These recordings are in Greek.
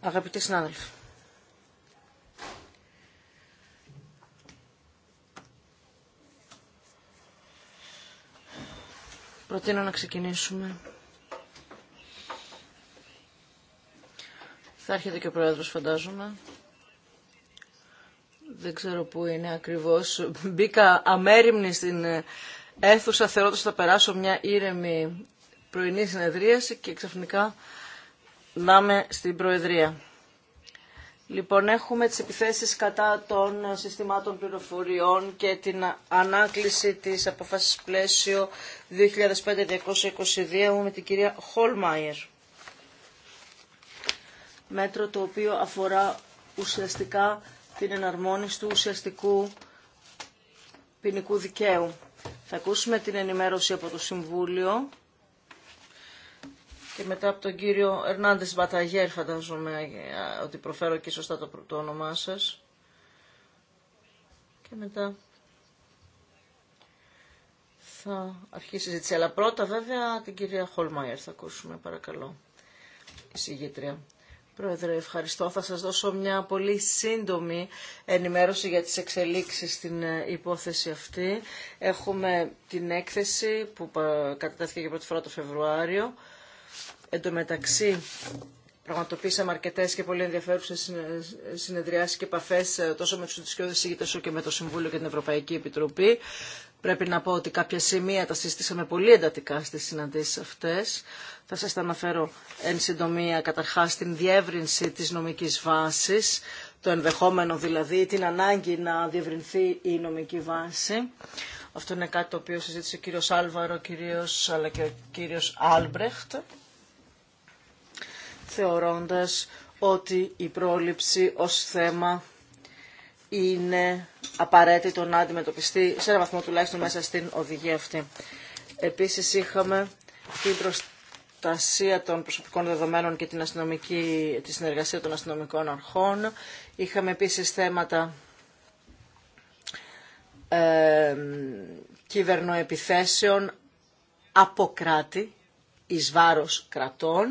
Αγαπητοί συνάδελφοι. Προτείνω να ξεκινήσουμε. Θα έρχεται και ο Πρόεδρος, φαντάζομαι. Δεν ξέρω πού είναι ακριβώς. Μπήκα αμέριμνη στην ε, αίθουσα, θεωρώντας ότι θα περάσω μια ήρεμη πρωινή συνεδρίαση και ξαφνικά δάμε στην Προεδρία. Λοιπόν, έχουμε τις επιθέσεις κατά των συστημάτων πληροφοριών και την ανάκληση της αποφάσης πλαίσιο 2005-222 με την κυρία Χολμάιερ. Μέτρο το οποίο αφορά ουσιαστικά την εναρμόνιση του ουσιαστικού ποινικού δικαίου. Θα ακούσουμε την ενημέρωση από το Συμβούλιο και μετά από τον κύριο Ερνάντες Μπαταγέρ φανταζομαι ε, ότι προφέρω και σωστά το, το όνομά σας. Και μετά θα αρχίσει η συζήτηση. Αλλά πρώτα βέβαια την κυρία Χολμάιερ θα ακούσουμε παρακαλώ. Η συγγήτρια. Πρόεδρε, ευχαριστώ. Θα σας δώσω μια πολύ σύντομη ενημέρωση για τις εξελίξεις στην ε, υπόθεση αυτή. Έχουμε την έκθεση που ε, κατατάθηκε για πρώτη φορά το Φεβρουάριο Εν τω μεταξύ, πραγματοποίησαμε αρκετέ και πολύ ενδιαφέρουσε συνεδριάσει και επαφέ ε, τόσο με του δικαιώδει ηγητέ όσο και με το Συμβούλιο και την Ευρωπαϊκή Επιτροπή. Πρέπει να πω ότι κάποια σημεία τα συζητήσαμε πολύ εντατικά στι συναντήσει αυτέ. Θα σα τα αναφέρω εν συντομία καταρχά την διεύρυνση τη νομική βάση, το ενδεχόμενο δηλαδή, την ανάγκη να διευρυνθεί η νομική βάση. Αυτό είναι κάτι το οποίο συζήτησε ο κύριος Άλβαρο κυρίως, αλλά και ο κύριος Άλμπρεχτ θεωρώντας ότι η πρόληψη ως θέμα είναι απαραίτητο να αντιμετωπιστεί σε ένα βαθμό τουλάχιστον μέσα στην οδηγία αυτή. Επίσης είχαμε την προστασία των προσωπικών δεδομένων και την αστυνομική, τη συνεργασία των αστυνομικών αρχών. Είχαμε επίσης θέματα κυβερνοεπιθέσεων από κράτη εις βάρος κρατών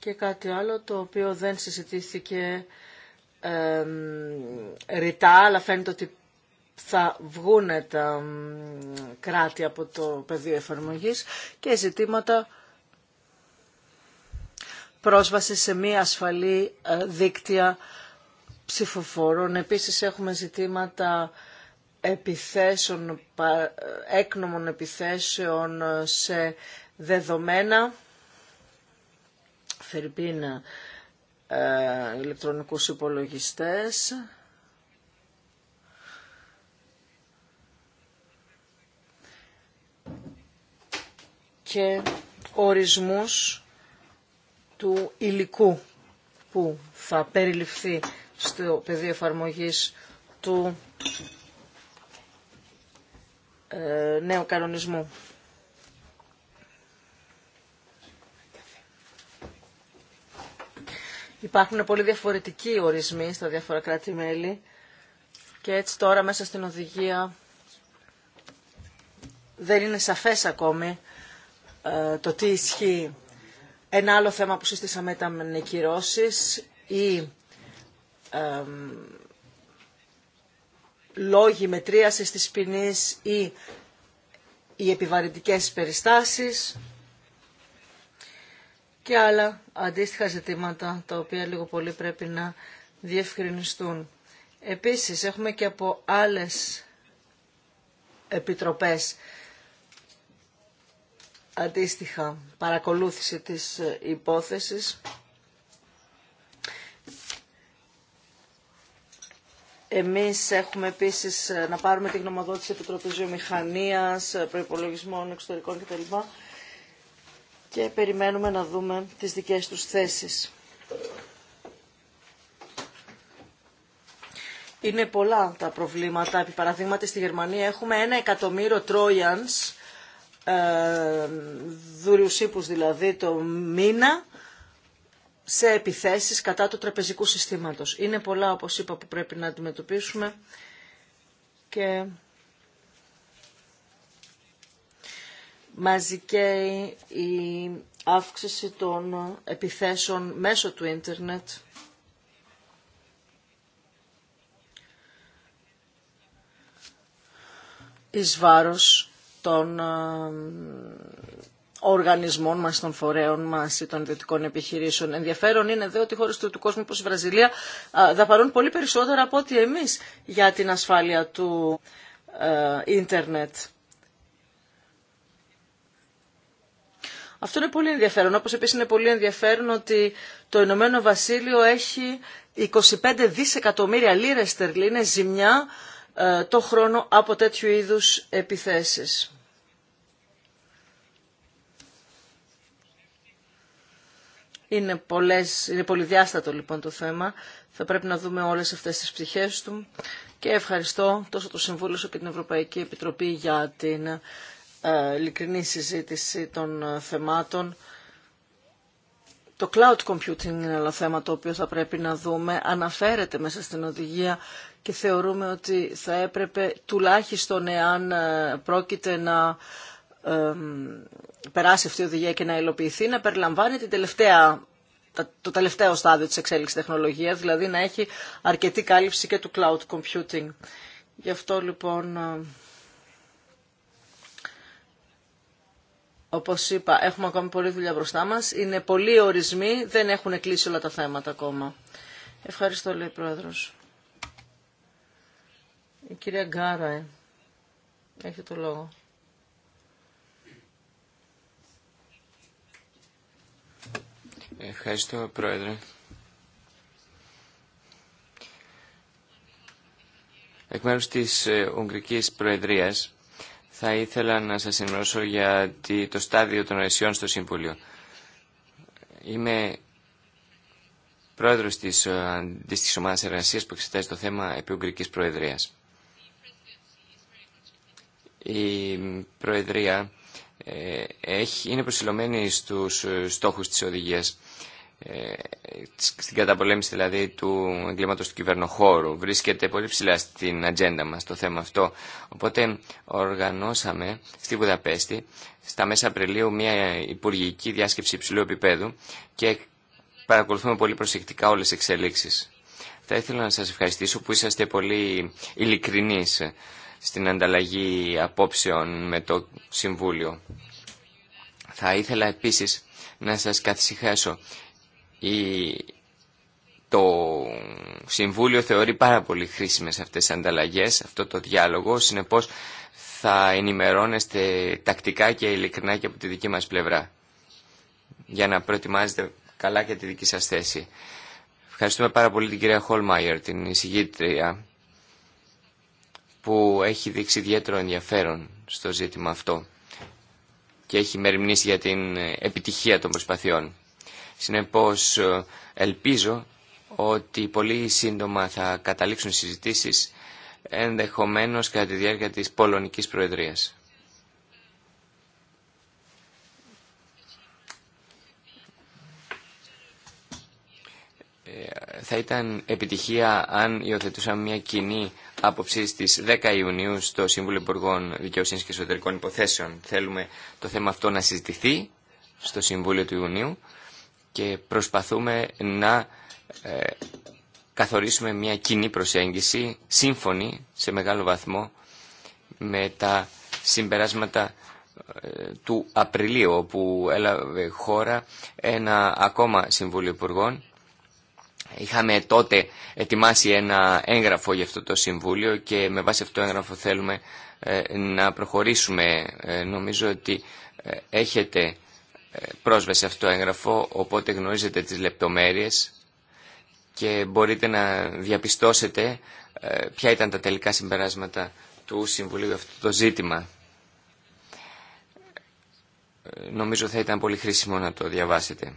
Και κάτι άλλο το οποίο δεν συζητήθηκε ε, ρητά, αλλά φαίνεται ότι θα βγουν τα κράτη από το πεδίο εφαρμογής και ζητήματα πρόσβαση σε μία ασφαλή ε, δίκτυα ψηφοφόρων. Επίσης έχουμε ζητήματα επιθέσεων, ε, έκνομων επιθέσεων ε, σε δεδομένα Φερρυπίν ε, ηλεκτρονικούς υπολογιστές. και ορισμούς του υλικού που θα περιληφθεί στο πεδίο εφαρμογής του ε, νέου κανονισμού. Υπάρχουν πολύ διαφορετικοί ορισμοί στα διάφορα κράτη-μέλη και έτσι τώρα μέσα στην οδηγία δεν είναι σαφές ακόμη ε, το τι ισχύει. Ένα άλλο θέμα που συστήσαμε ήταν οι ή λόγοι μετρίασης της ποινής ή οι επιβαρυντικές περιστάσεις και άλλα αντίστοιχα ζητήματα τα οποία λίγο πολύ πρέπει να διευκρινιστούν. Επίσης έχουμε και από άλλες επιτροπές αντίστοιχα παρακολούθηση της υπόθεσης. Εμείς έχουμε επίσης να πάρουμε τη γνωμοδότηση Επιτροπής Βιομηχανίας, Προϋπολογισμών Εξωτερικών κτλ και περιμένουμε να δούμε τις δικές τους θέσεις. Είναι πολλά τα προβλήματα. Επί παραδείγματι στη Γερμανία έχουμε ένα εκατομμύριο Τρόιανς, ε, δουριουσίπους δηλαδή το μήνα, σε επιθέσεις κατά του τραπεζικού συστήματος. Είναι πολλά, όπως είπα, που πρέπει να αντιμετωπίσουμε και και η αύξηση των επιθέσεων μέσω του ίντερνετ. εις βάρος των ε, οργανισμών μας, των φορέων μας ή των ιδιωτικών επιχειρήσεων. Ενδιαφέρον είναι δε ότι χώρες του, κόσμου όπως η Βραζιλία ε, δαπανούν πολύ περισσότερα από ό,τι εμείς για την ασφάλεια του ε, ίντερνετ. Αυτό είναι πολύ ενδιαφέρον. Όπως επίσης είναι πολύ ενδιαφέρον ότι το Ηνωμένο Βασίλειο έχει 25 δισεκατομμύρια λίρες στερλίνες ζημιά ε, το χρόνο από τέτοιου είδους επιθέσεις. Είναι, πολλές, είναι πολυδιάστατο λοιπόν το θέμα. Θα πρέπει να δούμε όλες αυτές τις πτυχές του. Και ευχαριστώ τόσο το Συμβούλιο όσο και την Ευρωπαϊκή Επιτροπή για την ε, ειλικρινή συζήτηση των ε, θεμάτων. Το cloud computing είναι ένα θέμα το οποίο θα πρέπει να δούμε. Αναφέρεται μέσα στην οδηγία και θεωρούμε ότι θα έπρεπε τουλάχιστον εάν ε, πρόκειται να περάσει αυτή η οδηγία και να υλοποιηθεί, να περιλαμβάνει την τελευταία το τελευταίο στάδιο της εξέλιξης τεχνολογίας, δηλαδή να έχει αρκετή κάλυψη και του cloud computing. Γι' αυτό λοιπόν Όπως είπα, έχουμε ακόμη πολλή δουλειά μπροστά μας. Είναι πολλοί ορισμοί, δεν έχουν κλείσει όλα τα θέματα ακόμα. Ευχαριστώ, λέει Πρόεδρος. Η κυρία Γκάραε. Έχετε το λόγο. Ευχαριστώ, Πρόεδρε. Εκ μέρους της ε, Ουγγρικής Προεδρίας, θα ήθελα να σας ενημερώσω για το στάδιο των αισιών στο Συμβούλιο. Είμαι πρόεδρος της ε, αντίστοιχης ομάδας εργασίας που εξετάζει το θέμα επί Ουγγρικής Προεδρίας. Η Προεδρία ε, έχει, είναι προσιλωμένη στους ε, στόχους της οδηγίας ε, στην καταπολέμηση δηλαδή του εγκλήματος του κυβερνοχώρου. Βρίσκεται πολύ ψηλά στην ατζέντα μας το θέμα αυτό. Οπότε οργανώσαμε στη Βουδαπέστη στα μέσα Απριλίου μια υπουργική διάσκεψη υψηλού επίπεδου και παρακολουθούμε πολύ προσεκτικά όλες τις εξελίξεις. Θα ήθελα να σας ευχαριστήσω που είσαστε πολύ ειλικρινείς στην ανταλλαγή απόψεων με το Συμβούλιο. Θα ήθελα επίσης να σας καθησυχάσω το Συμβούλιο θεωρεί πάρα πολύ χρήσιμες αυτές τις ανταλλαγές, αυτό το διάλογο, συνεπώς θα ενημερώνεστε τακτικά και ειλικρινά και από τη δική μας πλευρά για να προετοιμάζετε καλά και τη δική σας θέση. Ευχαριστούμε πάρα πολύ την κυρία Χολμάιερ, την εισηγήτρια που έχει δείξει ιδιαίτερο ενδιαφέρον στο ζήτημα αυτό και έχει μεριμνήσει για την επιτυχία των προσπαθειών. Συνεπώς ε, ελπίζω ότι πολύ σύντομα θα καταλήξουν συζητήσεις ενδεχομένως κατά τη διάρκεια της Πολωνικής Προεδρίας. Ε, θα ήταν επιτυχία αν υιοθετούσαμε μια κοινή άποψη στις 10 Ιουνίου στο Σύμβουλο Υπουργών Δικαιοσύνης και Εσωτερικών Υποθέσεων. Θέλουμε το θέμα αυτό να συζητηθεί στο Συμβούλιο του Ιουνίου και προσπαθούμε να ε, καθορίσουμε μια κοινή προσέγγιση σύμφωνη σε μεγάλο βαθμό με τα συμπεράσματα ε, του Απριλίου όπου έλαβε χώρα ένα ακόμα Συμβούλιο Υπουργών. Είχαμε τότε ετοιμάσει ένα έγγραφο για αυτό το Συμβούλιο και με βάση αυτό το έγγραφο θέλουμε ε, να προχωρήσουμε. Νομίζω ότι έχετε πρόσβαση αυτό το έγγραφο, οπότε γνωρίζετε τις λεπτομέρειες και μπορείτε να διαπιστώσετε ε, ποια ήταν τα τελικά συμπεράσματα του Συμβουλίου αυτό το ζήτημα. Ε, νομίζω θα ήταν πολύ χρήσιμο να το διαβάσετε.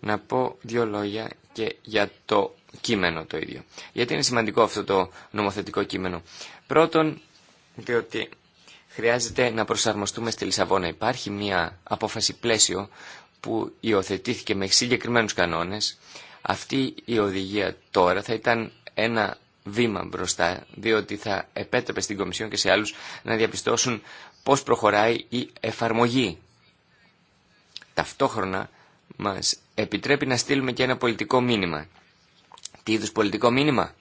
Να πω δύο λόγια και για το κείμενο το ίδιο. Γιατί είναι σημαντικό αυτό το νομοθετικό κείμενο. Πρώτον, διότι χρειάζεται να προσαρμοστούμε στη Λισαβόνα. Υπάρχει μια απόφαση πλαίσιο που υιοθετήθηκε με συγκεκριμένους κανόνες. Αυτή η οδηγία τώρα θα ήταν ένα βήμα μπροστά, διότι θα επέτρεπε στην Κομισιόν και σε άλλους να διαπιστώσουν πώς προχωράει η εφαρμογή. Ταυτόχρονα μας επιτρέπει να στείλουμε και ένα πολιτικό μήνυμα. Τι είδους πολιτικό μήνυμα?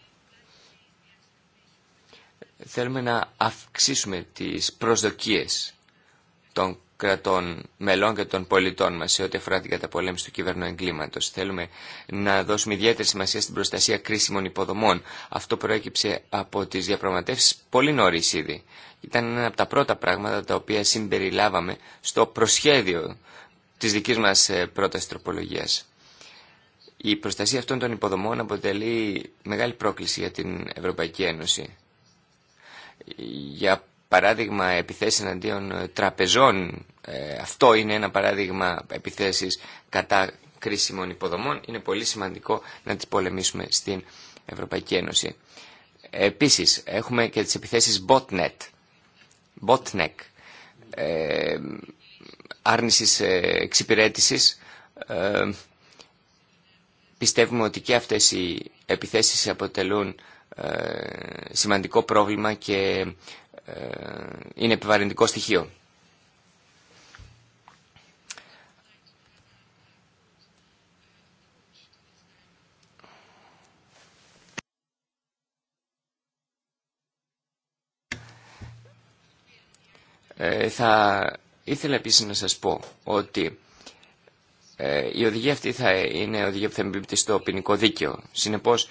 θέλουμε να αυξήσουμε τις προσδοκίες των κρατών μελών και των πολιτών μας σε ό,τι αφορά την καταπολέμηση του κυβερνού εγκλήματος. Θέλουμε να δώσουμε ιδιαίτερη σημασία στην προστασία κρίσιμων υποδομών. Αυτό προέκυψε από τις διαπραγματεύσεις πολύ νωρίς ήδη. Ήταν ένα από τα πρώτα πράγματα τα οποία συμπεριλάβαμε στο προσχέδιο της δικής μας ε, πρώτας τροπολογίας. Η προστασία αυτών των υποδομών αποτελεί μεγάλη πρόκληση για την Ευρωπαϊκή Ένωση για παράδειγμα επιθέσεις εναντίον ε, τραπεζών. Ε, αυτό είναι ένα παράδειγμα επιθέσεις κατά κρίσιμων υποδομών. Είναι πολύ σημαντικό να τις πολεμήσουμε στην Ευρωπαϊκή Ένωση. Επίσης, έχουμε και τις επιθέσεις botnet, botnet ε, άρνησης εξυπηρέτησης. πιστεύουμε ότι και αυτές οι επιθέσεις αποτελούν ε, σημαντικό πρόβλημα και ε, είναι επιβαρυντικό στοιχείο. Ε, θα ήθελα επίσης να σας πω ότι η οδηγία αυτή θα είναι οδηγία που θα εμπίπτει στο ποινικό δίκαιο. Συνεπώς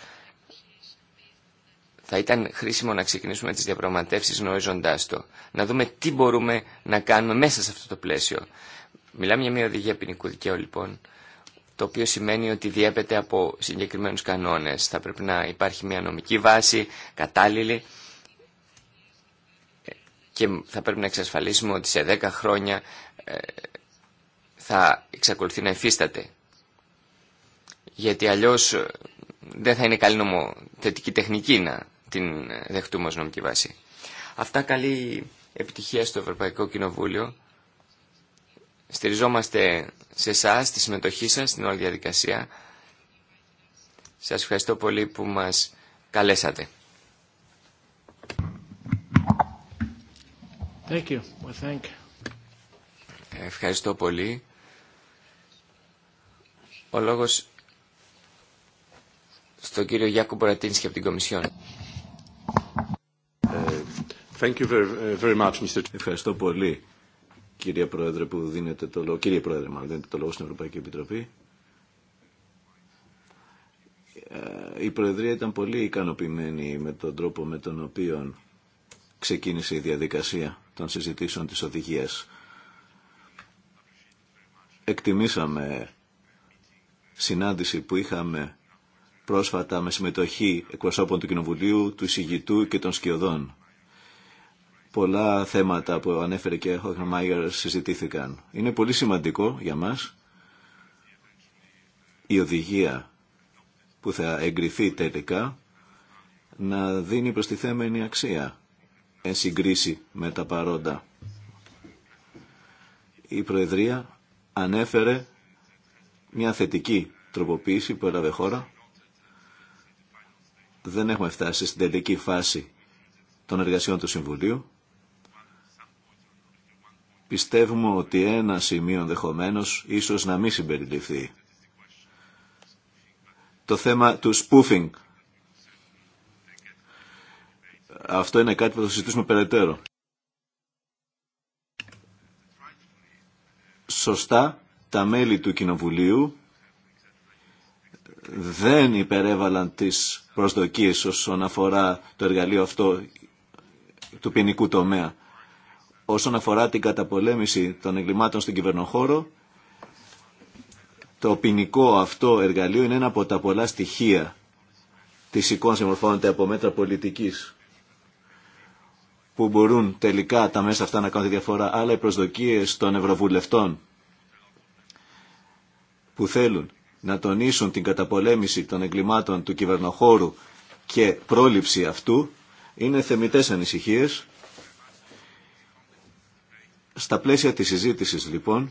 θα ήταν χρήσιμο να ξεκινήσουμε τις διαπραγματεύσεις γνωρίζοντα το. Να δούμε τι μπορούμε να κάνουμε μέσα σε αυτό το πλαίσιο. Μιλάμε για μια οδηγία ποινικού δικαίου λοιπόν, το οποίο σημαίνει ότι διέπεται από συγκεκριμένους κανόνες. Θα πρέπει να υπάρχει μια νομική βάση κατάλληλη και θα πρέπει να εξασφαλίσουμε ότι σε 10 χρόνια ε, θα εξακολουθεί να εφίσταται. Γιατί αλλιώς ε, δεν θα είναι καλή νομοθετική τεχνική να την ε, δεχτούμε ως νομική βάση. Αυτά καλή επιτυχία στο Ευρωπαϊκό Κοινοβούλιο. Στηριζόμαστε σε εσά, στη συμμετοχή σας στην όλη διαδικασία. Σας ευχαριστώ πολύ που μας καλέσατε. Thank you. thank Ευχαριστώ πολύ. Ο λόγος στον κύριο Γιάκου Μπορατίνσκι από την Κομισιόν. Thank you very, much, Mr. Ευχαριστώ πολύ, κύριε Πρόεδρε, που δίνετε το λόγο, κύριε Πρόεδρε, μάλλον δίνετε το λόγο στην Ευρωπαϊκή Επιτροπή. Ε, η Προεδρία ήταν πολύ ικανοποιημένη με τον τρόπο με τον οποίο ξεκίνησε η διαδικασία των συζητήσεων της οδηγίας. Εκτιμήσαμε συνάντηση που είχαμε πρόσφατα με συμμετοχή εκπροσώπων του Κοινοβουλίου, του εισηγητού και των σκιωδών. Πολλά θέματα που ανέφερε και ο Χρυμάγερ συζητήθηκαν. Είναι πολύ σημαντικό για μας η οδηγία που θα εγκριθεί τελικά να δίνει προστιθέμενη αξία εν συγκρίση με τα παρόντα. Η Προεδρία ανέφερε μια θετική τροποποίηση που έλαβε χώρα. Δεν έχουμε φτάσει στην τελική φάση των εργασιών του Συμβουλίου. Πιστεύουμε ότι ένα σημείο ενδεχομένω ίσως να μην συμπεριληφθεί. Το θέμα του spoofing. Αυτό είναι κάτι που θα συζητήσουμε περαιτέρω. Σωστά, τα μέλη του Κοινοβουλίου δεν υπερέβαλαν τις προσδοκίες όσον αφορά το εργαλείο αυτό του ποινικού τομέα όσον αφορά την καταπολέμηση των εγκλημάτων στον κυβερνοχώρο. Το ποινικό αυτό εργαλείο είναι ένα από τα πολλά στοιχεία της εικόνας που από μέτρα πολιτικής που μπορούν τελικά τα μέσα αυτά να κάνουν τη διαφορά, αλλά οι προσδοκίες των ευρωβουλευτών που θέλουν να τονίσουν την καταπολέμηση των εγκλημάτων του κυβερνοχώρου και πρόληψη αυτού είναι θεμητές ανησυχίες στα πλαίσια της συζήτησης λοιπόν,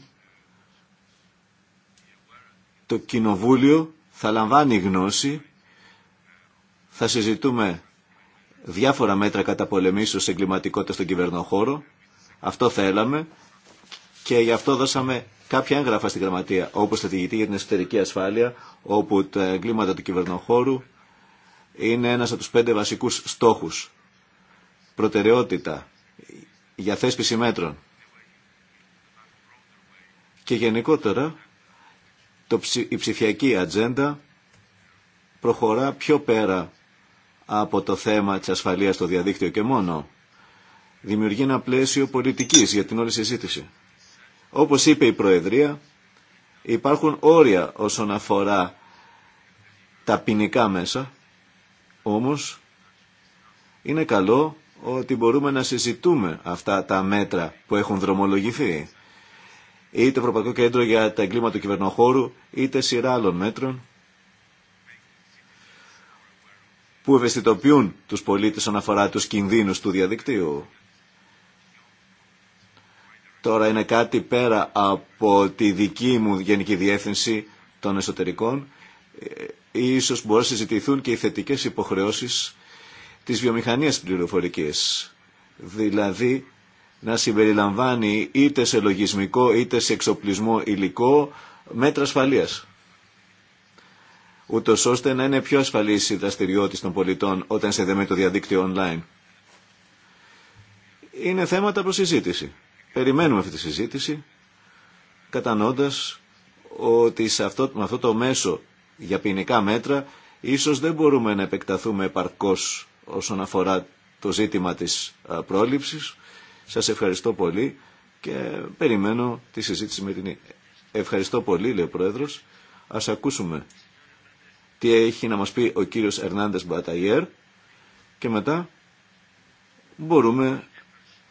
το Κοινοβούλιο θα λαμβάνει γνώση, θα συζητούμε διάφορα μέτρα κατά πολεμήσεως εγκληματικότητα στον κυβερνοχώρο, αυτό θέλαμε και γι' αυτό δώσαμε κάποια έγγραφα στην Γραμματεία, όπως στρατηγητή για την εσωτερική ασφάλεια, όπου τα εγκλήματα του κυβερνοχώρου είναι ένας από τους πέντε βασικούς στόχους. Προτεραιότητα για θέσπιση μέτρων και γενικότερα το, η ψηφιακή ατζέντα προχωρά πιο πέρα από το θέμα της ασφαλείας στο διαδίκτυο και μόνο. Δημιουργεί ένα πλαίσιο πολιτικής για την όλη συζήτηση. Όπως είπε η Προεδρία, υπάρχουν όρια όσον αφορά τα ποινικά μέσα, όμως είναι καλό ότι μπορούμε να συζητούμε αυτά τα μέτρα που έχουν δρομολογηθεί. Είτε το Ευρωπαϊκό Κέντρο για τα Εγκλήματα του Κυβερνοχώρου, είτε σειρά άλλων μέτρων που ευαισθητοποιούν τους πολίτες όσον αφορά τους κινδύνους του διαδικτύου. Τώρα είναι κάτι πέρα από τη δική μου Γενική Διεύθυνση των Εσωτερικών. Ε, ίσως μπορούν να συζητηθούν και οι θετικές υποχρεώσεις της βιομηχανίας πληροφορικής. Δηλαδή να συμπεριλαμβάνει είτε σε λογισμικό είτε σε εξοπλισμό υλικό μέτρα ασφαλείας. Ούτω ώστε να είναι πιο ασφαλής η δραστηριότητα των πολιτών όταν σε το διαδίκτυο online. Είναι θέματα προς συζήτηση. Περιμένουμε αυτή τη συζήτηση κατανοώντας ότι σε αυτό, με αυτό το μέσο για ποινικά μέτρα ίσως δεν μπορούμε να επεκταθούμε επαρκώς όσον αφορά το ζήτημα της πρόληψης σας ευχαριστώ πολύ και περιμένω τη συζήτηση με την... ΕΕ. Ευχαριστώ πολύ, λέει ο Πρόεδρος. Ας ακούσουμε τι έχει να μας πει ο κύριος Ερνάντες Μπαταγιέρ και μετά μπορούμε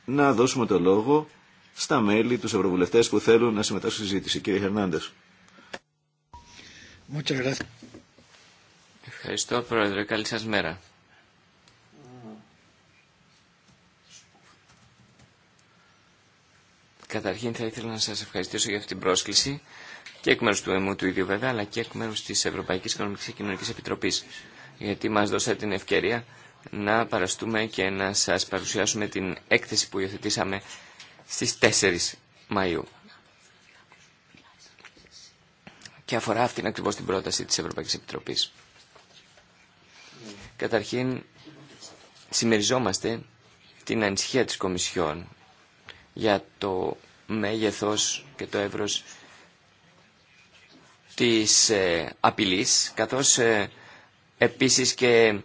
να δώσουμε το λόγο στα μέλη, τους ευρωβουλευτές που θέλουν να συμμετάσχουν στη συζήτηση. Κύριε gracias. Ευχαριστώ Πρόεδρε. Καλή σας μέρα. Καταρχήν θα ήθελα να σας ευχαριστήσω για αυτή την πρόσκληση και εκ μέρους του ΕΜΟΥ του ίδιου βέβαια, αλλά και εκ μέρους της Ευρωπαϊκής Οικονομικής και Κοινωνικής Επιτροπής, γιατί μας δώσατε την ευκαιρία να παραστούμε και να σας παρουσιάσουμε την έκθεση που υιοθετήσαμε στις 4 Μαΐου. Και αφορά αυτήν ακριβώς την πρόταση της Ευρωπαϊκής Επιτροπής. Καταρχήν, συμμεριζόμαστε την ανησυχία της Κομισιόν για το μέγεθος και το εύρος της ε, απειλής, καθώς ε, επίσης και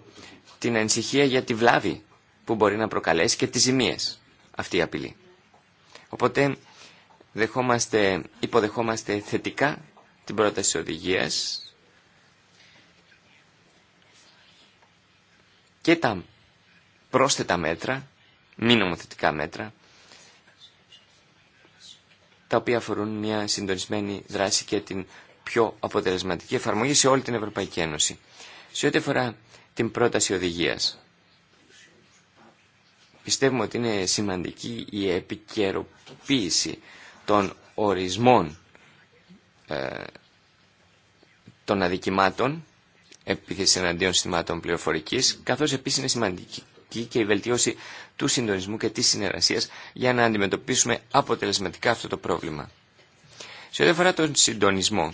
την ανησυχία για τη βλάβη που μπορεί να προκαλέσει και τις ζημίες αυτή η απειλή. Οπότε δεχόμαστε, υποδεχόμαστε θετικά την πρόταση οδηγίας και τα πρόσθετα μέτρα, μη νομοθετικά μέτρα, τα οποία αφορούν μια συντονισμένη δράση και την πιο αποτελεσματική εφαρμογή σε όλη την Ευρωπαϊκή Ένωση. Σε ό,τι αφορά την πρόταση οδηγίας, πιστεύουμε ότι είναι σημαντική η επικαιροποίηση των ορισμών ε, των αδικημάτων, επίθεση εναντίον συστημάτων πληροφορικής, καθώς επίσης είναι σημαντική και η βελτίωση του συντονισμού και της συνεργασίας για να αντιμετωπίσουμε αποτελεσματικά αυτό το πρόβλημα. Σε ό,τι αφορά τον συντονισμό,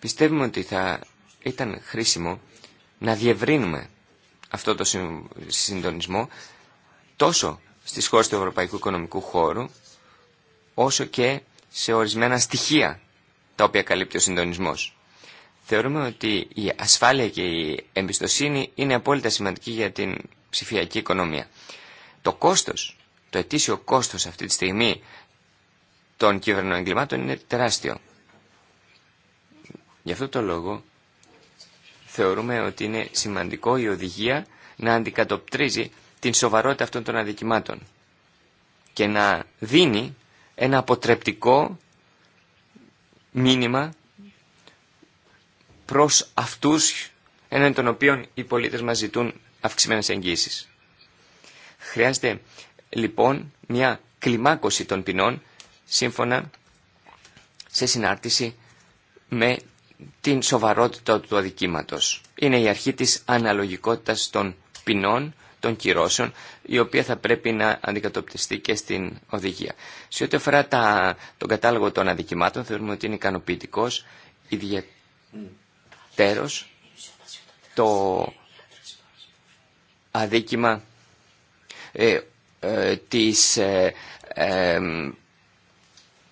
πιστεύουμε ότι θα ήταν χρήσιμο να διευρύνουμε αυτό το συντονισμό τόσο στις χώρες του Ευρωπαϊκού Οικονομικού Χώρου, όσο και σε ορισμένα στοιχεία τα οποία καλύπτει ο συντονισμός. Θεωρούμε ότι η ασφάλεια και η εμπιστοσύνη είναι απόλυτα σημαντική για την ψηφιακή οικονομία. Το κόστος, το ετήσιο κόστος αυτή τη στιγμή των κυβερνών εγκλημάτων είναι τεράστιο. Γι' αυτό το λόγο θεωρούμε ότι είναι σημαντικό η οδηγία να αντικατοπτρίζει την σοβαρότητα αυτών των αδικημάτων και να δίνει ένα αποτρεπτικό μήνυμα προς αυτούς έναν των οποίων οι πολίτες μας ζητούν αυξημένες εγγύσεις. Χρειάζεται λοιπόν μια κλιμάκωση των ποινών σύμφωνα σε συνάρτηση με την σοβαρότητα του αδικήματος. Είναι η αρχή της αναλογικότητας των ποινών, των κυρώσεων, η οποία θα πρέπει να αντικατοπτριστεί και στην οδηγία. Σε ό,τι αφορά τον κατάλογο των αδικημάτων, θεωρούμε ότι είναι ικανοποιητικό, τέρος, το αδίκημα ε, ε, της ε, ε,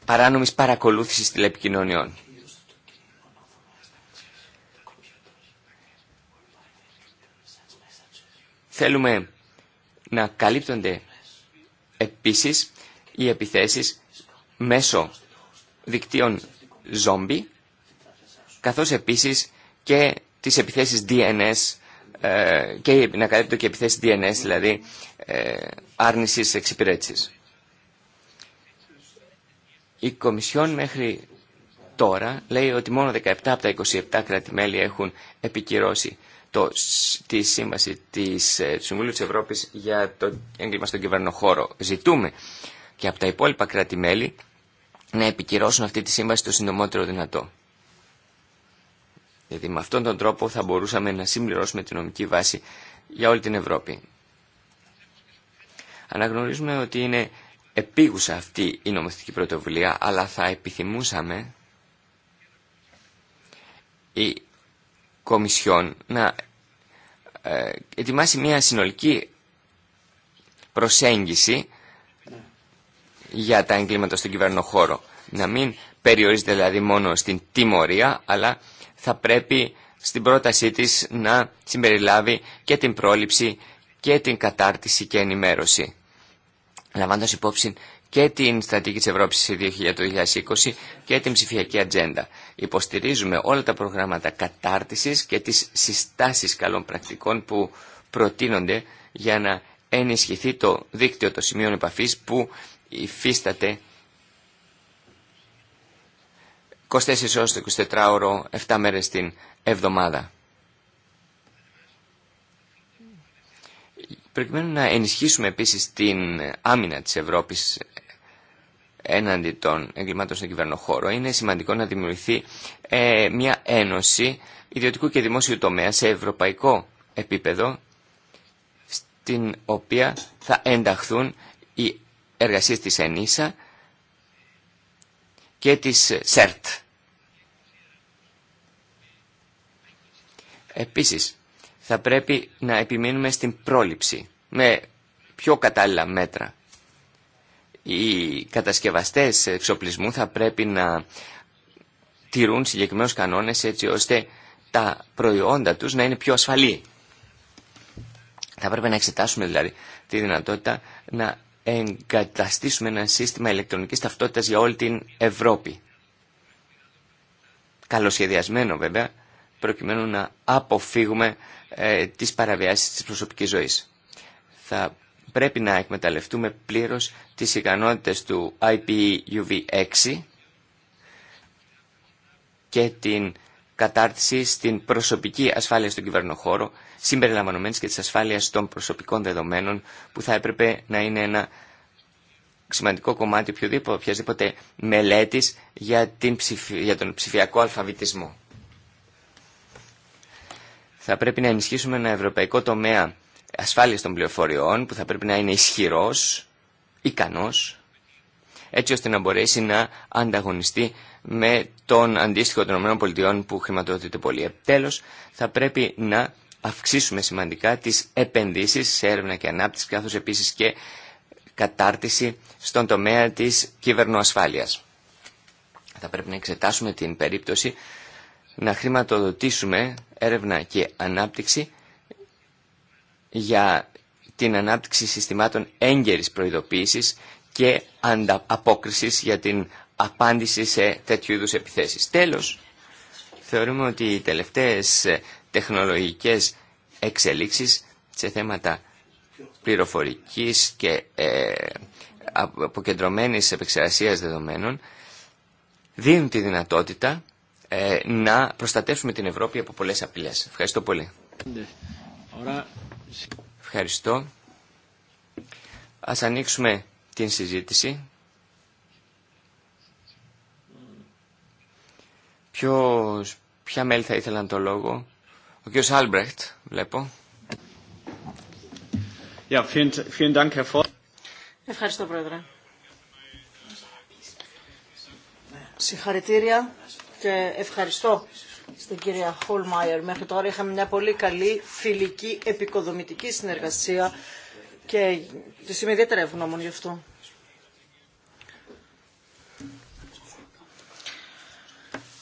παράνομης παρακολούθησης τηλεπικοινωνιών. Θέλουμε να καλύπτονται επίσης οι επιθέσεις μέσω δικτύων ζόμπι, καθώς επίσης και τις επιθέσεις DNS ε, και να καλύπτω και επιθέσεις DNS, δηλαδή ε, άρνησης εξυπηρέτησης. Η Κομισιόν μέχρι τώρα λέει ότι μόνο 17 από τα 27 κρατη έχουν επικυρώσει το, τη σύμβαση της, ε, του Συμβουλίου της Ευρώπης για το έγκλημα στον χώρο. Ζητούμε και από τα υπόλοιπα κράτη-μέλη να επικυρώσουν αυτή τη σύμβαση το συντομότερο δυνατό. Γιατί με αυτόν τον τρόπο θα μπορούσαμε να συμπληρώσουμε την νομική βάση για όλη την Ευρώπη. Αναγνωρίζουμε ότι είναι επίγουσα αυτή η νομοθετική πρωτοβουλία, αλλά θα επιθυμούσαμε η Κομισιόν να ε, ετοιμάσει μια συνολική προσέγγιση για τα εγκλήματα στον κυβερνοχώρο. Να μην περιορίζεται δηλαδή μόνο στην τιμωρία, αλλά θα πρέπει στην πρότασή της να συμπεριλάβει και την πρόληψη και την κατάρτιση και ενημέρωση. Λαμβάνοντα υπόψη και την στρατηγική της Ευρώπης 2020 και την ψηφιακή ατζέντα. Υποστηρίζουμε όλα τα προγράμματα κατάρτισης και τις συστάσεις καλών πρακτικών που προτείνονται για να ενισχυθεί το δίκτυο των σημείων επαφής που υφίσταται 24 ώρες το 24 ώρο, 7 μέρες την εβδομάδα. Προκειμένου να ενισχύσουμε επίσης την άμυνα της Ευρώπης έναντι των εγκλημάτων στον κυβερνοχώρο, είναι σημαντικό να δημιουργηθεί ε, μια ένωση ιδιωτικού και δημόσιου τομέα σε ευρωπαϊκό επίπεδο, στην οποία θα ενταχθούν οι εργασίες της ΕΝΙΣΑ και της ΣΕΡΤ. Επίσης, θα πρέπει να επιμείνουμε στην πρόληψη με πιο κατάλληλα μέτρα. Οι κατασκευαστές εξοπλισμού θα πρέπει να τηρούν συγκεκριμένους κανόνες έτσι ώστε τα προϊόντα τους να είναι πιο ασφαλή. Θα πρέπει να εξετάσουμε δηλαδή τη δυνατότητα να εγκαταστήσουμε ένα σύστημα ηλεκτρονικής ταυτότητας για όλη την Ευρώπη. Καλοσχεδιασμένο βέβαια, προκειμένου να αποφύγουμε ε, τις παραβιάσεις της προσωπικής ζωής. Θα πρέπει να εκμεταλλευτούμε πλήρως τις ικανότητες του IPUV6 και την κατάρτιση στην προσωπική ασφάλεια στον κυβερνοχώρο, συμπεριλαμβανομένης και της ασφάλειας των προσωπικών δεδομένων, που θα έπρεπε να είναι ένα σημαντικό κομμάτι οποιοδήποτε, οποιασδήποτε μελέτης για, την για τον ψηφιακό αλφαβητισμό θα πρέπει να ενισχύσουμε ένα ευρωπαϊκό τομέα ασφάλειας των πληροφοριών που θα πρέπει να είναι ισχυρός, ικανός, έτσι ώστε να μπορέσει να ανταγωνιστεί με τον αντίστοιχο των ΗΠΑ που χρηματοδοτείται πολύ. Τέλος, θα πρέπει να αυξήσουμε σημαντικά τις επενδύσεις σε έρευνα και ανάπτυξη, καθώς επίσης και κατάρτιση στον τομέα της κυβερνοασφάλειας. Θα πρέπει να εξετάσουμε την περίπτωση να χρηματοδοτήσουμε έρευνα και ανάπτυξη για την ανάπτυξη συστημάτων έγκαιρης προειδοποίησης και απόκρισης για την απάντηση σε τέτοιου είδους επιθέσεις. Τέλος, θεωρούμε ότι οι τελευταίες ε, τεχνολογικές εξελίξεις σε θέματα πληροφορικής και ε, αποκεντρωμένης επεξεργασίας δεδομένων δίνουν τη δυνατότητα ε, να προστατεύσουμε την Ευρώπη από πολλές απειλές. Ευχαριστώ πολύ. Ευχαριστώ. Ας ανοίξουμε την συζήτηση. Ποιος, ποια μέλη θα ήθελαν το λόγο. Ο κ. Άλμπρεχτ, βλέπω. Ευχαριστώ, Πρόεδρε. Συγχαρητήρια και ευχαριστώ στην κυρία Χολμάιερ. Μέχρι τώρα είχαμε μια πολύ καλή φιλική επικοδομητική συνεργασία και τη είμαι ιδιαίτερα ευγνώμων γι' αυτό.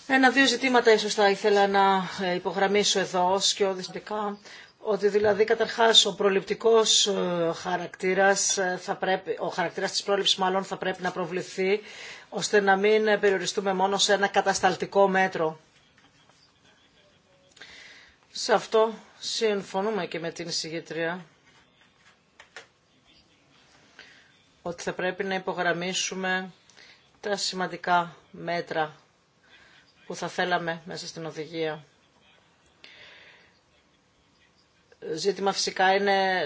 Ένα-δύο ζητήματα ίσως θα ήθελα να ε, υπογραμμίσω εδώ και οδηγικά ότι δηλαδή καταρχάς ο προληπτικός ε, χαρακτήρας ε, θα πρέπει, ο χαρακτήρας της πρόληψης μάλλον θα πρέπει να προβληθεί ώστε να μην περιοριστούμε μόνο σε ένα κατασταλτικό μέτρο. Σε αυτό συμφωνούμε και με την εισηγητρία ότι θα πρέπει να υπογραμμίσουμε τα σημαντικά μέτρα που θα θέλαμε μέσα στην οδηγία. Ζήτημα φυσικά είναι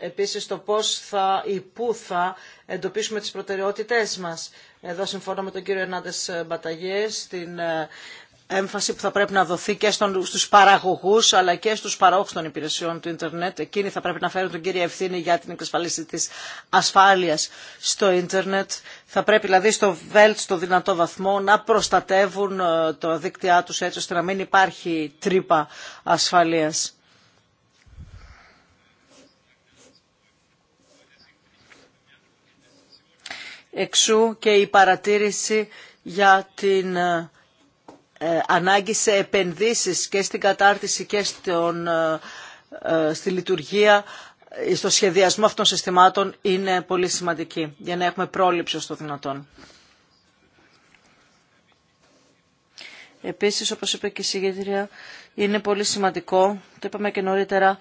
επίσης το πώς θα ή πού θα εντοπίσουμε τις προτεραιότητές μας. Εδώ συμφωνώ με τον κύριο Ενάντες Μπαταγιέ στην ε, έμφαση που θα εντοπισουμε τις προτεραιοτητες μας εδω συμφωνω με τον κυριο εναντες Μπαταγέ στην εμφαση που θα πρεπει να δοθεί και στους παραγωγούς αλλά και στους παρόχους των υπηρεσιών του ίντερνετ. Εκείνοι θα πρέπει να φέρουν τον κύριο ευθύνη για την εξασφαλίση της ασφάλειας στο ίντερνετ. Θα πρέπει δηλαδή στο στο δυνατό βαθμό να προστατεύουν ε, το δίκτυά τους έτσι ώστε να μην υπάρχει τρύπα ασφαλείας. Εξού και η παρατήρηση για την ε, ε, ανάγκη σε επενδύσεις και στην κατάρτιση και στον, ε, στη λειτουργία στο σχεδιασμό αυτών των συστημάτων είναι πολύ σημαντική για να έχουμε πρόληψη στο το δυνατόν. Επίσης, όπως είπε και η συγγετρία, είναι πολύ σημαντικό, το είπαμε και νωρίτερα,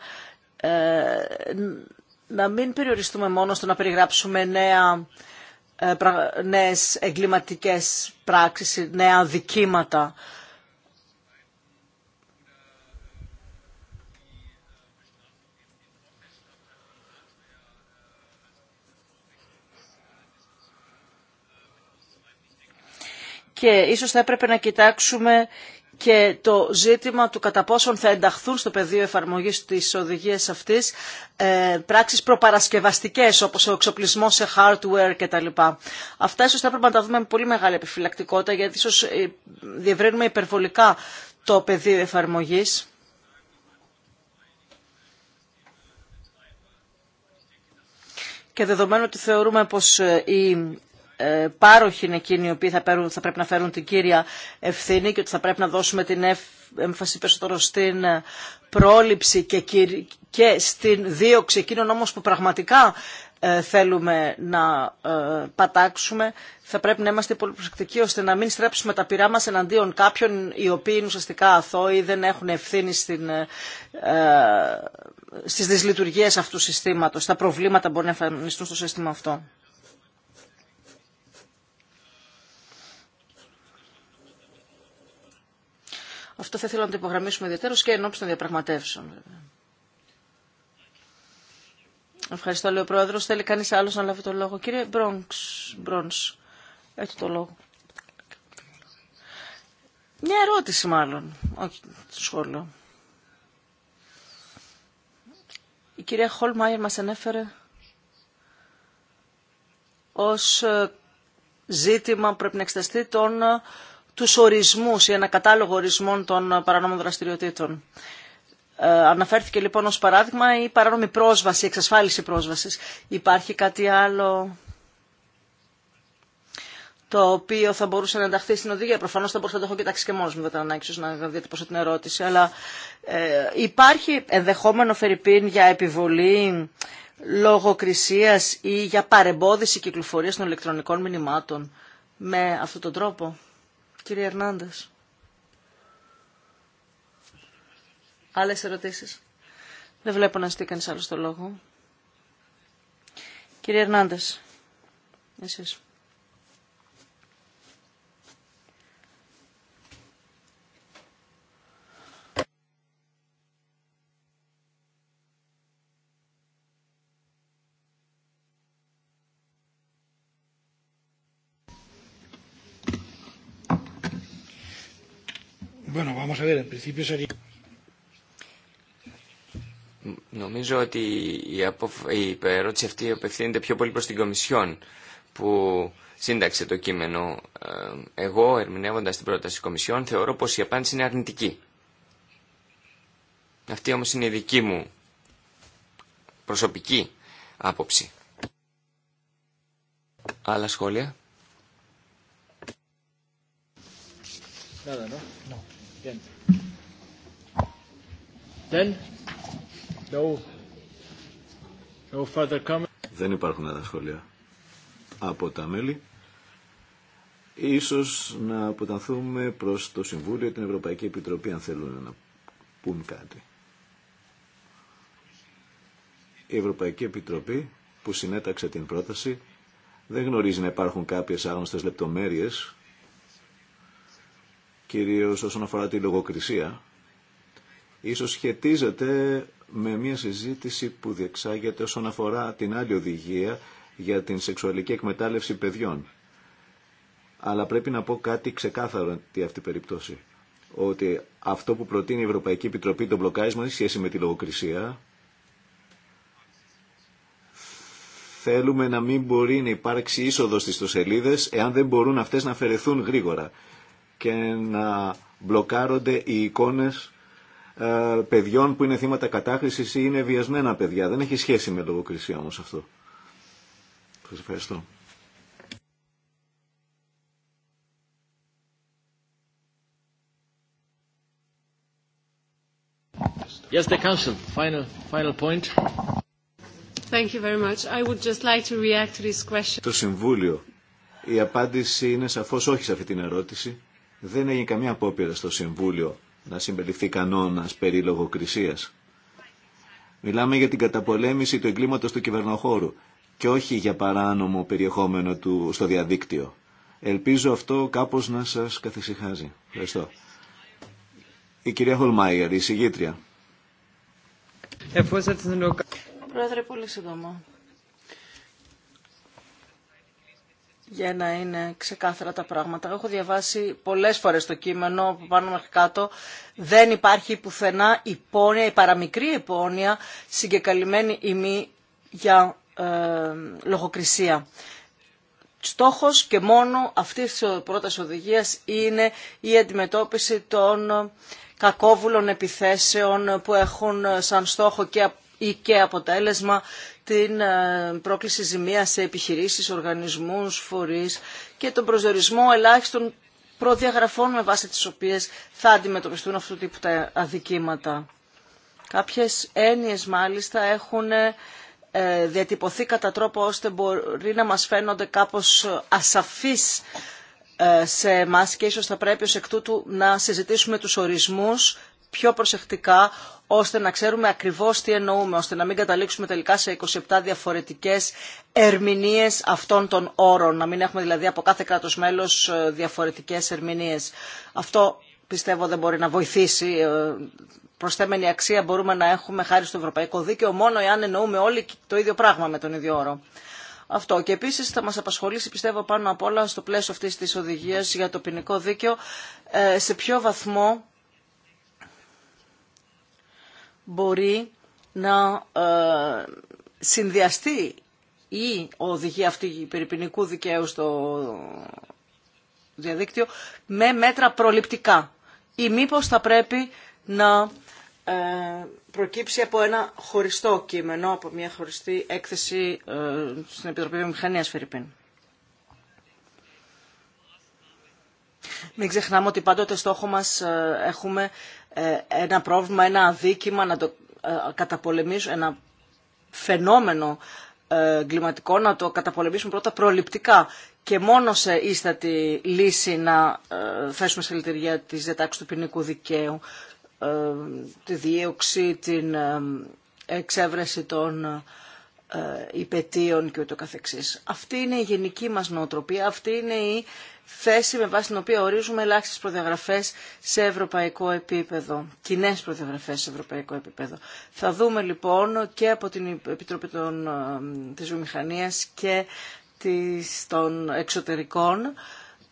να μην περιοριστούμε μόνο στο να περιγράψουμε νέα ε, νέες εγκληματικές πράξεις, νέα δικήματα. Και ίσως θα έπρεπε να κοιτάξουμε και το ζήτημα του κατά πόσον θα ενταχθούν στο πεδίο εφαρμογής της οδηγίας αυτής ε, πράξεις προπαρασκευαστικές όπως ο εξοπλισμός σε hardware κτλ. Αυτά ίσως θα έπρεπε να τα δούμε με πολύ μεγάλη επιφυλακτικότητα γιατί ίσως ε, διευρύνουμε υπερβολικά το πεδίο εφαρμογής. και δεδομένου ότι θεωρούμε πως ε, η ε, πάροχοι είναι εκείνοι οι οποίοι θα, θα πρέπει να φέρουν την κύρια ευθύνη και ότι θα πρέπει να δώσουμε την έμφαση περισσότερο στην ε, πρόληψη και, στην δίωξη εκείνων όμως που πραγματικά ε, θέλουμε να πατάξουμε, θα πρέπει να είμαστε πολύ προσεκτικοί ώστε να μην στρέψουμε τα πειρά μας εναντίον κάποιων οι οποίοι είναι ουσιαστικά αθώοι, δεν έχουν ευθύνη στην, ε, στις δυσλειτουργίες αυτού του συστήματος. Τα προβλήματα μπορεί να εμφανιστούν στο σύστημα αυτό. Αυτό θα ήθελα να το υπογραμμίσουμε ιδιαίτερω και εν των διαπραγματεύσεων. Ευχαριστώ, λέει ο πρόεδρο. Θέλει κανεί άλλο να λάβει το λόγο. Κύριε Μπρόνς, έχετε το λόγο. Μια ερώτηση μάλλον, όχι το σχόλιο. Η κυρία Χολμάιερ μας ενέφερε ως ε, ζήτημα που πρέπει να εξεταστεί των ε, του ορισμού ε, λοιπόν η παράνομη δραστηριοτητων αναφερθηκε λοιπον ω παραδειγμα η εξασφάλιση πρόσβασης. Υπάρχει κάτι άλλο το οποίο θα μπορούσε να ενταχθεί στην οδηγία. Προφανώ θα μπορούσα να το έχω κοιτάξει και μόνο μου, δεν ήταν ανάγκη να διατυπώσω την ερώτηση. Αλλά ε, υπάρχει ενδεχόμενο φερρυπίν για επιβολή λογοκρισία ή για παρεμπόδιση κυκλοφορία των ηλεκτρονικών μηνυμάτων με αυτόν τον τρόπο. Κύριε Ερνάντες. Άλλες ερωτήσεις. Δεν βλέπω να στεί κανείς άλλο το λόγο. Κύριε Ερνάντες, εσείς. Νομίζω ότι η, η ερώτηση αυτή απευθύνεται πιο πολύ προς την Κομισιόν που σύνταξε το κείμενο. Ε, εγώ, ερμηνεύοντας την πρόταση της Κομισιόν, θεωρώ πως η απάντηση είναι αρνητική. Αυτή όμως είναι η δική μου προσωπική άποψη. Άλλα σχόλια. ναι Then, no, comment. Δεν υπάρχουν άλλα σχόλια από τα μέλη. Ίσως να αποτανθούμε προς το Συμβούλιο την Ευρωπαϊκή Επιτροπή αν θέλουν να πούν κάτι. Η Ευρωπαϊκή Επιτροπή που συνέταξε την πρόταση δεν γνωρίζει να υπάρχουν κάποιες άγνωστες λεπτομέρειες κυρίως όσον αφορά τη λογοκρισία ίσως σχετίζεται με μια συζήτηση που διεξάγεται όσον αφορά την άλλη οδηγία για την σεξουαλική εκμετάλλευση παιδιών. Αλλά πρέπει να πω κάτι ξεκάθαρο για αυτή την περίπτωση. Ότι αυτό που προτείνει η Ευρωπαϊκή Επιτροπή τον μπλοκάρισμα έχει σχέση με τη λογοκρισία. Θέλουμε να μην μπορεί να υπάρξει είσοδο στις τοσελίδες εάν δεν μπορούν αυτές να αφαιρεθούν γρήγορα και να μπλοκάρονται οι εικόνες ε, παιδιών που είναι θύματα κατάχρηση ή είναι βιασμένα παιδιά. Δεν έχει σχέση με λογοκρισία όμω αυτό. Σα ευχαριστώ. Το Συμβούλιο. Η απάντηση είναι σαφώς όχι σε αυτή την ερώτηση. Δεν έγινε καμία απόπειρα στο Συμβούλιο να συμπεριληφθεί κανόνα περί λογοκρισία. Μιλάμε για την καταπολέμηση του εγκλήματο του κυβερνοχώρου και όχι για παράνομο περιεχόμενο του στο διαδίκτυο. Ελπίζω αυτό κάπως να σας καθησυχάζει. Ευχαριστώ. Η κυρία Χολμάιερ, η συγγήτρια. Πρόεδρε, πολύ σύντομα. για να είναι ξεκάθαρα τα πράγματα. Έχω διαβάσει πολλές φορές το κείμενο από πάνω μέχρι κάτω. Δεν υπάρχει πουθενά υπόνοια, η παραμικρή υπόνοια, συγκεκαλυμένη ημί για ε, λογοκρισία. Στόχος και μόνο αυτή της πρώτη οδηγία είναι η αντιμετώπιση των κακόβουλων επιθέσεων που έχουν σαν στόχο και ή και αποτέλεσμα την ε, πρόκληση ζημία σε επιχειρήσεις, οργανισμούς, φορείς και τον προσδιορισμό ελάχιστων προδιαγραφών με βάση τις οποίες θα αντιμετωπιστούν αυτού τύπου τα αδικήματα. Κάποιες έννοιες μάλιστα έχουν ε, διατυπωθεί κατά τρόπο ώστε μπορεί να μας φαίνονται κάπως ασαφείς ε, σε εμά και ίσως θα πρέπει ως εκ τούτου να συζητήσουμε τους ορισμούς πιο προσεκτικά ώστε να ξέρουμε ακριβώς τι εννοούμε, ώστε να μην καταλήξουμε τελικά σε 27 διαφορετικές ερμηνείες αυτών των όρων, να μην έχουμε δηλαδή από κάθε κράτος μέλος ε, διαφορετικές ερμηνείες. Αυτό πιστεύω δεν μπορεί να βοηθήσει ε, προσθέμενη αξία μπορούμε να έχουμε χάρη στο ευρωπαϊκό δίκαιο μόνο εάν εννοούμε όλοι το ίδιο πράγμα με τον ίδιο όρο. Αυτό. Και επίσης θα μα απασχολήσει, πιστεύω, πάνω απ' όλα στο πλαίσιο αυτή τη οδηγία για το ποινικό δίκαιο, ε, σε ποιο βαθμό μπορεί να ε, συνδυαστεί η οδηγία αυτή περιπινικού δικαίου στο διαδίκτυο με μέτρα προληπτικά ή μήπως θα πρέπει να ε, προκύψει από ένα χωριστό κείμενο, από μια χωριστή έκθεση ε, στην Επιτροπή Μηχανίας Φερρυπίν. Μην ξεχνάμε ότι πάντοτε στόχο μας έχουμε ε, ένα πρόβλημα, ένα αδίκημα, να το ε, καταπολεμήσουμε, ένα φαινόμενο ε, εγκληματικό, να το καταπολεμήσουμε πρώτα προληπτικά και μόνο σε ίστατη λύση να θέσουμε σε λειτουργία της διατάξεις του ποινικού δικαίου, τη δίωξη, την εξέβρεση των ε, υπετίων και ούτω καθεξής. Αυτή είναι η γενική μας νοοτροπία, αυτή είναι η θέση με βάση την οποία ορίζουμε ελάχιστε προδιαγραφές σε ευρωπαϊκό επίπεδο. Κοινέ προδιαγραφές σε ευρωπαϊκό επίπεδο. Θα δούμε λοιπόν και από την Επιτροπή των, ε, της Βιομηχανίας και της, των Εξωτερικών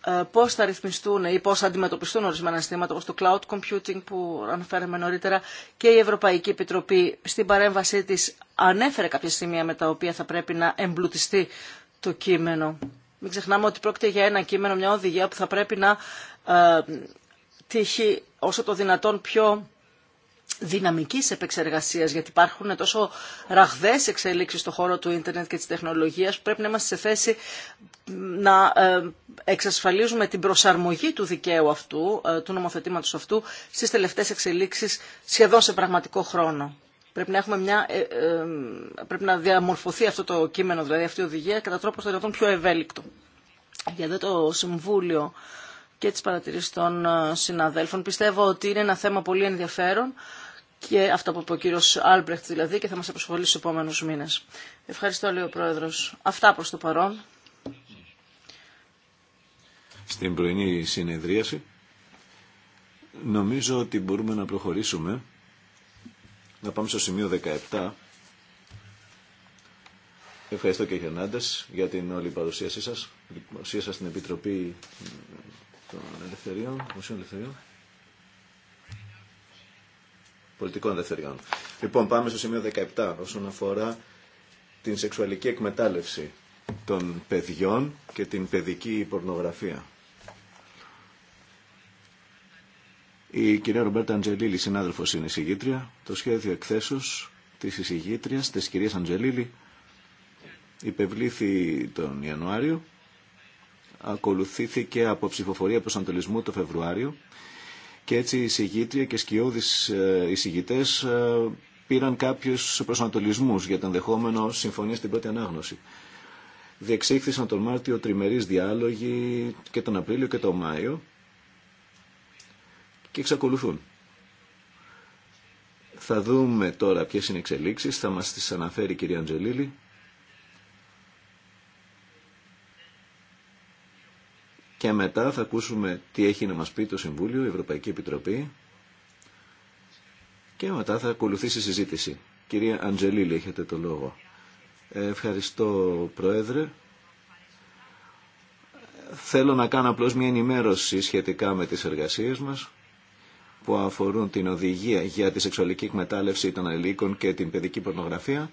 ε, πώ θα ρυθμιστούν ή πώ θα αντιμετωπιστούν ορισμένα συστήματα όπω το cloud computing που αναφέραμε νωρίτερα και η Ευρωπαϊκή Επιτροπή στην παρέμβασή τη ανέφερε κάποια σημεία με τα οποία θα πρέπει να εμπλουτιστεί το κείμενο. Μην ξεχνάμε ότι πρόκειται για ένα κείμενο, μια οδηγία που θα πρέπει να ε, τύχει όσο το δυνατόν πιο δυναμική επεξεργασία, γιατί υπάρχουν τόσο ραγδαίε εξελίξει στον χώρο του ίντερνετ και τη τεχνολογία, πρέπει να είμαστε σε θέση να ε, εξασφαλίζουμε την προσαρμογή του δικαίου αυτού, ε, του νομοθετήματος αυτού, στις τελευταίες εξελίξεις σχεδόν σε πραγματικό χρόνο. Πρέπει να, έχουμε μια, ε, πρέπει να διαμορφωθεί αυτό το κείμενο, δηλαδή αυτή η οδηγία, κατά τρόπο στο δυνατόν πιο ευέλικτο. Για το Συμβούλιο και τις παρατηρήσεις των συναδέλφων, πιστεύω ότι είναι ένα θέμα πολύ ενδιαφέρον και αυτό που είπε ο κύριο Άλμπρεχτ δηλαδή και θα μας απασχολήσει στους επόμενους μήνες. Ευχαριστώ, λέει ο Πρόεδρος. Αυτά προς το παρόν στην πρωινή συνεδρίαση. Νομίζω ότι μπορούμε να προχωρήσουμε. Να πάμε στο σημείο 17. Ευχαριστώ και Γιονάντες για την όλη παρουσίασή σας. Παρουσία στην Επιτροπή των Ελευθεριών, Μουσείων Ελευθεριών. Πολιτικών Ελευθεριών. Λοιπόν, πάμε στο σημείο 17 όσον αφορά την σεξουαλική εκμετάλλευση των παιδιών και την παιδική πορνογραφία. Η κυρία Ρομπέρτα Αντζελίλη, συνάδελφο είναι εισηγήτρια. Το σχέδιο εκθέσεως τη εισηγήτριας, τη κυρία Αντζελίλη, υπευλήθη τον Ιανουάριο. Ακολουθήθηκε από ψηφοφορία προσανατολισμού το Φεβρουάριο. Και έτσι οι συγγήτρια και σκιώδει ε, εισηγητές ε, πήραν κάποιου προσανατολισμού για το ενδεχόμενο συμφωνία στην πρώτη ανάγνωση. Διεξήχθησαν τον Μάρτιο τριμερείς διάλογοι και τον Απρίλιο και τον Μάιο και εξακολουθούν. Θα δούμε τώρα ποιες είναι οι εξελίξεις, θα μας τις αναφέρει η κυρία Αντζελίλη. Και μετά θα ακούσουμε τι έχει να μας πει το Συμβούλιο, η Ευρωπαϊκή Επιτροπή. Και μετά θα ακολουθήσει η συζήτηση. Κυρία Αντζελίλη, έχετε το λόγο. Ευχαριστώ, Πρόεδρε. Θέλω να κάνω απλώς μια ενημέρωση σχετικά με τις εργασίες μας που αφορούν την οδηγία για τη σεξουαλική εκμετάλλευση των ελίκων και την παιδική πορνογραφία.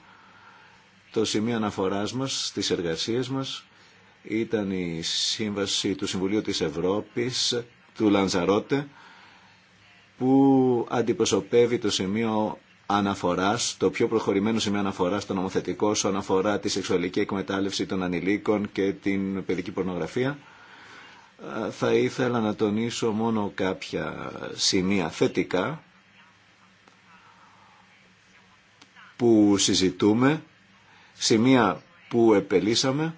Το σημείο αναφοράς μας στις εργασίες μας ήταν η σύμβαση του Συμβουλίου της Ευρώπης του Λανζαρότε που αντιπροσωπεύει το σημείο αναφοράς, το πιο προχωρημένο σημείο αναφοράς στο νομοθετικό όσο αναφορά τη σεξουαλική εκμετάλλευση των ανηλίκων και την παιδική πορνογραφία θα ήθελα να τονίσω μόνο κάποια σημεία θετικά που συζητούμε, σημεία που επελύσαμε.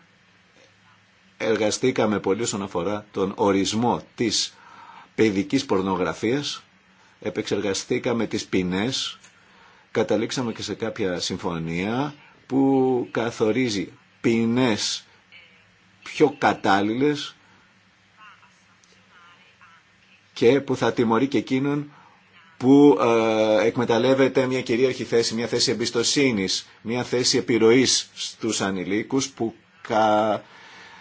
εργαστήκαμε πολύ όσον αφορά τον ορισμό της παιδικής πορνογραφίας, επεξεργαστήκαμε τις ποινές, καταλήξαμε και σε κάποια συμφωνία που καθορίζει ποινές πιο κατάλληλες και που θα τιμωρεί και εκείνον που ε, εκμεταλλεύεται μια κυρίαρχη θέση, μια θέση εμπιστοσύνης, μια θέση επιρροής στους ανηλίκους που κα,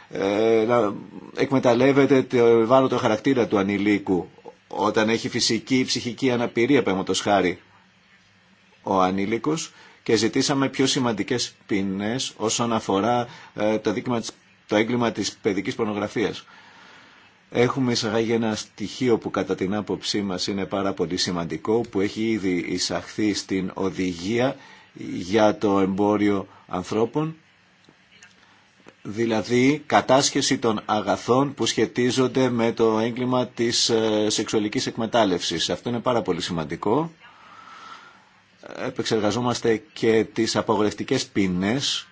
ε, εκμεταλλεύεται το ευάλωτο χαρακτήρα του ανηλίκου όταν έχει φυσική ή ψυχική αναπηρία, το χάρη ο ανήλικος και ζητήσαμε πιο σημαντικές ποινές όσον αφορά ε, το, δίκημα, το έγκλημα της παιδικής πορνογραφίας. Έχουμε εισαγάγει ένα στοιχείο που κατά την άποψή μας είναι πάρα πολύ σημαντικό που έχει ήδη εισαχθεί στην οδηγία για το εμπόριο ανθρώπων δηλαδή κατάσχεση των αγαθών που σχετίζονται με το έγκλημα της ε, σεξουαλικής εκμετάλλευσης. Αυτό είναι πάρα πολύ σημαντικό. Επεξεργαζόμαστε και τις απογορευτικές πίνες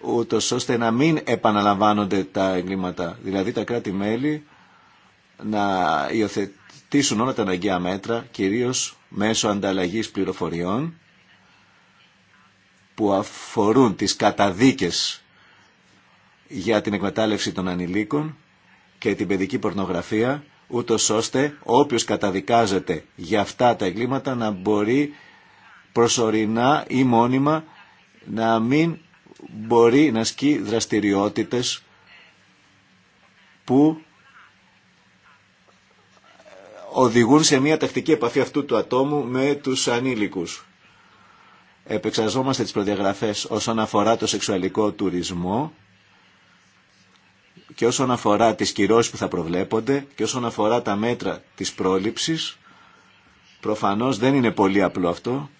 ούτω ώστε να μην επαναλαμβάνονται τα εγκλήματα. Δηλαδή τα κράτη-μέλη να υιοθετήσουν όλα τα αναγκαία μέτρα, κυρίως μέσω ανταλλαγής πληροφοριών που αφορούν τις καταδίκες για την εκμετάλλευση των ανηλίκων και την παιδική πορνογραφία, ούτω ώστε όποιος καταδικάζεται για αυτά τα εγκλήματα να μπορεί προσωρινά ή μόνιμα να μην μπορεί να ασκεί δραστηριότητες που οδηγούν σε μια τακτική επαφή αυτού του ατόμου με τους ανήλικους. Επεξαζόμαστε τις προδιαγραφές όσον αφορά το σεξουαλικό τουρισμό και όσον αφορά τις κυρώσεις που θα προβλέπονται και όσον αφορά τα μέτρα της πρόληψης. Προφανώς δεν είναι πολύ απλό αυτό,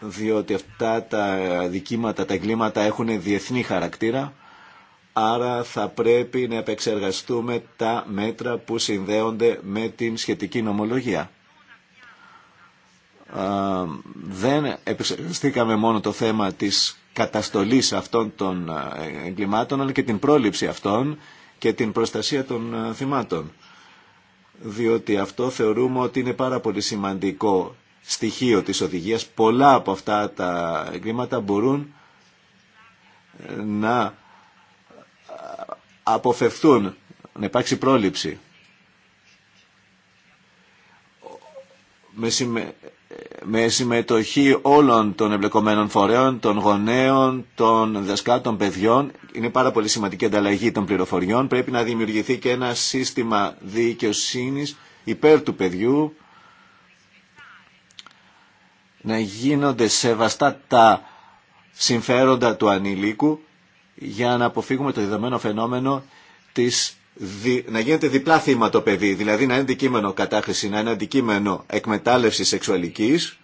διότι αυτά τα δικήματα, τα εγκλήματα έχουν διεθνή χαρακτήρα Άρα θα πρέπει να επεξεργαστούμε τα μέτρα που συνδέονται με την σχετική νομολογία. Δεν επεξεργαστήκαμε μόνο το θέμα της καταστολής αυτών των εγκλημάτων, αλλά και την πρόληψη αυτών και την προστασία των θυμάτων. Διότι αυτό θεωρούμε ότι είναι πάρα πολύ σημαντικό στοιχείο της οδηγίας. Πολλά από αυτά τα εγκλήματα μπορούν ε, να αποφευθούν, να υπάρξει πρόληψη. Με, συμμετοχή όλων των εμπλεκομένων φορέων, των γονέων, των δασκάλων, των παιδιών, είναι πάρα πολύ σημαντική ανταλλαγή των πληροφοριών. Πρέπει να δημιουργηθεί και ένα σύστημα δικαιοσύνης υπέρ του παιδιού, να γίνονται σεβαστά τα συμφέροντα του ανήλικου για να αποφύγουμε το δεδομένο φαινόμενο της να γίνεται διπλά θύμα το παιδί, δηλαδή να είναι αντικείμενο κατάχρηση, να είναι αντικείμενο εκμετάλλευση σεξουαλικής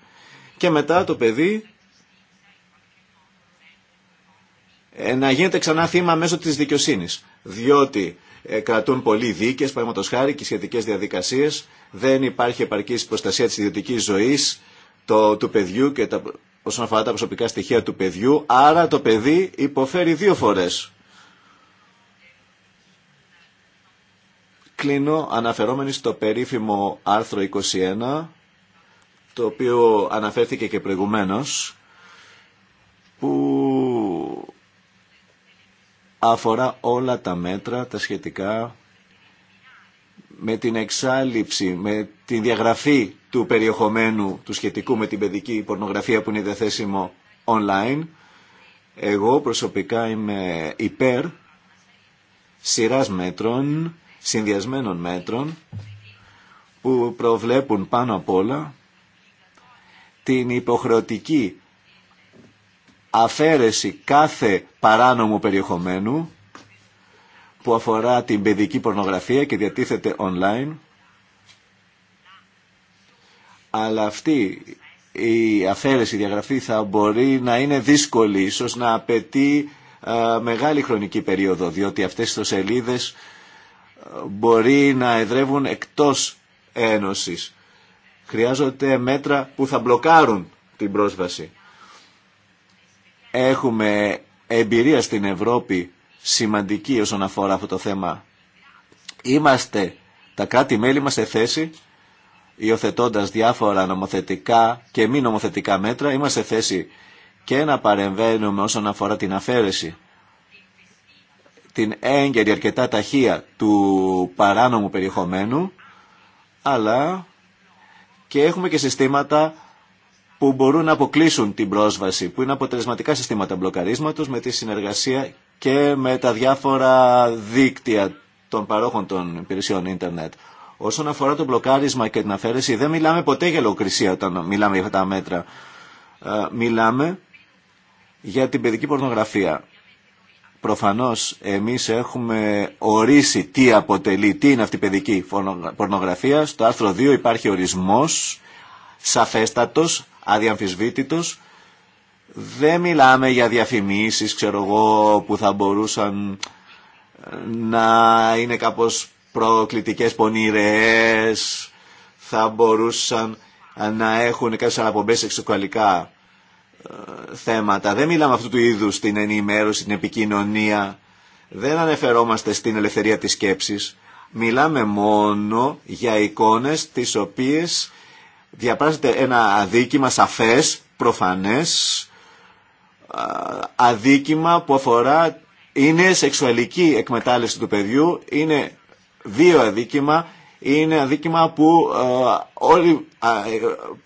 και μετά το παιδί ε, να γίνεται ξανά θύμα μέσω της δικαιοσύνης. Διότι ε, κρατούν πολλοί δίκες, παραδείγματο χάρη και σχετικές διαδικασίες, δεν υπάρχει επαρκή προστασία τη ιδιωτική ζωή του παιδιού και τα όσον αφορά τα προσωπικά στοιχεία του παιδιού, άρα το παιδί υποφέρει δύο φορές. Κλείνω αναφερόμενοι στο περίφημο άρθρο 21, το οποίο αναφέρθηκε και προηγουμένως, που αφορά όλα τα μέτρα, τα σχετικά με την εξάλληψη, με την διαγραφή του περιεχομένου του σχετικού με την παιδική πορνογραφία που είναι διαθέσιμο online. Εγώ προσωπικά είμαι υπέρ σειράς μέτρων, συνδυασμένων μέτρων που προβλέπουν πάνω απ' όλα την υποχρεωτική αφαίρεση κάθε παράνομου περιεχομένου που αφορά την παιδική πορνογραφία και διατίθεται online. Αλλά αυτή η αφαίρεση, η διαγραφή θα μπορεί να είναι δύσκολη, ίσως να απαιτεί μεγάλη χρονική περίοδο, διότι αυτές οι σελίδες μπορεί να εδρεύουν εκτός ένωσης. Χρειάζονται μέτρα που θα μπλοκάρουν την πρόσβαση. Έχουμε εμπειρία στην Ευρώπη σημαντική όσον αφορά αυτό το θέμα. Είμαστε τα κράτη-μέλη μας σε θέση, υιοθετώντα διάφορα νομοθετικά και μη νομοθετικά μέτρα, είμαστε σε θέση και να παρεμβαίνουμε όσον αφορά την αφαίρεση, την έγκαιρη αρκετά ταχεία του παράνομου περιεχομένου, αλλά και έχουμε και συστήματα που μπορούν να αποκλείσουν την πρόσβαση, που είναι αποτελεσματικά συστήματα μπλοκαρίσματος με τη συνεργασία και με τα διάφορα δίκτυα των παρόχων των υπηρεσιών ίντερνετ. Όσον αφορά το μπλοκάρισμα και την αφαίρεση, δεν μιλάμε ποτέ για λογοκρισία όταν μιλάμε για αυτά τα μέτρα. Ε, μιλάμε για την παιδική πορνογραφία. Προφανώς εμείς έχουμε ορίσει τι αποτελεί, τι είναι αυτή η παιδική πορνογραφία. Στο άρθρο 2 υπάρχει ορισμός, σαφέστατος, αδιαμφισβήτητος δεν μιλάμε για διαφημίσεις, ξέρω εγώ, που θα μπορούσαν ε, να είναι κάπως προκλητικές, πονηρές, θα μπορούσαν ε, να έχουν κάποιες αναπομπές εξοκαλικά ε, θέματα. Δεν μιλάμε αυτού του είδους την ενημέρωση, την επικοινωνία. Δεν ανεφερόμαστε στην ελευθερία της σκέψης. Μιλάμε μόνο για εικόνες τις οποίες διαπράζεται ένα αδίκημα σαφές, προφανές αδίκημα που αφορά είναι σεξουαλική εκμετάλλευση του παιδιού, είναι δύο αδίκημα, είναι αδίκημα που, όλοι,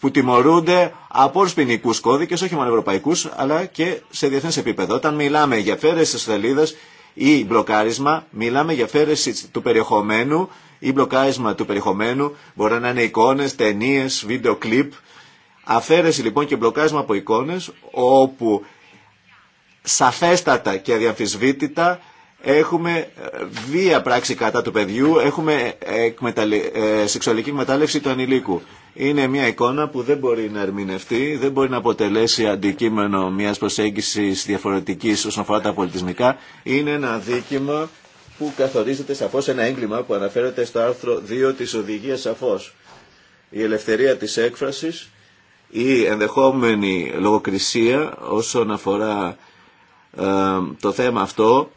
που τιμωρούνται από όλου ποινικού κώδικες, όχι μόνο ευρωπαϊκούς, αλλά και σε διεθνές επίπεδο. Όταν μιλάμε για φέρεση της ή μπλοκάρισμα, μιλάμε για φέρεση του περιεχομένου ή μπλοκάρισμα του περιεχομένου, μπορεί να είναι εικόνες, ταινίες, βίντεο κλιπ, Αφαίρεση λοιπόν και μπλοκάρισμα από εικόνες όπου σαφέστατα και αδιαμφισβήτητα έχουμε ε, βία πράξη κατά του παιδιού, έχουμε ε, ε, σεξουαλική εκμετάλλευση του ανηλίκου. Είναι μια εικόνα που δεν μπορεί να ερμηνευτεί, δεν μπορεί να αποτελέσει αντικείμενο μιας προσέγγισης διαφορετικής όσον αφορά τα πολιτισμικά. Είναι ένα δίκημα που καθορίζεται σαφώς ένα έγκλημα που αναφέρεται στο άρθρο 2 της οδηγίας σαφώς. Η ελευθερία της έκφρασης ή ενδεχόμενη λογοκρισία όσον αφορά ε, το θέμα αυτό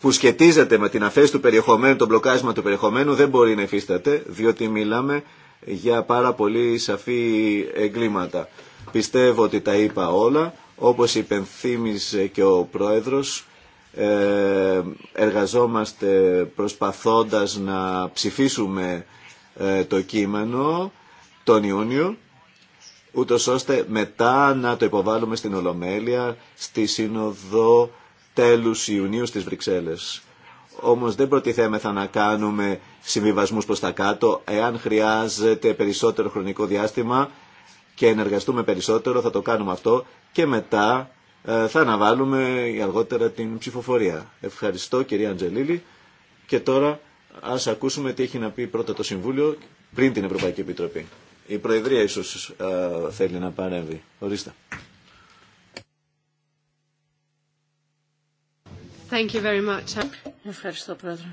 που σχετίζεται με την αφαίρεση του περιεχομένου, το μπλοκάρισμα του περιεχομένου δεν μπορεί να υφίσταται διότι μιλάμε για πάρα πολύ σαφή εγκλήματα. Πιστεύω ότι τα είπα όλα, όπως υπενθύμισε και ο Πρόεδρος, ε, εργαζόμαστε προσπαθώντας να ψηφίσουμε ε, το κείμενο τον Ιούνιο ούτως ώστε μετά να το υποβάλουμε στην Ολομέλεια, στη Σύνοδο τέλους Ιουνίου στις Βρυξέλλες. Όμως δεν προτιθέμεθα να κάνουμε συμβιβασμούς προς τα κάτω. Εάν χρειάζεται περισσότερο χρονικό διάστημα και ενεργαστούμε περισσότερο θα το κάνουμε αυτό και μετά ε, θα αναβάλουμε αργότερα την ψηφοφορία. Ευχαριστώ κυρία Αντζελίλη και τώρα ας ακούσουμε τι έχει να πει πρώτα το Συμβούλιο πριν την Ευρωπαϊκή Επιτροπή. Η Προεδρία ίσως ε, θέλει να παρέμβει. Ορίστε. Thank you very much. Ευχαριστώ, Πρόεδρε.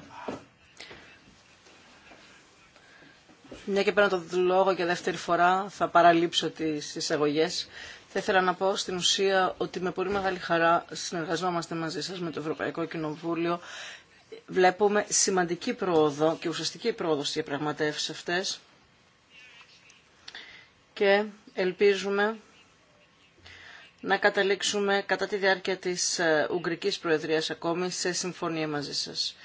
Μια και παίρνω το λόγο για δεύτερη φορά, θα παραλείψω τις εισαγωγές. Θα ήθελα να πω στην ουσία ότι με πολύ μεγάλη χαρά συνεργαζόμαστε μαζί σας με το Ευρωπαϊκό Κοινοβούλιο. Βλέπουμε σημαντική πρόοδο και ουσιαστική πρόοδο στις διαπραγματεύσεις αυτές και ελπίζουμε να καταλήξουμε κατά τη διάρκεια της ε, Ουγγρικής Προεδρίας ακόμη σε συμφωνία μαζί σας.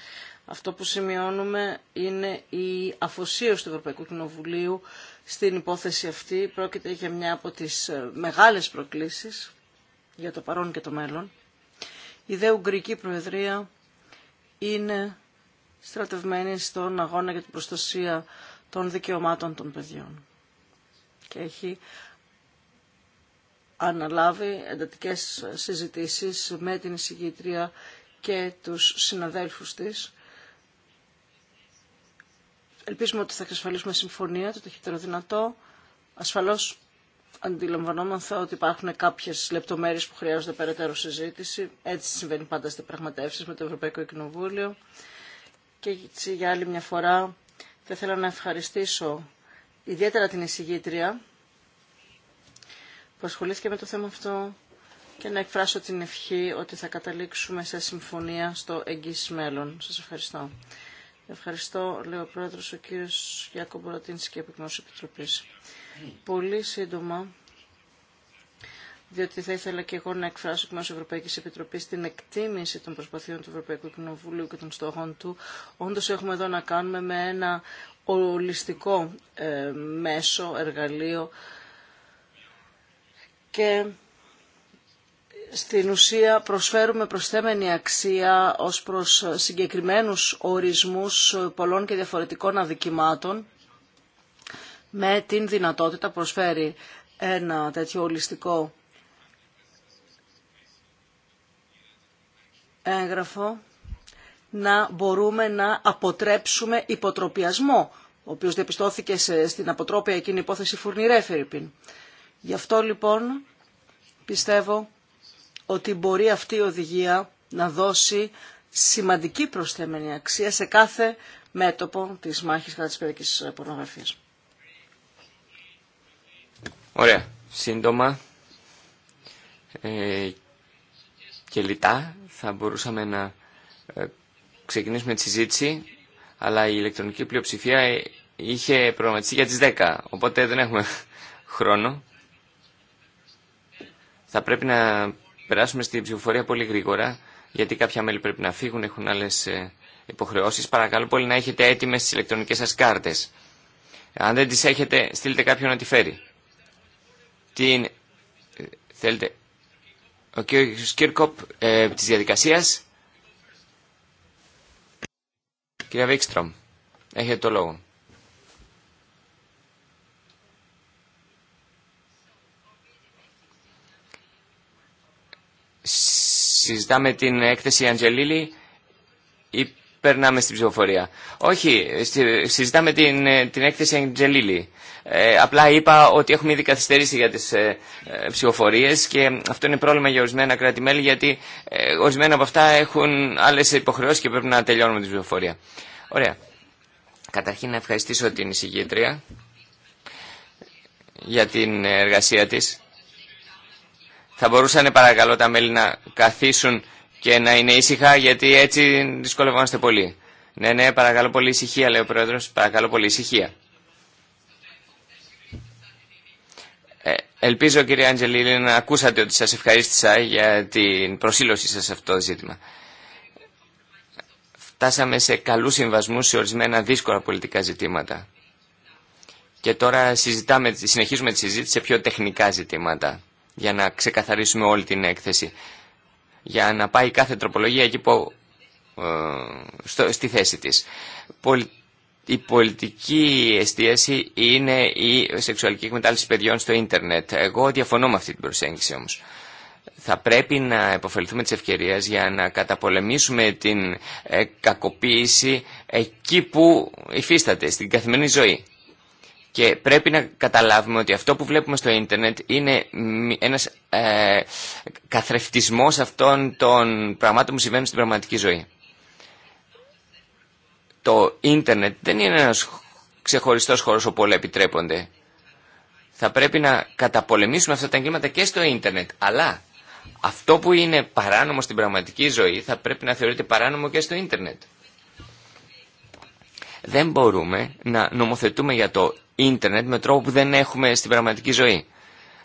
Αυτό που σημειώνουμε είναι η αφοσίωση του Ευρωπαϊκού Κοινοβουλίου στην υπόθεση αυτή. Πρόκειται για μια από τις ε, μεγάλες προκλήσεις για το παρόν και το μέλλον. Η δε Ουγγρική Προεδρία είναι στρατευμένη στον αγώνα για την προστασία των δικαιωμάτων των παιδιών και έχει αναλάβει εντατικές συζητήσεις με την εισηγήτρια και τους συναδέλφους της. Ελπίζουμε ότι θα εξασφαλίσουμε συμφωνία το ταχύτερο δυνατό. Ασφαλώς αντιλαμβανόμαθα ότι υπάρχουν κάποιες λεπτομέρειες που χρειάζονται περαιτέρω συζήτηση. Έτσι συμβαίνει πάντα στις πραγματεύσεις με το Ευρωπαϊκό Κοινοβούλιο. Και έτσι για άλλη μια φορά θα ήθελα να ευχαριστήσω ιδιαίτερα την εισηγήτρια που ασχολήθηκε με το θέμα αυτό και να εκφράσω την ευχή ότι θα καταλήξουμε σε συμφωνία στο εγγύς μέλλον. Σας ευχαριστώ. Ευχαριστώ, λέει ο Πρόεδρος, ο κύριος Γιάκο την Ευρωπαϊκή Επιτροπής. Πολύ σύντομα, διότι θα ήθελα και εγώ να εκφράσω εκ μέρου Ευρωπαϊκή Επιτροπή την εκτίμηση των προσπαθειών του Ευρωπαϊκού Κοινοβουλίου και των στόχων του. Όντω, έχουμε εδώ να κάνουμε με ένα ολιστικό ε, μέσο, εργαλείο και στην ουσία προσφέρουμε προσθέμενη αξία ως προς συγκεκριμένους ορισμούς πολλών και διαφορετικών αδικημάτων με την δυνατότητα προσφέρει ένα τέτοιο ολιστικό έγγραφο να μπορούμε να αποτρέψουμε υποτροπιασμό, ο οποίος διαπιστώθηκε στην αποτρόπια εκείνη υπόθεση Φουρνιρέ Γι' αυτό λοιπόν πιστεύω ότι μπορεί αυτή η οδηγία να δώσει σημαντική προσθέμενη αξία σε κάθε μέτωπο της μάχης κατά της παιδικής πορνογραφίας. Ωραία. Σύντομα ε, και λιτά θα μπορούσαμε να ε, ξεκινήσουμε τη συζήτηση, αλλά η ηλεκτρονική πλειοψηφία είχε προγραμματιστεί για τις 10, οπότε δεν έχουμε χρόνο. Θα πρέπει να περάσουμε στην ψηφοφορία πολύ γρήγορα, γιατί κάποια μέλη πρέπει να φύγουν, έχουν άλλες ε, υποχρεώσεις. Παρακαλώ πολύ να έχετε έτοιμες τις ηλεκτρονικές σας κάρτες. Αν δεν τις έχετε, στείλτε κάποιον να τη φέρει. Ε, θέλετε... Ο κ. Σκύρκοπ ε, της διαδικασίας. Κυρία Βίξτρομ, έχετε το λόγο. Συζητάμε την έκθεση Αντζελίλη περνάμε στην ψηφοφορία. Όχι, συζητάμε την, ε, την έκθεση Αγγελίλη. Ε, απλά είπα ότι έχουμε ήδη καθυστερήσει για τις ε, ε ψηφοφορίες και αυτό είναι πρόβλημα για ορισμένα κράτη-μέλη γιατί ε, ορισμένα από αυτά έχουν άλλες υποχρεώσεις και πρέπει να τελειώνουμε την ψηφοφορία. Ωραία. Καταρχήν να ευχαριστήσω την εισηγήτρια για την εργασία της. Θα μπορούσαν παρακαλώ τα μέλη να καθίσουν και να είναι ήσυχα γιατί έτσι δυσκολευόμαστε πολύ. Ναι, ναι, παρακαλώ πολύ ησυχία, λέει ο Πρόεδρος, παρακαλώ πολύ ησυχία. Ε, ελπίζω κύριε Αντζελίλη να ακούσατε ότι σας ευχαρίστησα για την προσήλωσή σας σε αυτό το ζήτημα. Φτάσαμε σε καλούς συμβασμούς σε ορισμένα δύσκολα πολιτικά ζητήματα. Και τώρα συζητάμε, συνεχίζουμε τη συζήτηση σε πιο τεχνικά ζητήματα για να ξεκαθαρίσουμε όλη την έκθεση για να πάει κάθε τροπολογία εκεί ε, στο, στη θέση της. Η πολιτική εστίαση είναι η σεξουαλική εκμετάλλευση παιδιών στο ίντερνετ. Εγώ διαφωνώ με αυτή την προσέγγιση όμως. Θα πρέπει να επωφεληθούμε της ευκαιρίας για να καταπολεμήσουμε την ε, κακοποίηση εκεί που υφίσταται, στην καθημερινή ζωή. Και πρέπει να καταλάβουμε ότι αυτό που βλέπουμε στο ίντερνετ είναι ένας ε, καθρεφτισμός αυτών των πραγμάτων που συμβαίνουν στην πραγματική ζωή. Το ίντερνετ δεν είναι ένας ξεχωριστός χώρος όπου όλα επιτρέπονται. Θα πρέπει να καταπολεμήσουμε αυτά τα εγκλήματα και στο ίντερνετ. Αλλά αυτό που είναι παράνομο στην πραγματική ζωή θα πρέπει να θεωρείται παράνομο και στο ίντερνετ. Δεν μπορούμε να νομοθετούμε για το ίντερνετ με τρόπο που δεν έχουμε στην πραγματική ζωή.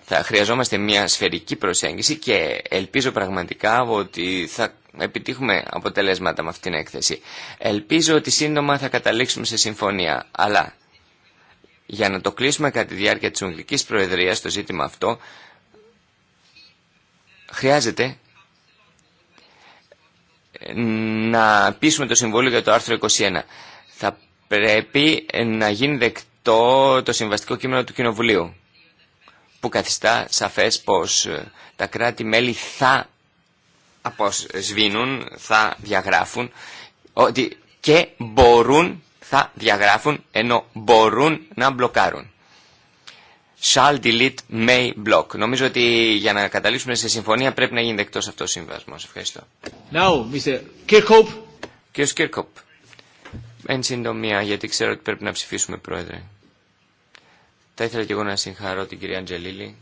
Θα χρειαζόμαστε μια σφαιρική προσέγγιση και ελπίζω πραγματικά ότι θα επιτύχουμε αποτελέσματα με αυτήν την έκθεση. Ελπίζω ότι σύντομα θα καταλήξουμε σε συμφωνία, αλλά για να το κλείσουμε κατά τη διάρκεια της Ουγγλικής Προεδρίας το ζήτημα αυτό, χρειάζεται να πείσουμε το Συμβούλιο για το άρθρο 21. Θα πρέπει να γίνει δεκτή το συμβαστικό κείμενο του Κοινοβουλίου που καθιστά σαφές πως ε, τα κράτη-μέλη θα αποσβήνουν, θα διαγράφουν ότι και μπορούν θα διαγράφουν ενώ μπορούν να μπλοκάρουν. Shall delete may block. Νομίζω ότι για να καταλήξουμε σε συμφωνία πρέπει να γίνει δεκτός αυτός ο συμβασμός. Ευχαριστώ. Now, Mr. Kirchhoff. Κύριος Εν συντομία, γιατί ξέρω ότι πρέπει να ψηφίσουμε, Πρόεδρε. Θα ήθελα και εγώ να συγχαρώ την κυρία Αντζελίλη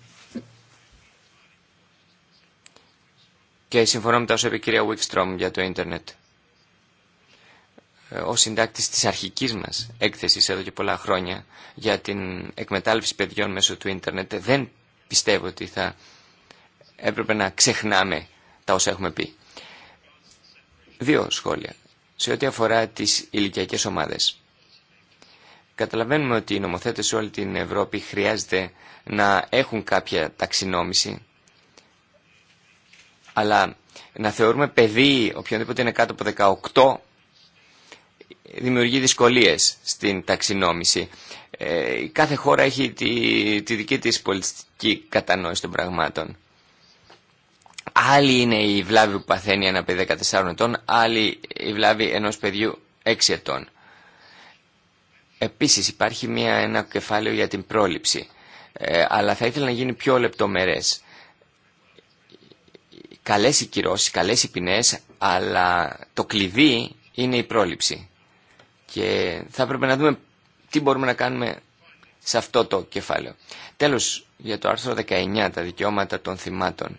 και συμφωνώ με τα όσα είπε η κυρία Wickstrom για το ίντερνετ. Ε, ο συντάκτης της αρχικής μας έκθεσης εδώ και πολλά χρόνια για την εκμετάλλευση παιδιών μέσω του ίντερνετ δεν πιστεύω ότι θα έπρεπε να ξεχνάμε τα όσα έχουμε πει. Δύο σχόλια. Σε ό,τι αφορά τις ηλικιακές ομάδες. Καταλαβαίνουμε ότι οι νομοθέτες σε όλη την Ευρώπη χρειάζεται να έχουν κάποια ταξινόμηση, αλλά να θεωρούμε παιδί οποιονδήποτε είναι κάτω από 18 δημιουργεί δυσκολίες στην ταξινόμηση. Ε, κάθε χώρα έχει τη, τη δική της πολιτική κατανόηση των πραγμάτων. Άλλη είναι η βλάβη που παθαίνει ένα παιδί 14 ετών, άλλη η βλάβη ενός παιδιού 6 ετών. Επίσης υπάρχει μια, ένα κεφάλαιο για την πρόληψη, ε, αλλά θα ήθελα να γίνει πιο λεπτομερές. Καλές οι κυρώσεις, καλές οι ποινές, αλλά το κλειδί είναι η πρόληψη. Και θα έπρεπε να δούμε τι μπορούμε να κάνουμε σε αυτό το κεφάλαιο. Τέλος, για το άρθρο 19, τα δικαιώματα των θυμάτων.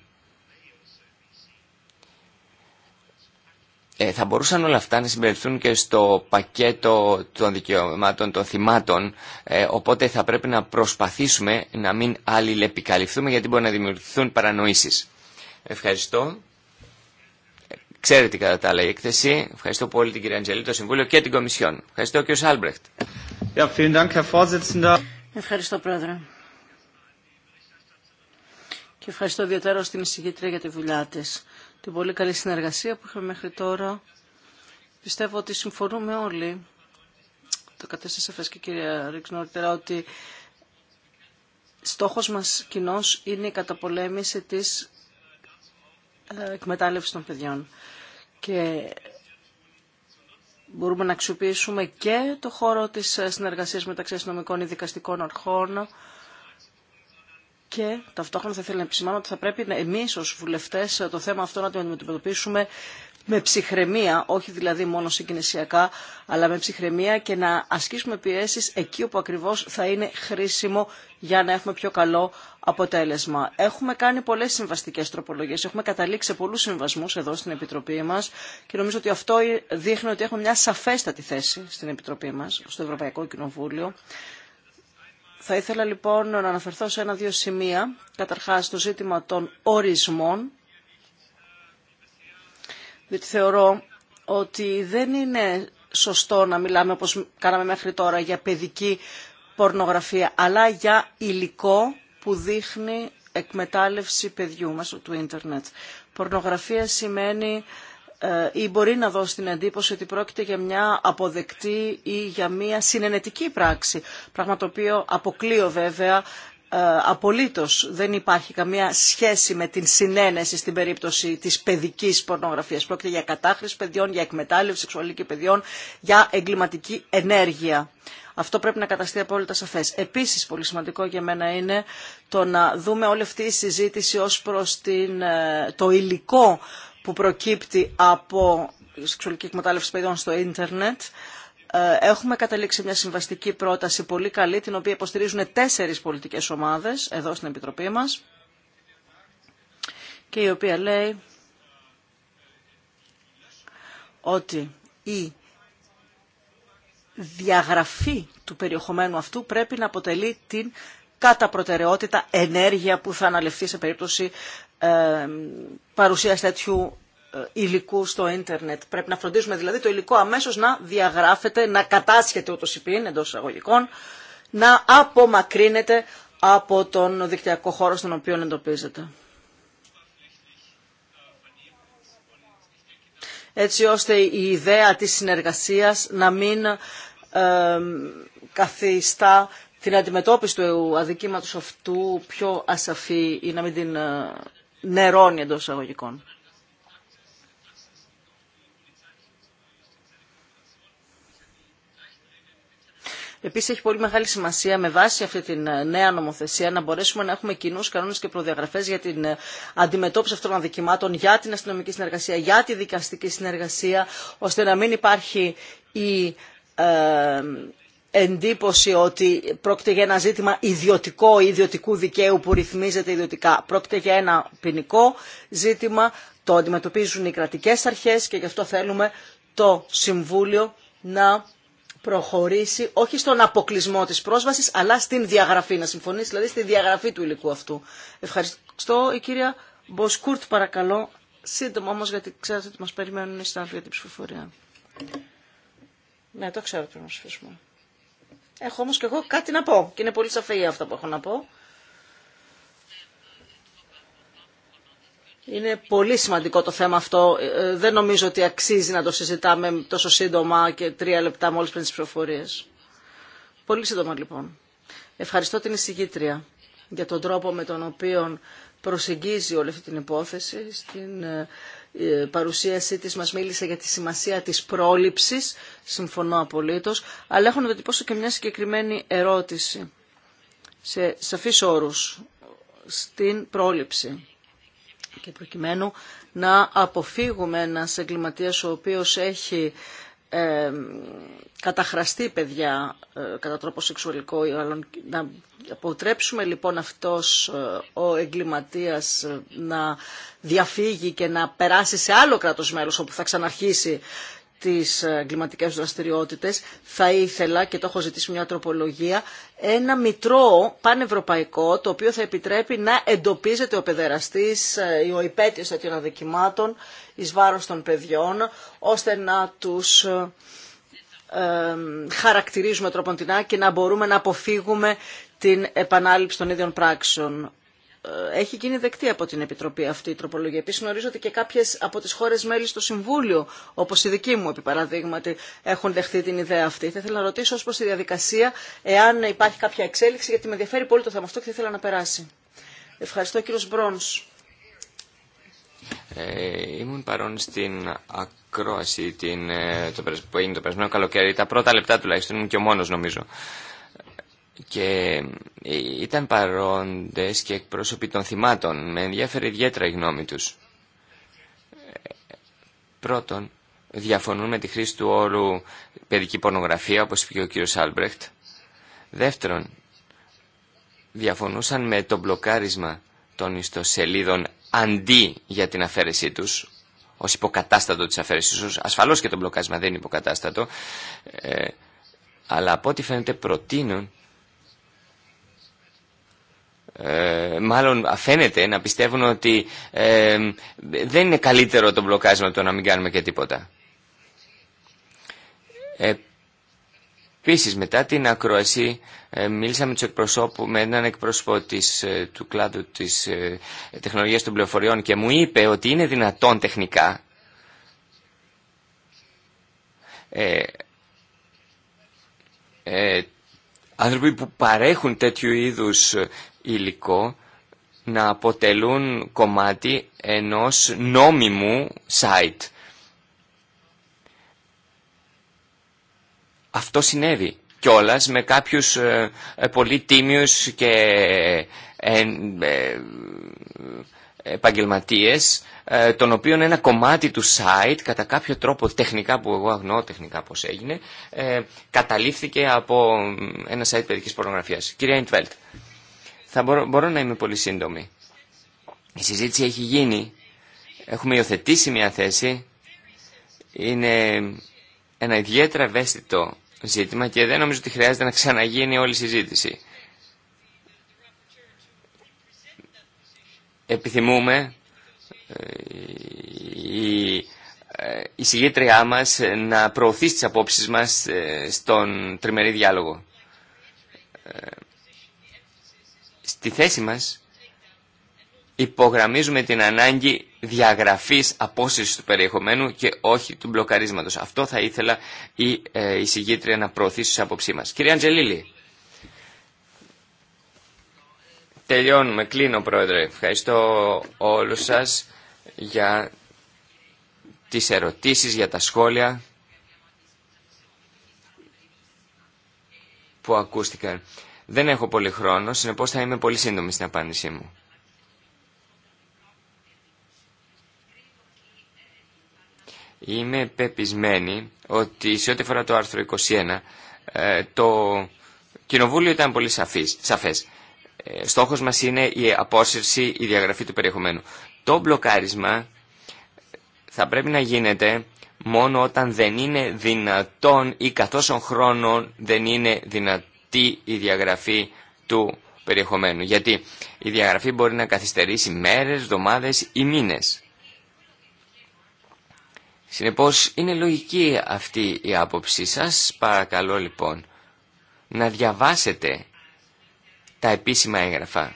Ε, θα μπορούσαν όλα αυτά να συμπεριληφθούν και στο πακέτο των δικαιωμάτων των θυμάτων, ε, οπότε θα πρέπει να προσπαθήσουμε να μην αλληλεπικαλυφθούμε γιατί μπορεί να δημιουργηθούν παρανοήσεις. Ευχαριστώ. Ξέρετε κατά τα άλλα η έκθεση. Ευχαριστώ πολύ την κυρία Αντζελή, το Συμβούλιο και την Κομισιόν. Ευχαριστώ και ο Σάλμπρεχτ. Ευχαριστώ πρόεδρε. Και ευχαριστώ ιδιαίτερα στην εισηγήτρια για τη δουλειά τη την πολύ καλή συνεργασία που είχαμε μέχρι τώρα. Πιστεύω ότι συμφωνούμε όλοι, το κατέστησε φεσκή κυρία Ρίξ ότι στόχος μας κοινό είναι η καταπολέμηση της ε, εκμετάλλευσης των παιδιών. Και μπορούμε να αξιοποιήσουμε και το χώρο της ε, συνεργασίας μεταξύ αστυνομικών ή δικαστικών αρχών, και ταυτόχρονα θα ήθελα να επισημάνω ότι θα πρέπει εμεί ω βουλευτέ το θέμα αυτό να το αντιμετωπίσουμε με ψυχραιμία, όχι δηλαδή μόνο συγκινησιακά, αλλά με ψυχραιμία και να ασκήσουμε πιέσεις εκεί όπου ακριβώς θα είναι χρήσιμο για να έχουμε πιο καλό αποτέλεσμα. Έχουμε κάνει πολλές συμβαστικές τροπολογίες, έχουμε καταλήξει σε πολλούς συμβασμούς εδώ στην Επιτροπή μας και νομίζω ότι αυτό δείχνει ότι έχουμε μια σαφέστατη θέση στην Επιτροπή μας, στο Ευρωπαϊκό Κοινοβούλιο θα ήθελα λοιπόν να αναφερθώ σε ένα-δύο σημεία. Καταρχάς το ζήτημα των ορισμών, διότι θεωρώ ότι δεν είναι σωστό να μιλάμε όπως κάναμε μέχρι τώρα για παιδική πορνογραφία, αλλά για υλικό που δείχνει εκμετάλλευση παιδιού μας του ίντερνετ. Πορνογραφία σημαίνει ε, ή μπορεί να δώσει την εντύπωση ότι πρόκειται για μια αποδεκτή ή για μια συνενετική πράξη, πράγμα το οποίο αποκλείω βέβαια ε, απολύτως δεν υπάρχει καμία σχέση με την συνένεση στην περίπτωση της παιδικής πορνογραφίας. Πρόκειται για κατάχρηση παιδιών, για εκμετάλλευση σεξουαλική παιδιών, για εγκληματική ενέργεια. Αυτό πρέπει να καταστεί απόλυτα σαφέ. Επίση, πολύ σημαντικό για μένα είναι το να δούμε όλη αυτή η συζήτηση ω προ ε, το υλικό που προκύπτει από σεξουαλική εκμετάλλευση παιδιών στο ίντερνετ. Ε, έχουμε καταλήξει μια συμβαστική πρόταση πολύ καλή, την οποία υποστηρίζουν τέσσερις πολιτικές ομάδες εδώ στην Επιτροπή μας και η οποία λέει ότι η διαγραφή του περιεχομένου αυτού πρέπει να αποτελεί την κατά προτεραιότητα ενέργεια που θα αναλευθεί σε περίπτωση ε, παρουσίας τέτοιου ε, υλικού στο ίντερνετ. Πρέπει να φροντίζουμε δηλαδή το υλικό αμέσως να διαγράφεται, να κατάσχεται ούτως υπήν εντός εισαγωγικών, να απομακρύνεται από τον δικτυακό χώρο στον οποίο εντοπίζεται. Έτσι ώστε η ιδέα της συνεργασίας να μην ε, καθιστά την αντιμετώπιση του αδικήματος αυτού πιο ασαφή ή να μην την ε, νερώνει εντό εισαγωγικών. Επίσης έχει πολύ μεγάλη σημασία με βάση αυτή την ε, νέα νομοθεσία να μπορέσουμε να έχουμε κοινού κανόνες και προδιαγραφές για την ε, αντιμετώπιση αυτών των αδικημάτων, για την αστυνομική συνεργασία, για τη δικαστική συνεργασία, ώστε να μην υπάρχει η εντύπωση ότι πρόκειται για ένα ζήτημα ιδιωτικό ή ιδιωτικού δικαίου που ρυθμίζεται ιδιωτικά. Πρόκειται για ένα ποινικό ζήτημα, το αντιμετωπίζουν οι κρατικές αρχές και γι' αυτό θέλουμε το Συμβούλιο να προχωρήσει όχι στον αποκλεισμό της πρόσβασης αλλά στην διαγραφή, να συμφωνήσει δηλαδή στη διαγραφή του υλικού αυτού. Ευχαριστώ η κυρία Μποσκούρτ παρακαλώ, σύντομα όμως γιατί ξέρετε ότι μας περιμένουν οι συνάδελφοι για την ψηφοφορία. Ναι, το ξέρω πρέπει να ψηφίσουμε. Έχω όμως και εγώ κάτι να πω και είναι πολύ σαφή αυτό που έχω να πω. Είναι πολύ σημαντικό το θέμα αυτό. Ε, ε, δεν νομίζω ότι αξίζει να το συζητάμε τόσο σύντομα και τρία λεπτά μόλις πριν τις προφορίες. Πολύ σύντομα λοιπόν. Ευχαριστώ την εισηγήτρια για τον τρόπο με τον οποίο προσεγγίζει όλη αυτή την υπόθεση στην ε, παρουσίασή της μας μίλησε για τη σημασία της πρόληψης, συμφωνώ απολύτως, αλλά έχω να διατυπώσω και μια συγκεκριμένη ερώτηση σε σαφείς όρους στην πρόληψη και προκειμένου να αποφύγουμε ένας εγκληματίας ο οποίος έχει ε, καταχραστεί παιδιά ε, κατά τρόπο σεξουαλικό ή άλλον. Να αποτρέψουμε λοιπόν αυτός ε, ο εγκληματίας ε, να διαφύγει και να περάσει σε άλλο κράτος μέλος όπου θα ξαναρχίσει τις εγκληματικές δραστηριότητες, θα ήθελα, και το έχω ζητήσει μια τροπολογία, ένα μητρό πανευρωπαϊκό, το οποίο θα επιτρέπει να εντοπίζεται ο παιδεραστής ή ε, ο υπέτειος τέτοιων αδικημάτων εις βάρος των παιδιών, ώστε να τους ε, χαρακτηρίζουμε τροποντινά και να μπορούμε να αποφύγουμε την επανάληψη των ίδιων πράξεων. Ε, έχει γίνει δεκτή από την Επιτροπή αυτή η τροπολογία. Επίση, γνωρίζω ότι και κάποιε από τι χώρε μέλη στο Συμβούλιο, όπω η δική μου, επί παραδείγματι, έχουν δεχθεί την ιδέα αυτή. Θα ήθελα να ρωτήσω ω προ τη διαδικασία, εάν υπάρχει κάποια εξέλιξη, γιατί με ενδιαφέρει πολύ το θέμα αυτό και θα ήθελα να περάσει. Ευχαριστώ, κύριο Μπρόν. Ε, ήμουν παρόν στην ακρόαση την, ε, το, που έγινε το περασμένο καλοκαίρι. Τα πρώτα λεπτά τουλάχιστον ήμουν και ο μόνο, νομίζω και ε, ήταν παρόντες και εκπρόσωποι των θυμάτων. Με ενδιαφέρει ιδιαίτερα η γνώμη τους. Ε, πρώτον, διαφωνούν με τη χρήση του όρου παιδική πορνογραφία, όπως είπε ο κύριος Άλμπρεχτ. Δεύτερον, διαφωνούσαν με το μπλοκάρισμα των ιστοσελίδων αντί για την αφαίρεσή τους, ως υποκατάστατο της αφαίρεσής τους. Ασφαλώς και το μπλοκάρισμα δεν είναι υποκατάστατο, ε, αλλά από ό,τι φαίνεται προτείνουν ε, μάλλον φαίνεται να πιστεύουν ότι ε, δεν είναι καλύτερο το μπλοκάρισμα το να μην κάνουμε και τίποτα. Ε, Επίση, μετά την ακρόαση, ε, μίλησα με, με έναν εκπρόσωπο του κλάδου της ε, τεχνολογίας των πληροφοριών και μου είπε ότι είναι δυνατόν τεχνικά ε, άνθρωποι που παρέχουν τέτοιου είδους υλικό να αποτελούν κομμάτι ενός νόμιμου site. Αυτό συνέβη κιόλας με κάποιους ε, ε, πολύ τίμιους και ε, επαγγελματίες ε, των οποίων ένα κομμάτι του site κατά κάποιο τρόπο τεχνικά που εγώ αγνώ τεχνικά πώς έγινε ε, καταλήφθηκε από ένα site παιδικής πορνογραφίας. Κυρία Ιντβέλτ, θα μπορώ, μπορώ να είμαι πολύ σύντομη. Η συζήτηση έχει γίνει, έχουμε υιοθετήσει μια θέση, είναι ένα ιδιαίτερα ευαίσθητο ζήτημα και δεν νομίζω ότι χρειάζεται να ξαναγίνει όλη η συζήτηση. επιθυμούμε ε, η ε, η συγγήτριά μας να προωθήσει τις απόψεις μας ε, στον τριμερή διάλογο. Στη θέση μας υπογραμμίζουμε την ανάγκη διαγραφής απόσυρσης του περιεχομένου και όχι του μπλοκαρίσματος. Αυτό θα ήθελα η, η συγγήτρια να προωθήσει σε απόψή μας. Κυρία Αντζελίλη, Τελειώνουμε, κλείνω πρόεδρε. Ευχαριστώ όλους σας για τις ερωτήσεις, για τα σχόλια που ακούστηκαν. Δεν έχω πολύ χρόνο, συνεπώς θα είμαι πολύ σύντομη στην απάντησή μου. Είμαι πεπισμένη ότι σε ό,τι φορά το άρθρο 21, ε, το κοινοβούλιο ήταν πολύ σαφής, σαφές. Ε, στόχος μας είναι η απόσυρση, η διαγραφή του περιεχομένου. Το μπλοκάρισμα θα πρέπει να γίνεται μόνο όταν δεν είναι δυνατόν ή καθώς ο χρόνων δεν είναι δυνατή η διαγραφή του περιεχομένου. Γιατί η διαγραφή μπορεί να καθυστερήσει μέρες, εβδομάδες ή μήνες. Συνεπώς είναι λογική αυτή η άποψή σας. Παρακαλώ λοιπόν να διαβάσετε τα επίσημα έγγραφα.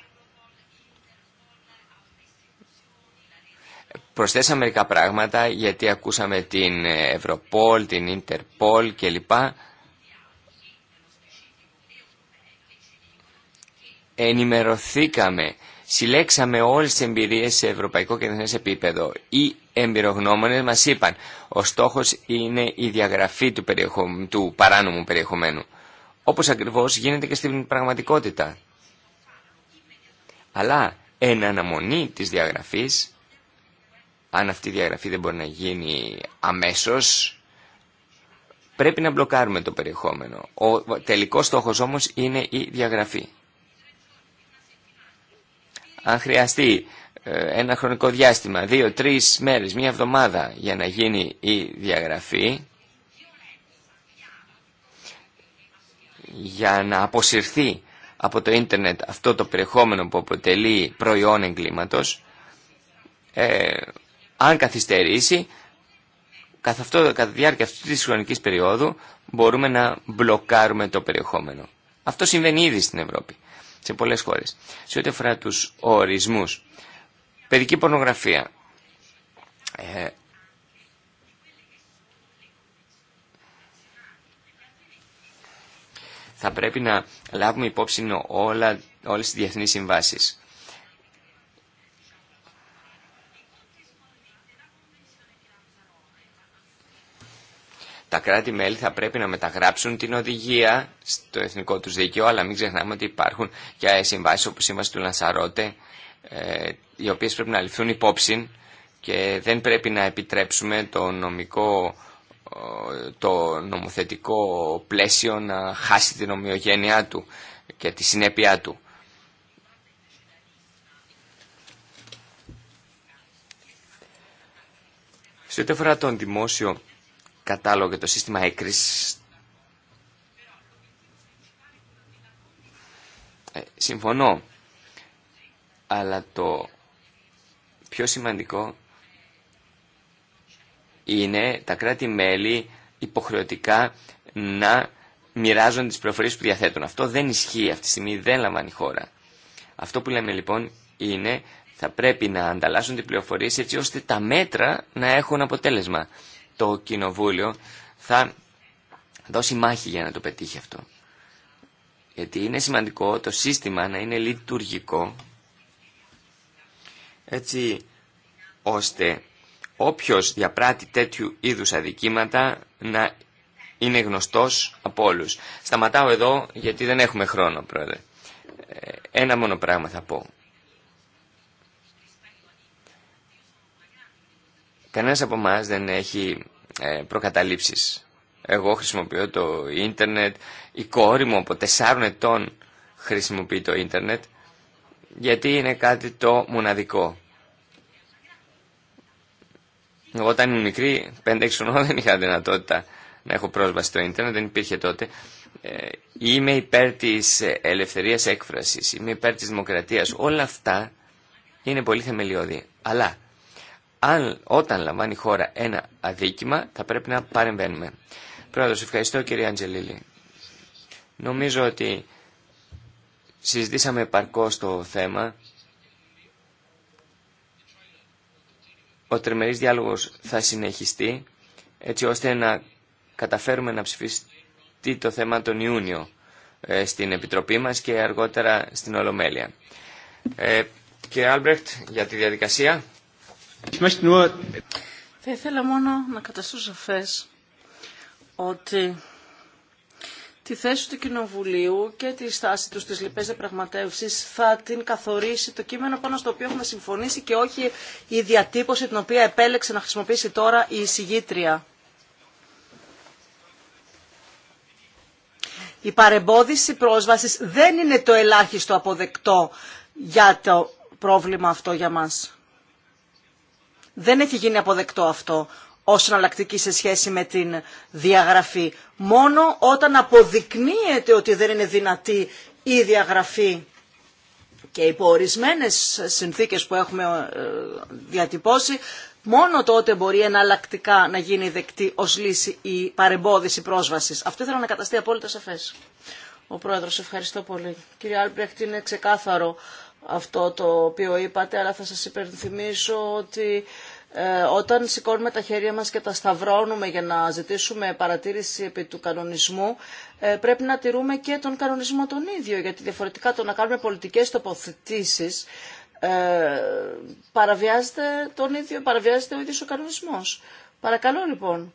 Προσθέσαμε μερικά πράγματα γιατί ακούσαμε την Ευρωπόλ, την Ιντερπόλ κλπ. Ενημερωθήκαμε, συλλέξαμε όλες τις εμπειρίες σε ευρωπαϊκό και διεθνές επίπεδο. Οι εμπειρογνώμονες μας είπαν, ο στόχος είναι η διαγραφή του, περιεχο... του παράνομου περιεχομένου. Όπως ακριβώς γίνεται και στην πραγματικότητα. Αλλά εν αναμονή της διαγραφής, αν αυτή η διαγραφή δεν μπορεί να γίνει αμέσως, πρέπει να μπλοκάρουμε το περιεχόμενο. Ο τελικός στόχος όμως είναι η διαγραφή. Αν χρειαστεί ε, ένα χρονικό διάστημα, δύο, τρεις μέρες, μία εβδομάδα για να γίνει η διαγραφή, για να αποσυρθεί από το ίντερνετ αυτό το περιεχόμενο που αποτελεί προϊόν εγκλήματος, ε, αν καθυστερήσει, καθ κατά τη διάρκεια αυτής της χρονικής περίοδου μπορούμε να μπλοκάρουμε το περιεχόμενο. Αυτό συμβαίνει ήδη στην Ευρώπη, σε πολλές χώρες. Σε ό,τι αφορά τους ορισμούς, παιδική πορνογραφία, ε, θα πρέπει να λάβουμε υπόψη όλα, όλες τις διεθνείς συμβάσεις. Τα κράτη-μέλη θα πρέπει να μεταγράψουν την οδηγία στο εθνικό τους δίκαιο, αλλά μην ξεχνάμε ότι υπάρχουν και συμβάσεις όπως η Σύμβαση του Λανσαρότε, ε, οι οποίες πρέπει να ληφθούν υπόψη και δεν πρέπει να επιτρέψουμε το νομικό το νομοθετικό πλαίσιο να χάσει την ομοιογένειά του και τη συνέπειά του. Σε ό,τι αφορά τον δημόσιο κατάλογο και το σύστημα έκρηση, ε, συμφωνώ, αλλά το πιο σημαντικό είναι τα κράτη-μέλη υποχρεωτικά να μοιράζονται τις πληροφορίες που διαθέτουν. Αυτό δεν ισχύει, αυτή τη στιγμή δεν λαμβάνει η χώρα. Αυτό που λέμε λοιπόν είναι θα πρέπει να ανταλλάσσουν τις πληροφορίες έτσι ώστε τα μέτρα να έχουν αποτέλεσμα. Το Κοινοβούλιο θα δώσει μάχη για να το πετύχει αυτό. Γιατί είναι σημαντικό το σύστημα να είναι λειτουργικό έτσι ώστε όποιος διαπράττει τέτοιου είδους αδικήματα να είναι γνωστός από όλου. Σταματάω εδώ γιατί δεν έχουμε χρόνο, πρόεδρε. Ε, ένα μόνο πράγμα θα πω. Κανένας από εμά δεν έχει ε, προκαταλήψεις. Εγώ χρησιμοποιώ το ίντερνετ, η κόρη μου από τεσσάρων ετών χρησιμοποιεί το ίντερνετ, γιατί είναι κάτι το μοναδικό. Εγώ όταν ήμουν μικρή, 5-6 χρονών δεν είχα δυνατότητα να έχω πρόσβαση στο ίντερνετ, δεν υπήρχε τότε. Ε, είμαι υπέρ τη ελευθερία έκφραση, είμαι υπέρ τη δημοκρατία, Όλα αυτά είναι πολύ θεμελιώδη. Αλλά αν, όταν λαμβάνει η χώρα ένα αδίκημα θα πρέπει να παρεμβαίνουμε. Πρόεδρο, ευχαριστώ κύριε Αντζελίλη. Νομίζω ότι συζητήσαμε επαρκώ το θέμα. ο τριμερής διάλογος θα συνεχιστεί έτσι ώστε να καταφέρουμε να ψηφιστεί το θέμα τον Ιούνιο ε, στην Επιτροπή μας και αργότερα στην Ολομέλεια. Ε, κύριε Άλμπρεχτ, για τη διαδικασία. Θα ήθελα μόνο να καταστώ σαφές ότι τη θέση του Κοινοβουλίου και τη στάση του στις λοιπές διαπραγματεύσεις θα την καθορίσει το κείμενο πάνω στο οποίο έχουμε συμφωνήσει και όχι η διατύπωση την οποία επέλεξε να χρησιμοποιήσει τώρα η εισηγήτρια. Η παρεμπόδιση πρόσβασης δεν είναι το ελάχιστο αποδεκτό για το πρόβλημα αυτό για μας. Δεν έχει γίνει αποδεκτό αυτό. Ω εναλλακτική σε σχέση με την διαγραφή. Μόνο όταν αποδεικνύεται ότι δεν είναι δυνατή η διαγραφή και υπό ορισμένε συνθήκε που έχουμε ε, διατυπώσει, μόνο τότε μπορεί εναλλακτικά να γίνει δεκτή ω λύση η παρεμπόδιση πρόσβαση. Αυτό ήθελα να καταστεί απόλυτα σαφές. Ο πρόεδρο, ευχαριστώ πολύ. Κύριε Άλμπρεχτ, είναι ξεκάθαρο αυτό το οποίο είπατε, αλλά θα σα υπενθυμίσω ότι ε, όταν σηκώνουμε τα χέρια μας και τα σταυρώνουμε για να ζητήσουμε παρατήρηση επί του κανονισμού, ε, πρέπει να τηρούμε και τον κανονισμό τον ίδιο, γιατί διαφορετικά το να κάνουμε πολιτικές τοποθετήσεις ε, παραβιάζεται, τον ίδιο, παραβιάζεται ο ίδιος ο κανονισμός. Παρακαλώ λοιπόν.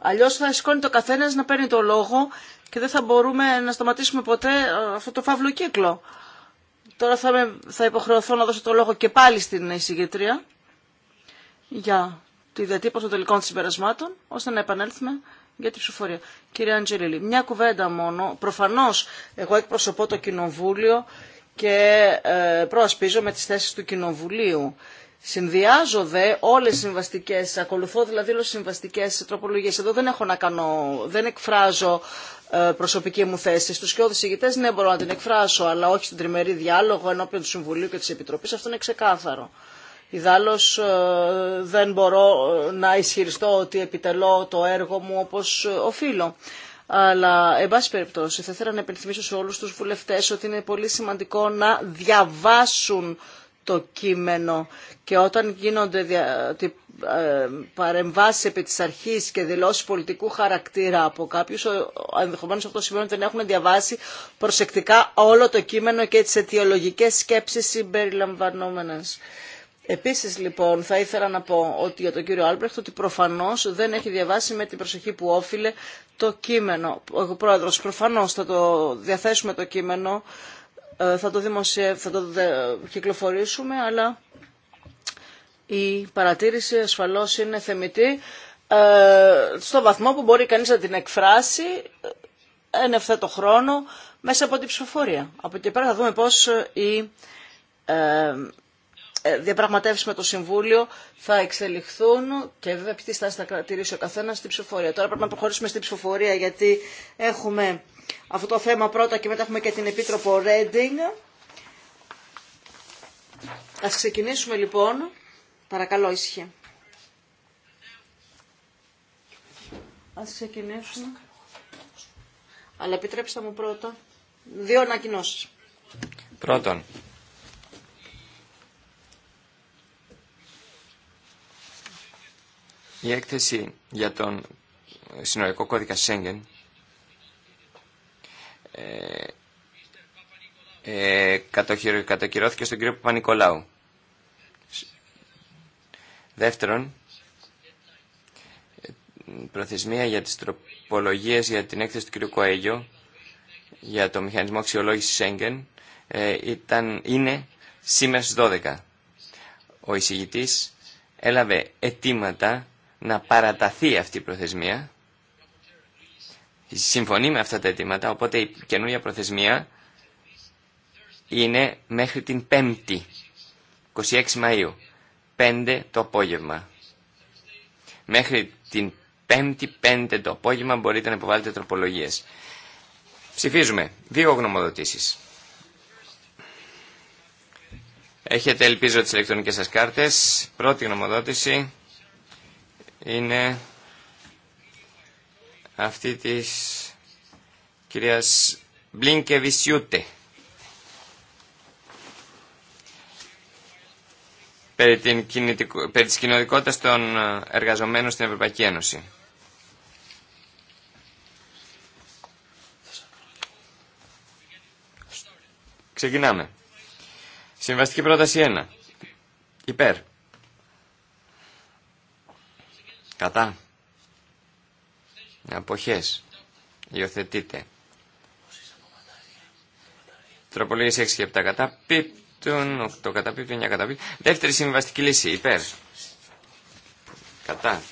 Αλλιώς θα σηκώνει το καθένας να παίρνει το λόγο και δεν θα μπορούμε να σταματήσουμε ποτέ αυτό το φαύλο κύκλο. Τώρα θα, με, θα υποχρεωθώ να δώσω το λόγο και πάλι στην εισηγητρία για τη διατύπωση των τελικών συμπερασμάτων, ώστε να επανέλθουμε για τη ψηφοφορία. Κύριε Αντζελίλη, μια κουβέντα μόνο. Προφανώ εγώ εκπροσωπώ το Κοινοβούλιο και ε, προασπίζω με τις θέσεις του Κοινοβουλίου. Συνδυάζω δε όλες τις συμβαστικές, ακολουθώ δηλαδή όλες τις συμβαστικές τροπολογίε. Εδώ δεν έχω να κάνω, δεν εκφράζω ε, προσωπική μου θέση. Στου και ηγητές ναι μπορώ να την εκφράσω, αλλά όχι στον τριμερή διάλογο ενώπιον του Συμβουλίου και τη Επιτροπή, Αυτό είναι ξεκάθαρο. Ιδάλλως ε, δεν μπορώ ε, να ισχυριστώ ότι επιτελώ το έργο μου όπως ε, οφείλω. Αλλά, εν πάση περιπτώσει, θα ήθελα να επενθυμίσω σε όλους τους βουλευτές ότι είναι πολύ σημαντικό να διαβάσουν το κείμενο και όταν γίνονται παρεμβάσεις επί της αρχής και δηλώσεις πολιτικού χαρακτήρα από κάποιους, ενδεχομένως αυτό σημαίνει ότι δεν έχουν διαβάσει προσεκτικά όλο το κείμενο και τις αιτιολογικές σκέψεις συμπεριλαμβανόμενες. Επίσης λοιπόν θα ήθελα να πω ότι για τον κύριο Άλμπρεχτ ότι προφανώς δεν έχει διαβάσει με την προσοχή που όφιλε το κείμενο. Ο πρόεδρος προφανώς θα το διαθέσουμε το κείμενο, ε, θα το, δημοσιε... θα το κυκλοφορήσουμε αλλά η παρατήρηση ασφαλώς είναι θεμητή ε, στο βαθμό που μπορεί κανείς να την εκφράσει εν ευθέτω χρόνο μέσα από την ψηφοφορία. Από εκεί πέρα θα δούμε πώς η ε, ε, διαπραγματεύσει με το Συμβούλιο θα εξελιχθούν και βέβαια ποιε τη θα κρατηρήσει ο καθένα στην ψηφοφορία. Τώρα πρέπει να προχωρήσουμε στην ψηφοφορία γιατί έχουμε αυτό το θέμα πρώτα και μετά έχουμε και την Επίτροπο Ρέντινγκ. Ας ξεκινήσουμε λοιπόν. Παρακαλώ ήσυχη. Ας ξεκινήσουμε. Αλλά επιτρέψτε μου πρώτα δύο ανακοινώσει. Πρώτον, Η έκθεση για τον συνολικό κώδικα Σέγγεν ε, ε, κατοχυρώθηκε στον κύριο Παπα-Νικολάου. Δεύτερον, προθεσμία για τις τροπολογίες για την έκθεση του κύριου Κοέγιο για το μηχανισμό αξιολόγησης Σέγγεν ε, ήταν, είναι σήμερα στις 12. Ο εισηγητής έλαβε αιτήματα να παραταθεί αυτή η προθεσμία. Συμφωνεί με αυτά τα αιτήματα, οπότε η καινούργια προθεσμία είναι μέχρι την 5η, 26 Μαΐου, 5 το απόγευμα. Μέχρι την 5η, 5 το απόγευμα μπορείτε να υποβάλλετε τροπολογίες. Ψηφίζουμε. Δύο γνωμοδοτήσεις. Έχετε ελπίζω τις ηλεκτρονικές σας κάρτες. Πρώτη γνωμοδότηση είναι αυτή της κυρίας Μπλίνκεβισιούτε. Περί, την κινητικο... περί της κοινωνικότητας των ε, εργαζομένων στην Ευρωπαϊκή Ένωση. Ξεκινάμε. Συμβαστική πρόταση 1. Υπέρ. Κατά. Αποχές. Υιοθετείτε. Τροπολογίες 6 και 7 καταπίπτουν, 8 καταπίπτουν, 9 καταπίπτουν. Δεύτερη συμβαστική λύση, υπέρ. Κατά.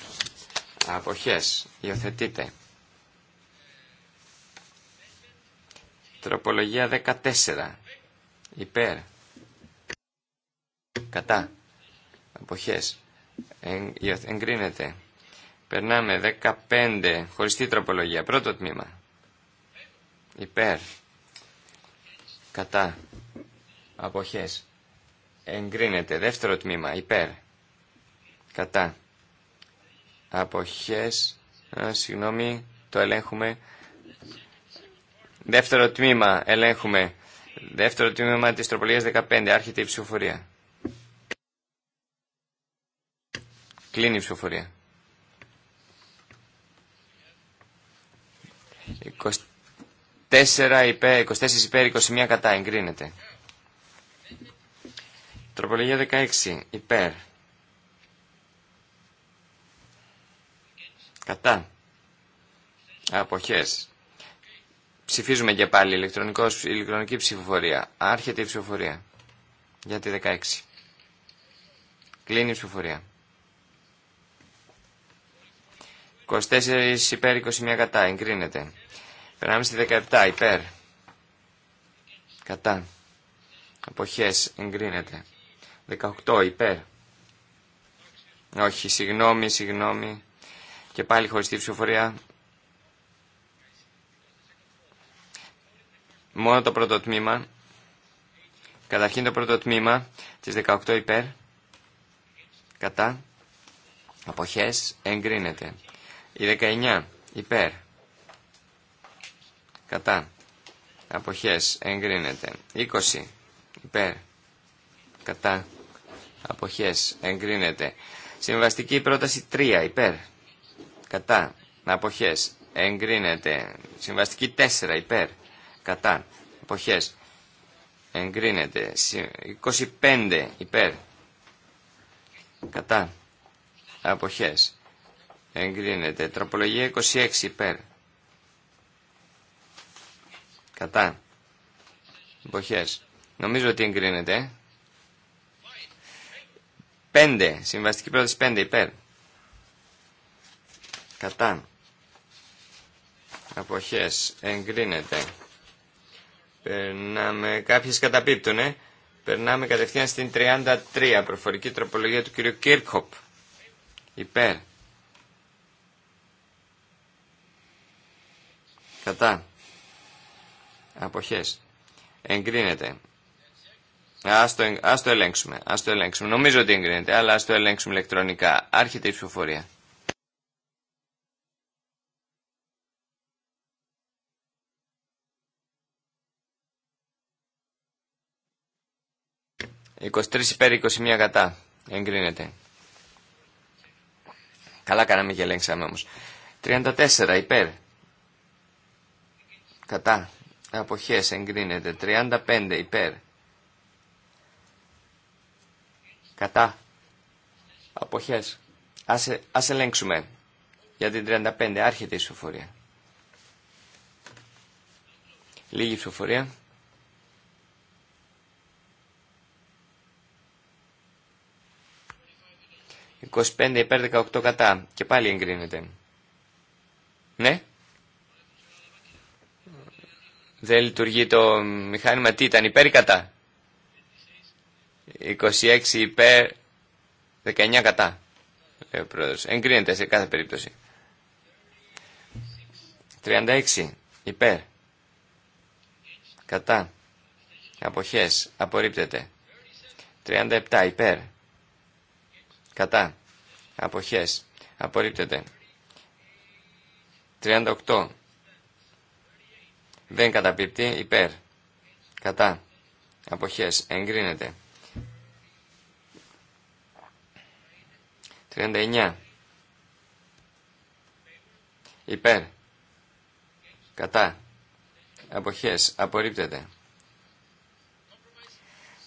Αποχές. Υιοθετείτε. Τροπολογία 14. Υπέρ. Κατά. Αποχές. Εγκρίνεται. Περνάμε 15, χωριστή τροπολογία, πρώτο τμήμα. Υπέρ. Κατά. Αποχές. Εγκρίνεται. Δεύτερο τμήμα. Υπέρ. Κατά. Αποχές. Α, συγγνώμη. Το ελέγχουμε. Δεύτερο τμήμα. Ελέγχουμε. Δεύτερο τμήμα της τροπολογίας 15. Άρχεται η ψηφοφορία. Κλείνει η ψηφοφορία. 24 υπέρ, 24 υπέρ, 21 κατά, εγκρίνεται. Τροπολογία 16 υπέρ. Κατά. Αποχές. Ψηφίζουμε και πάλι ηλεκτρονικός, ηλεκτρονική ψηφοφορία. Άρχεται η ψηφοφορία. Για τη 16. Κλείνει η ψηφοφορία. 24 υπέρ, 21 κατά. Εγκρίνεται. Περνάμε στη 17 υπέρ. Κατά. Αποχές. Εγκρίνεται. 18 υπέρ. Όχι, συγγνώμη, συγγνώμη. Και πάλι χωριστή ψηφοφορία. Μόνο το πρώτο τμήμα. Καταρχήν το πρώτο τμήμα της 18 υπέρ. Κατά. Αποχές εγκρίνεται. Η 19 υπέρ. Κατά. Αποχές εγκρίνεται. 20 υπέρ. Κατά. Αποχές εγκρίνεται. Συμβαστική πρόταση 3 υπέρ. Κατά. Αποχές εγκρίνεται. Συμβαστική 4 υπέρ. Κατά. Αποχές εγκρίνεται. 25 υπέρ. Κατά. Αποχές Εγκρίνεται. Τροπολογία 26 υπέρ. Κατά. Εποχές. Νομίζω ότι εγκρίνεται. 5. Συμβαστική πρόταση 5 υπέρ. Κατά. Αποχές. Εγκρίνεται. Περνάμε. Κάποιες καταπίπτουνε. Περνάμε κατευθείαν στην 33. Προφορική τροπολογία του κ. Κίρκοπ. Υπέρ. Κατά. Αποχές. Εγκρίνεται. Ας το, ελέγξουμε. Ας το ελέγξουμε. Νομίζω ότι εγκρίνεται, αλλά ας το ελέγξουμε ηλεκτρονικά. Άρχεται η ψηφοφορία. «23 υπέρ 21 κατά». Εγκρίνεται. Καλά κάναμε και ελέγξαμε όμως. «34 υπέρ» κατά αποχές εγκρίνεται 35 υπέρ κατά αποχές ας, ας ελέγξουμε για την 35 άρχεται η ψηφοφορία λίγη ψηφοφορία «25 υπέρ 18 κατά» και πάλι εγκρίνεται. Ναι. Δεν λειτουργεί το μηχάνημα. Τι ήταν, υπέρ ή κατά. 26 υπέρ, 19 κατά. Λέει ο πρόεδρος. Εγκρίνεται σε κάθε περίπτωση. 36 υπέρ. Κατά. Αποχές. Απορρίπτεται. 37 υπέρ. Κατά. Αποχές. Απορρίπτεται. 38 δεν καταπίπτει. Υπέρ. Κατά. Αποχές. Εγκρίνεται. 39. Υπέρ. Κατά. Αποχές. Απορρίπτεται.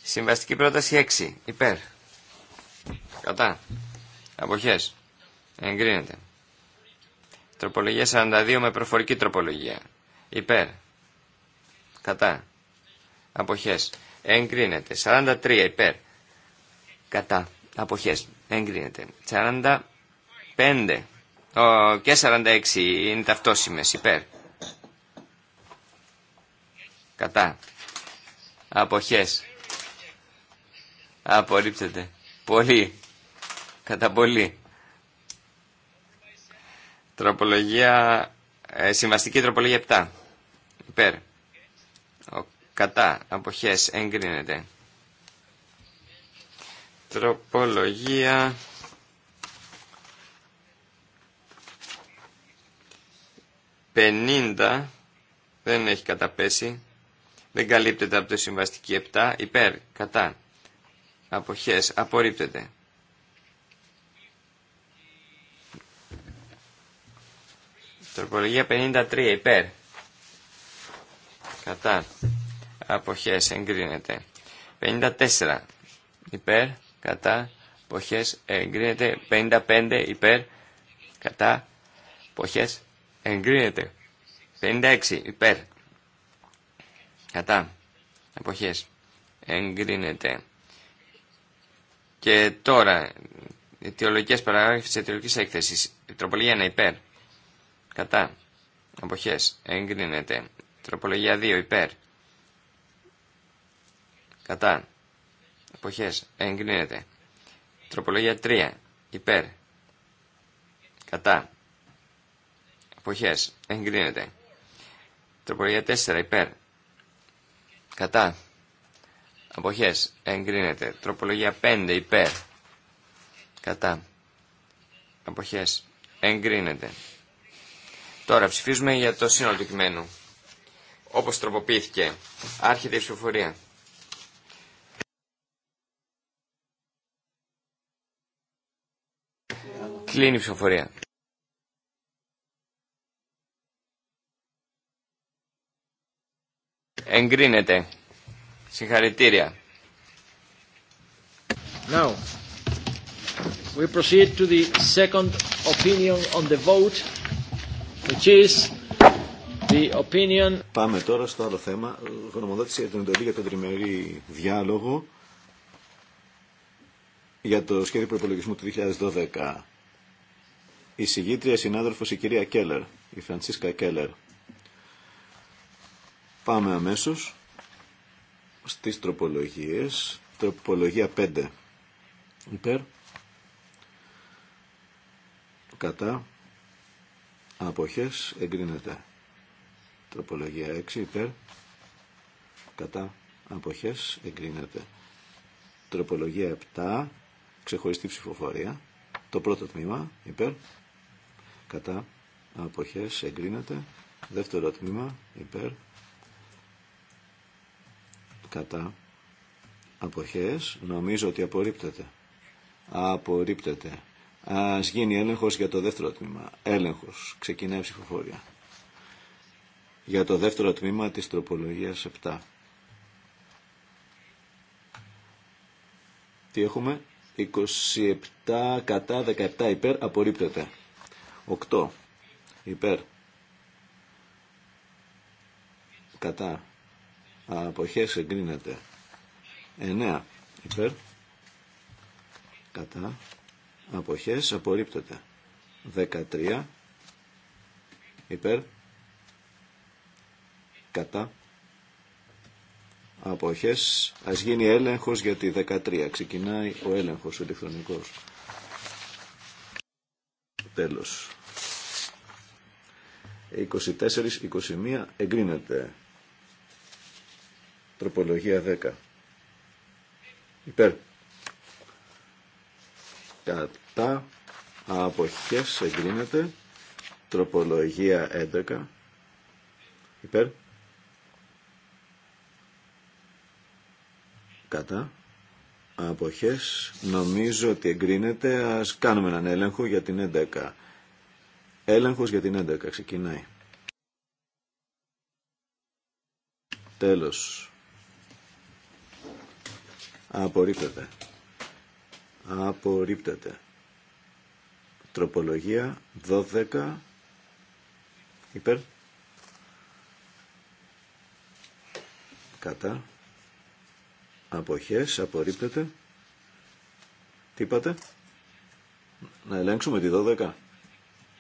Συμβαστική πρόταση 6. Υπέρ. Κατά. Αποχές. Εγκρίνεται. Τροπολογία 42 με προφορική τροπολογία. Υπέρ κατά, αποχές, εγκρίνεται. 43 υπέρ, κατά, αποχές, εγκρίνεται. 45 ο, και 46 είναι ταυτόσιμες υπέρ, κατά, αποχές, απορρίπτεται. Πολύ, κατά πολύ. Τροπολογία, ε, συμβαστική τροπολογία 7. Υπέρ κατά αποχές εγκρίνεται. Τροπολογία 50 δεν έχει καταπέσει, δεν καλύπτεται από το συμβαστική 7, υπέρ, κατά, αποχές, απορρίπτεται. Τροπολογία 53, υπέρ, κατά, αποχές εγκρίνεται. 54 υπέρ κατά αποχές εγκρίνεται. 55 υπέρ κατά αποχές εγκρίνεται. 56 υπέρ κατά αποχές εγκρίνεται. Και τώρα, αιτιολογικέ παραγράφη της έκθεση. έκθεση. Τροπολογία 1 υπέρ. Κατά. Αποχές. Εγκρίνεται. Τροπολογία 2 υπέρ. Κατά. Εποχές. Εγκρίνεται. Τροπολογία 3. Υπέρ. Κατά. Εποχές. Εγκρίνεται. Τροπολογία 4. Υπέρ. Κατά. Αποχές. Εγκρίνεται. Τροπολογία 5. Υπέρ. Κατά. Αποχές. Εγκρίνεται. Τώρα ψηφίζουμε για το σύνολο του κειμένου. Όπως τροποποιήθηκε. Άρχεται η ψηφοφορία. Κλείνει η ψηφοφορία. Εγκρίνεται. Συγχαρητήρια. Now, we proceed to the second opinion on the vote, which is the opinion... Πάμε τώρα στο άλλο θέμα, γνωμοδότηση για την εντολή για τον τριμερή διάλογο για το σχέδιο προπολογισμού του 2012 η συγγήτρια συνάδελφος η κυρία Κέλλερ, η Φραντσίσκα Κέλλερ. Πάμε αμέσως στις τροπολογίες. Τροπολογία 5. Υπέρ. Κατά. Αποχές. Εγκρίνεται. Τροπολογία 6. Υπέρ. Κατά. Αποχές. Εγκρίνεται. Τροπολογία 7. Ξεχωριστή ψηφοφορία. Το πρώτο τμήμα. Υπέρ κατά αποχές εγκρίνεται δεύτερο τμήμα υπέρ κατά αποχές νομίζω ότι απορρίπτεται απορρίπτεται ας γίνει έλεγχος για το δεύτερο τμήμα έλεγχος ξεκινάει η ψηφοφορία για το δεύτερο τμήμα της τροπολογίας 7 τι έχουμε 27 κατά 17 υπέρ απορρίπτεται 8 υπέρ κατά αποχές εγκρίνεται 9 υπέρ κατά αποχές απορρίπτεται 13 υπέρ κατά αποχές ας γίνει έλεγχος για τη 13 ξεκινάει ο έλεγχος ηλεκτρονικό. ηλεκτρονικός Τέλος. 24-21 εγκρίνεται. Τροπολογία 10. Υπέρ. Κατά αποχές εγκρίνεται. Τροπολογία 11. Υπέρ. Κατά αποχές νομίζω ότι εγκρίνεται ας κάνουμε έναν έλεγχο για την 11 έλεγχος για την 11 ξεκινάει τέλος απορρίπτεται απορρίπτεται τροπολογία 12 υπέρ κατά αποχές απορρίπτεται τι είπατε να ελέγξουμε τη 12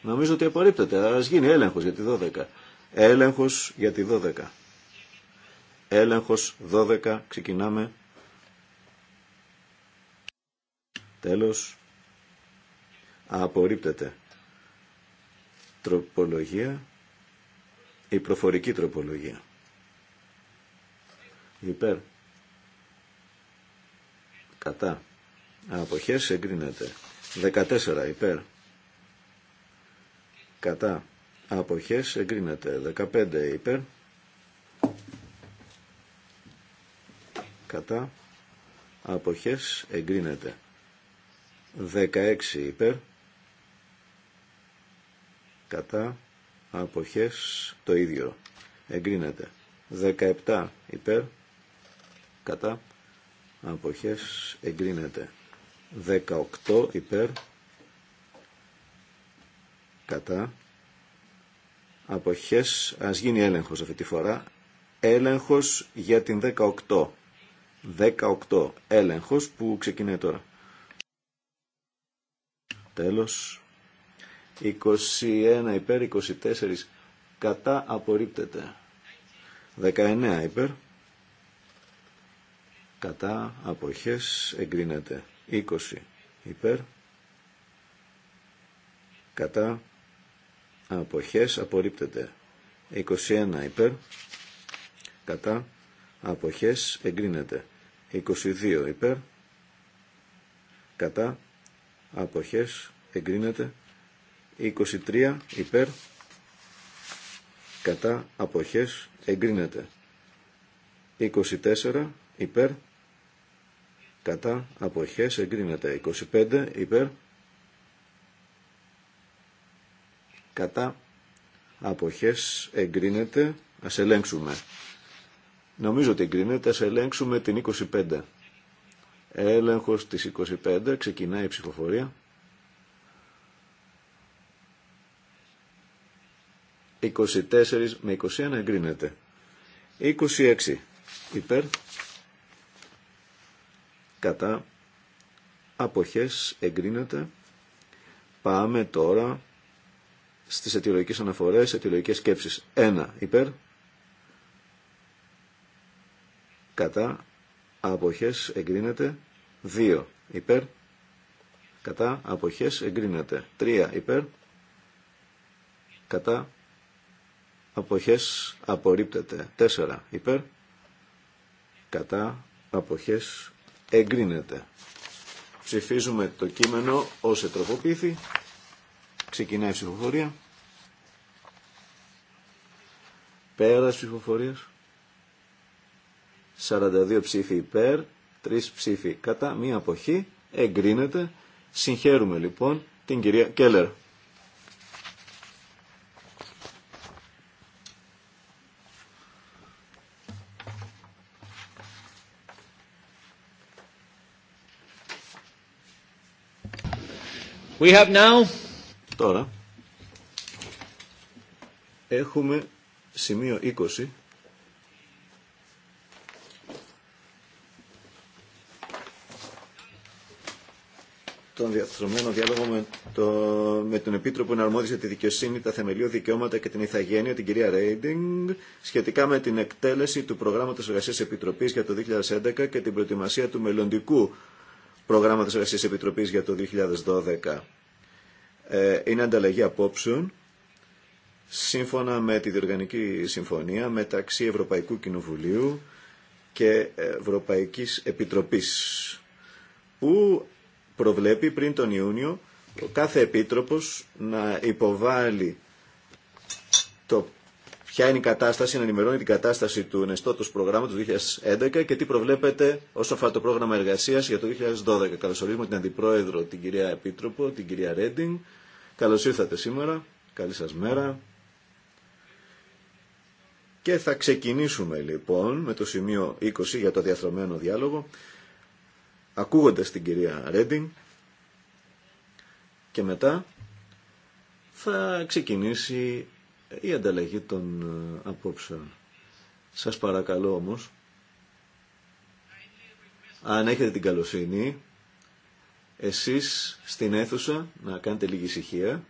νομίζω ότι απορρίπτεται ας γίνει έλεγχος για τη 12 έλεγχος για τη 12 έλεγχος 12 ξεκινάμε τέλος απορρίπτεται τροπολογία η προφορική τροπολογία υπέρ κατά αποχές εγκρίνεται 14 υπέρ κατά αποχές εγκρίνεται 15 υπέρ κατά αποχές εγκρίνεται 16 υπέρ κατά αποχές το ίδιο εγκρίνεται 17 υπέρ κατά αποχές εγκρίνεται 18 υπέρ κατά αποχές ας γίνει έλεγχος αυτή τη φορά έλεγχος για την 18 18 έλεγχος που ξεκινάει τώρα τέλος 21 υπέρ 24 κατά απορρίπτεται 19 υπέρ κατά αποχές εγκρίνεται 20 υπέρ κατά αποχές απορρίπτεται 21 υπέρ κατά αποχές εγκρίνεται 22 υπέρ κατά αποχές εγκρίνεται 23 υπέρ κατά αποχές εγκρίνεται 24 υπέρ κατά αποχές εγκρίνεται 25 υπέρ κατά αποχές εγκρίνεται ας ελέγξουμε νομίζω ότι εγκρίνεται ας ελέγξουμε την 25 έλεγχος της 25 ξεκινάει η ψηφοφορία 24 με 21 εγκρίνεται 26 υπέρ κατά αποχές εγκρίνεται. Πάμε τώρα στις αιτιολογικές αναφορές, αιτιολογικές σκέψεις. Ένα υπέρ, κατά αποχές εγκρίνεται. 2 υπέρ, κατά αποχές εγκρίνεται. 3 υπέρ, κατά αποχές απορρίπτεται. 4 υπέρ, κατά αποχές εγκρίνεται. Ψηφίζουμε το κείμενο ως ετροποποίηθη. Ξεκινάει η ψηφοφορία. Πέρας ψηφοφορίας. 42 ψήφοι υπέρ, 3 ψήφοι κατά, μία αποχή. Εγκρίνεται. Συγχαίρουμε λοιπόν την κυρία Κέλλερ. We have now... Τώρα έχουμε σημείο 20 τον διαθρωμένο διάλογο με, το, με τον Επίτροπο για τη Δικαιοσύνη, τα Θεμελιώδη Δικαιώματα και την Ιθαγένεια, την κυρία Ρέιντινγκ, σχετικά με την εκτέλεση του Προγράμματος Εργασία Επιτροπής για το 2011 και την προετοιμασία του μελλοντικού πρόγραμμα της εργασίας επιτροπής για το 2012. Ε, είναι ανταλλαγή απόψεων σύμφωνα με τη Διοργανική Συμφωνία μεταξύ Ευρωπαϊκού Κοινοβουλίου και Ευρωπαϊκής Επιτροπής που προβλέπει πριν τον Ιούνιο κάθε επίτροπος να υποβάλει το ποια είναι η κατάσταση, να ενημερώνει την κατάσταση του νεστότος προγράμματος του 2011 και τι προβλέπεται όσο αφορά το πρόγραμμα εργασίας για το 2012. Καλωσορίζουμε την Αντιπρόεδρο, την κυρία Επίτροπο, την κυρία Ρέντινγκ. Καλώς ήρθατε σήμερα. Καλή σας μέρα. Και θα ξεκινήσουμε λοιπόν με το σημείο 20 για το διαθρωμένο διάλογο, ακούγοντας την κυρία Ρέντινγκ και μετά θα ξεκινήσει η ανταλλαγή των ε, απόψεων. Σας παρακαλώ όμως, αν έχετε την καλοσύνη, εσείς στην αίθουσα να κάνετε λίγη ησυχία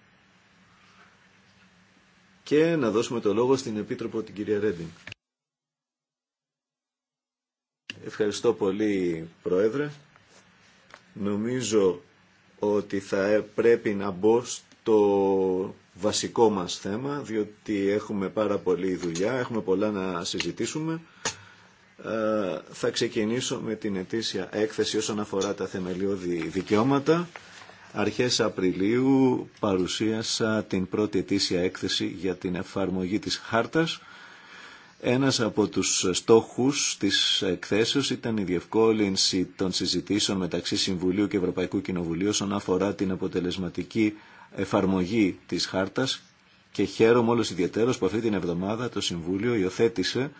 και να δώσουμε το λόγο στην Επίτροπο την κυρία Ρέντιν. Ευχαριστώ πολύ Πρόεδρε. Νομίζω ότι θα πρέπει να μπω στο βασικό μας θέμα, διότι έχουμε πάρα πολλή δουλειά, έχουμε πολλά να συζητήσουμε. Ε, θα ξεκινήσω με την ετήσια έκθεση όσον αφορά τα θεμελιώδη δικαιώματα. Αρχές Απριλίου παρουσίασα την πρώτη ετήσια έκθεση για την εφαρμογή της χάρτας. Ένας από τους στόχους της εκθέσεως ήταν η διευκόλυνση των συζητήσεων μεταξύ Συμβουλίου και Ευρωπαϊκού Κοινοβουλίου όσον αφορά την αποτελεσματική εφαρμογή της χάρτας και χαίρομαι όλος ιδιαίτερος που αυτή την εβδομάδα το Συμβούλιο υιοθέτησε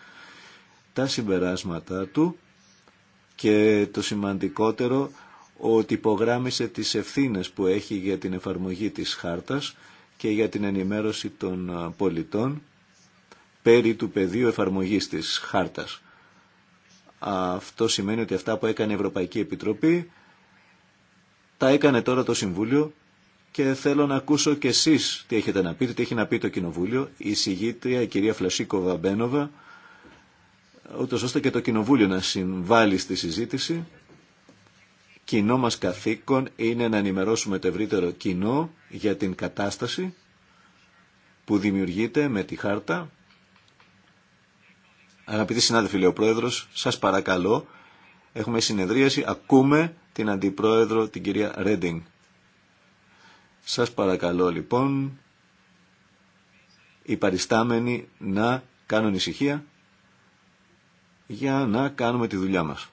τα συμπεράσματα του και το σημαντικότερο ότι υπογράμμισε τις ευθύνες που έχει για την εφαρμογή της χάρτας και για την ενημέρωση των πολιτών περί του πεδίου εφαρμογής της χάρτας. Αυτό σημαίνει ότι αυτά που έκανε η Ευρωπαϊκή Επιτροπή τα έκανε τώρα το Συμβούλιο και θέλω να ακούσω και εσείς τι έχετε να πείτε, τι έχει να πει το Κοινοβούλιο, η συγγήτρια, η κυρία Φλασίκο Μπένοβα, ούτω ώστε και το Κοινοβούλιο να συμβάλλει στη συζήτηση. Κοινό μας καθήκον είναι να ενημερώσουμε το ευρύτερο κοινό για την κατάσταση που δημιουργείται με τη χάρτα. Αγαπητοί συνάδελφοι, λέει ο Πρόεδρος, σας παρακαλώ, έχουμε συνεδρίαση, ακούμε την Αντιπρόεδρο, την κυρία Ρέντινγκ. Σας παρακαλώ λοιπόν οι παριστάμενοι να κάνουν ησυχία για να κάνουμε τη δουλειά μας.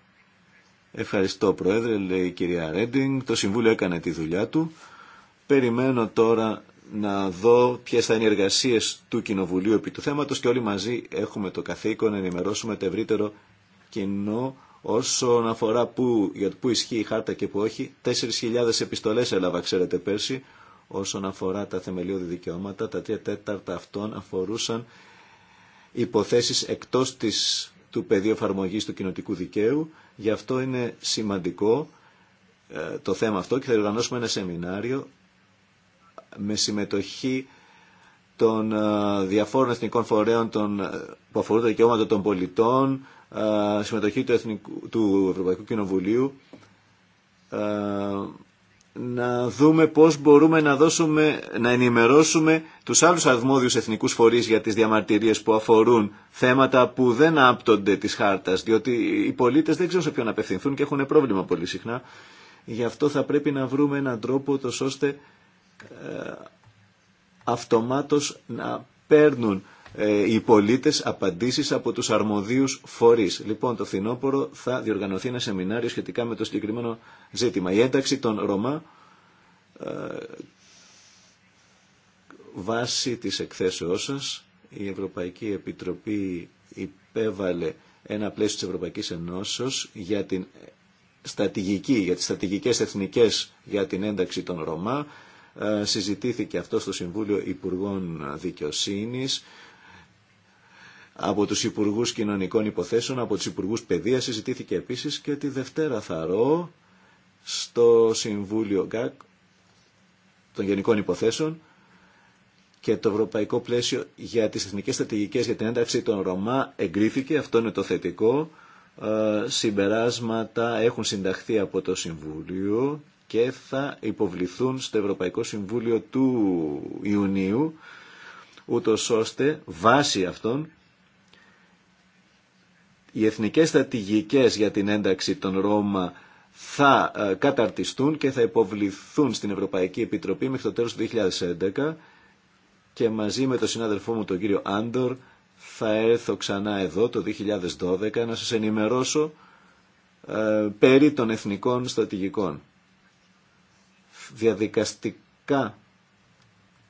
Ευχαριστώ Πρόεδρε, λέει η κυρία Ρέντινγκ. Το Συμβούλιο έκανε τη δουλειά του. Περιμένω τώρα να δω ποιες θα είναι οι εργασίες του Κοινοβουλίου επί του θέματος και όλοι μαζί έχουμε το καθήκον να ενημερώσουμε το ευρύτερο κοινό όσον αφορά που, για που ισχύει η χάρτα και που όχι. 4.000 επιστολές έλαβα, ξέρετε, πέρσι όσον αφορά τα θεμελιώδη δικαιώματα. Τα τρία τέταρτα αυτών αφορούσαν υποθέσεις εκτός της, του πεδίου εφαρμογή του κοινοτικού δικαίου. Γι' αυτό είναι σημαντικό ε, το θέμα αυτό και θα οργανώσουμε ένα σεμινάριο με συμμετοχή των ε, διαφόρων εθνικών φορέων των, ε, που αφορούν τα δικαιώματα των πολιτών, συμμετοχή του, Εθνικού, του Ευρωπαϊκού Κοινοβουλίου να δούμε πώς μπορούμε να, δώσουμε, να ενημερώσουμε τους άλλους αρμόδιους εθνικούς φορείς για τις διαμαρτυρίες που αφορούν θέματα που δεν άπτονται της χάρτας, διότι οι πολίτες δεν ξέρουν σε ποιον απευθυνθούν και έχουν πρόβλημα πολύ συχνά. Γι' αυτό θα πρέπει να βρούμε έναν τρόπο τόσο ώστε ε, αυτομάτως να παίρνουν ε, οι πολίτες απαντήσεις από τους αρμοδίους φορείς. Λοιπόν, το φθινόπωρο θα διοργανωθεί ένα σεμινάριο σχετικά με το συγκεκριμένο ζήτημα. Η ένταξη των Ρωμά ε, βάσει της εκθέσεώς σας η Ευρωπαϊκή Επιτροπή υπέβαλε ένα πλαίσιο της Ευρωπαϊκής Ενώσεως για την στρατηγική, για τις στρατηγικές εθνικές για την ένταξη των Ρωμά. Ε, συζητήθηκε αυτό στο Συμβούλιο Υπουργών Δικαιοσύνης από τους Υπουργούς Κοινωνικών Υποθέσεων, από τους Υπουργούς Παιδείας. Συζητήθηκε επίσης και τη Δευτέρα θα στο Συμβούλιο ΓΑΚ των Γενικών Υποθέσεων και το ευρωπαϊκό πλαίσιο για τις εθνικές στρατηγικές για την ένταξη των Ρωμά εγκρίθηκε, αυτό είναι το θετικό. Ε, συμπεράσματα έχουν συνταχθεί από το Συμβούλιο και θα υποβληθούν στο Ευρωπαϊκό Συμβούλιο του Ιουνίου ούτως ώστε βάσει αυτών οι εθνικές στρατηγικές για την ένταξη των Ρώμα θα ε, καταρτιστούν και θα υποβληθούν στην Ευρωπαϊκή Επιτροπή μέχρι το τέλος του 2011 και μαζί με τον συνάδελφό μου τον κύριο Άντορ θα έρθω ξανά εδώ το 2012 να σας ενημερώσω ε, περί των εθνικών στρατηγικών. Διαδικαστικά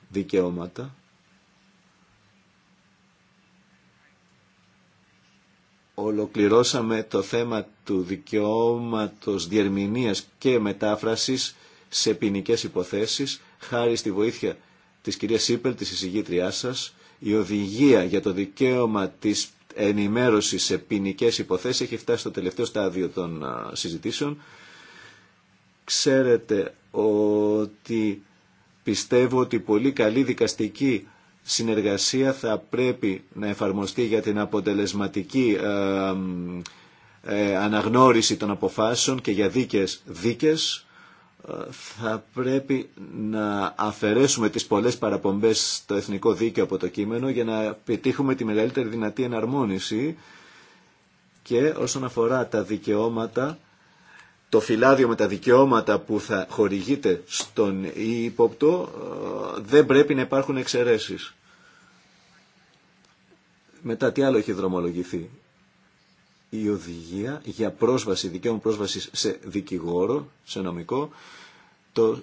δικαιώματα ολοκληρώσαμε το θέμα του δικαιώματος διερμηνίας και μετάφρασης σε ποινικέ υποθέσεις, χάρη στη βοήθεια της κυρίας Σίπελ, της εισηγήτριάς σας, η οδηγία για το δικαίωμα της ενημέρωσης σε ποινικέ υποθέσεις έχει φτάσει στο τελευταίο στάδιο των συζητήσεων. Ξέρετε ότι πιστεύω ότι πολύ καλή δικαστική συνεργασία θα πρέπει να εφαρμοστεί για την αποτελεσματική ε, ε αναγνώριση των αποφάσεων και για δίκες δίκες ε, θα πρέπει να αφαιρέσουμε τις πολλές παραπομπές στο εθνικό δίκαιο από το κείμενο για να πετύχουμε τη μεγαλύτερη δυνατή εναρμόνιση και όσον αφορά τα δικαιώματα, το φυλάδιο με τα δικαιώματα που θα χορηγείται στον ύποπτο ε, δεν πρέπει να υπάρχουν εξαιρέσεις. Μετά τι άλλο έχει δρομολογηθεί. Η οδηγία για πρόσβαση, δικαίωμα πρόσβασης σε δικηγόρο, σε νομικό, το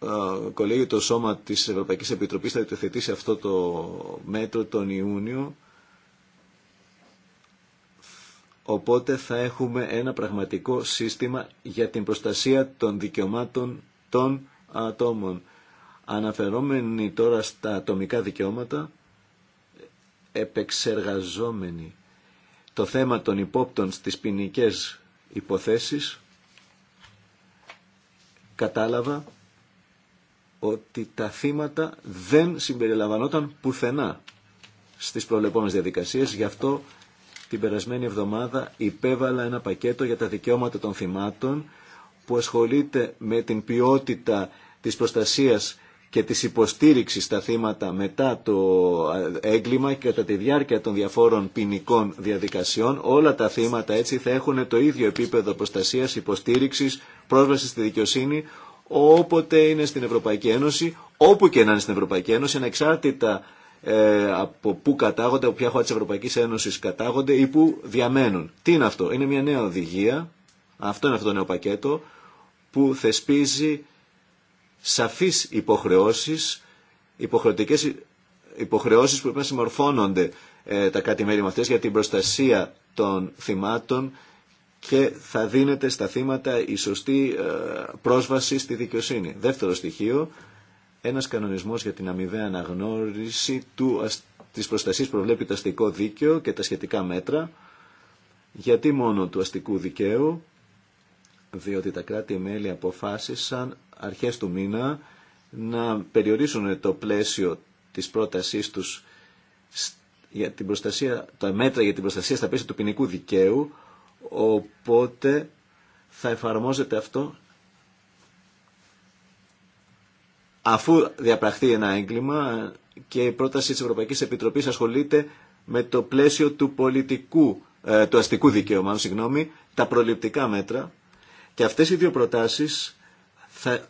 ε, κολέγιο το σώμα της Ευρωπαϊκής Επιτροπής θα υιοθετήσει αυτό το μέτρο τον Ιούνιο οπότε θα έχουμε ένα πραγματικό σύστημα για την προστασία των δικαιωμάτων των ατόμων. Αναφερόμενοι τώρα στα ατομικά δικαιώματα επεξεργαζόμενοι το θέμα των υπόπτων στις ποινικέ υποθέσεις κατάλαβα ότι τα θύματα δεν συμπεριλαμβανόταν πουθενά στις προβλεπόμενες διαδικασίες. Γι' αυτό την περασμένη εβδομάδα υπέβαλα ένα πακέτο για τα δικαιώματα των θυμάτων που ασχολείται με την ποιότητα της προστασίας και της υποστήριξης στα θύματα μετά το έγκλημα και κατά τη διάρκεια των διαφόρων ποινικών διαδικασιών. Όλα τα θύματα έτσι θα έχουν το ίδιο επίπεδο προστασίας, υποστήριξης, πρόσβαση στη δικαιοσύνη, όποτε είναι στην Ευρωπαϊκή Ένωση, όπου και να είναι στην Ευρωπαϊκή Ένωση, ανεξάρτητα ε, από πού κατάγονται, από ποια χώρα της Ευρωπαϊκής Ένωσης κατάγονται ή πού διαμένουν. Τι είναι αυτό. Είναι μια νέα οδηγία, αυτό είναι αυτό το νέο πακέτο, που θεσπίζει σαφείς υποχρεώσεις, υποχρεωτικές υποχρεώσεις που πρέπει να συμμορφώνονται ε, τα κάτι με αυτές για την προστασία των θυμάτων και θα δίνεται στα θύματα η σωστή ε, πρόσβαση στη δικαιοσύνη. Δεύτερο στοιχείο, ένας κανονισμός για την αμοιβαία αναγνώριση του, της προστασίας προβλέπει το αστικό δίκαιο και τα σχετικά μέτρα. Γιατί μόνο του αστικού δικαίου, διότι τα κράτη-μέλη αποφάσισαν αρχές του μήνα να περιορίσουν το πλαίσιο της πρότασής τους για την προστασία, τα μέτρα για την προστασία στα πλαίσια του ποινικού δικαίου, οπότε θα εφαρμόζεται αυτό αφού διαπραχθεί ένα έγκλημα και η πρόταση της Ευρωπαϊκής Επιτροπής ασχολείται με το πλαίσιο του πολιτικού, ε, του αστικού δικαίου, τα προληπτικά μέτρα και αυτές οι δύο προτάσεις θα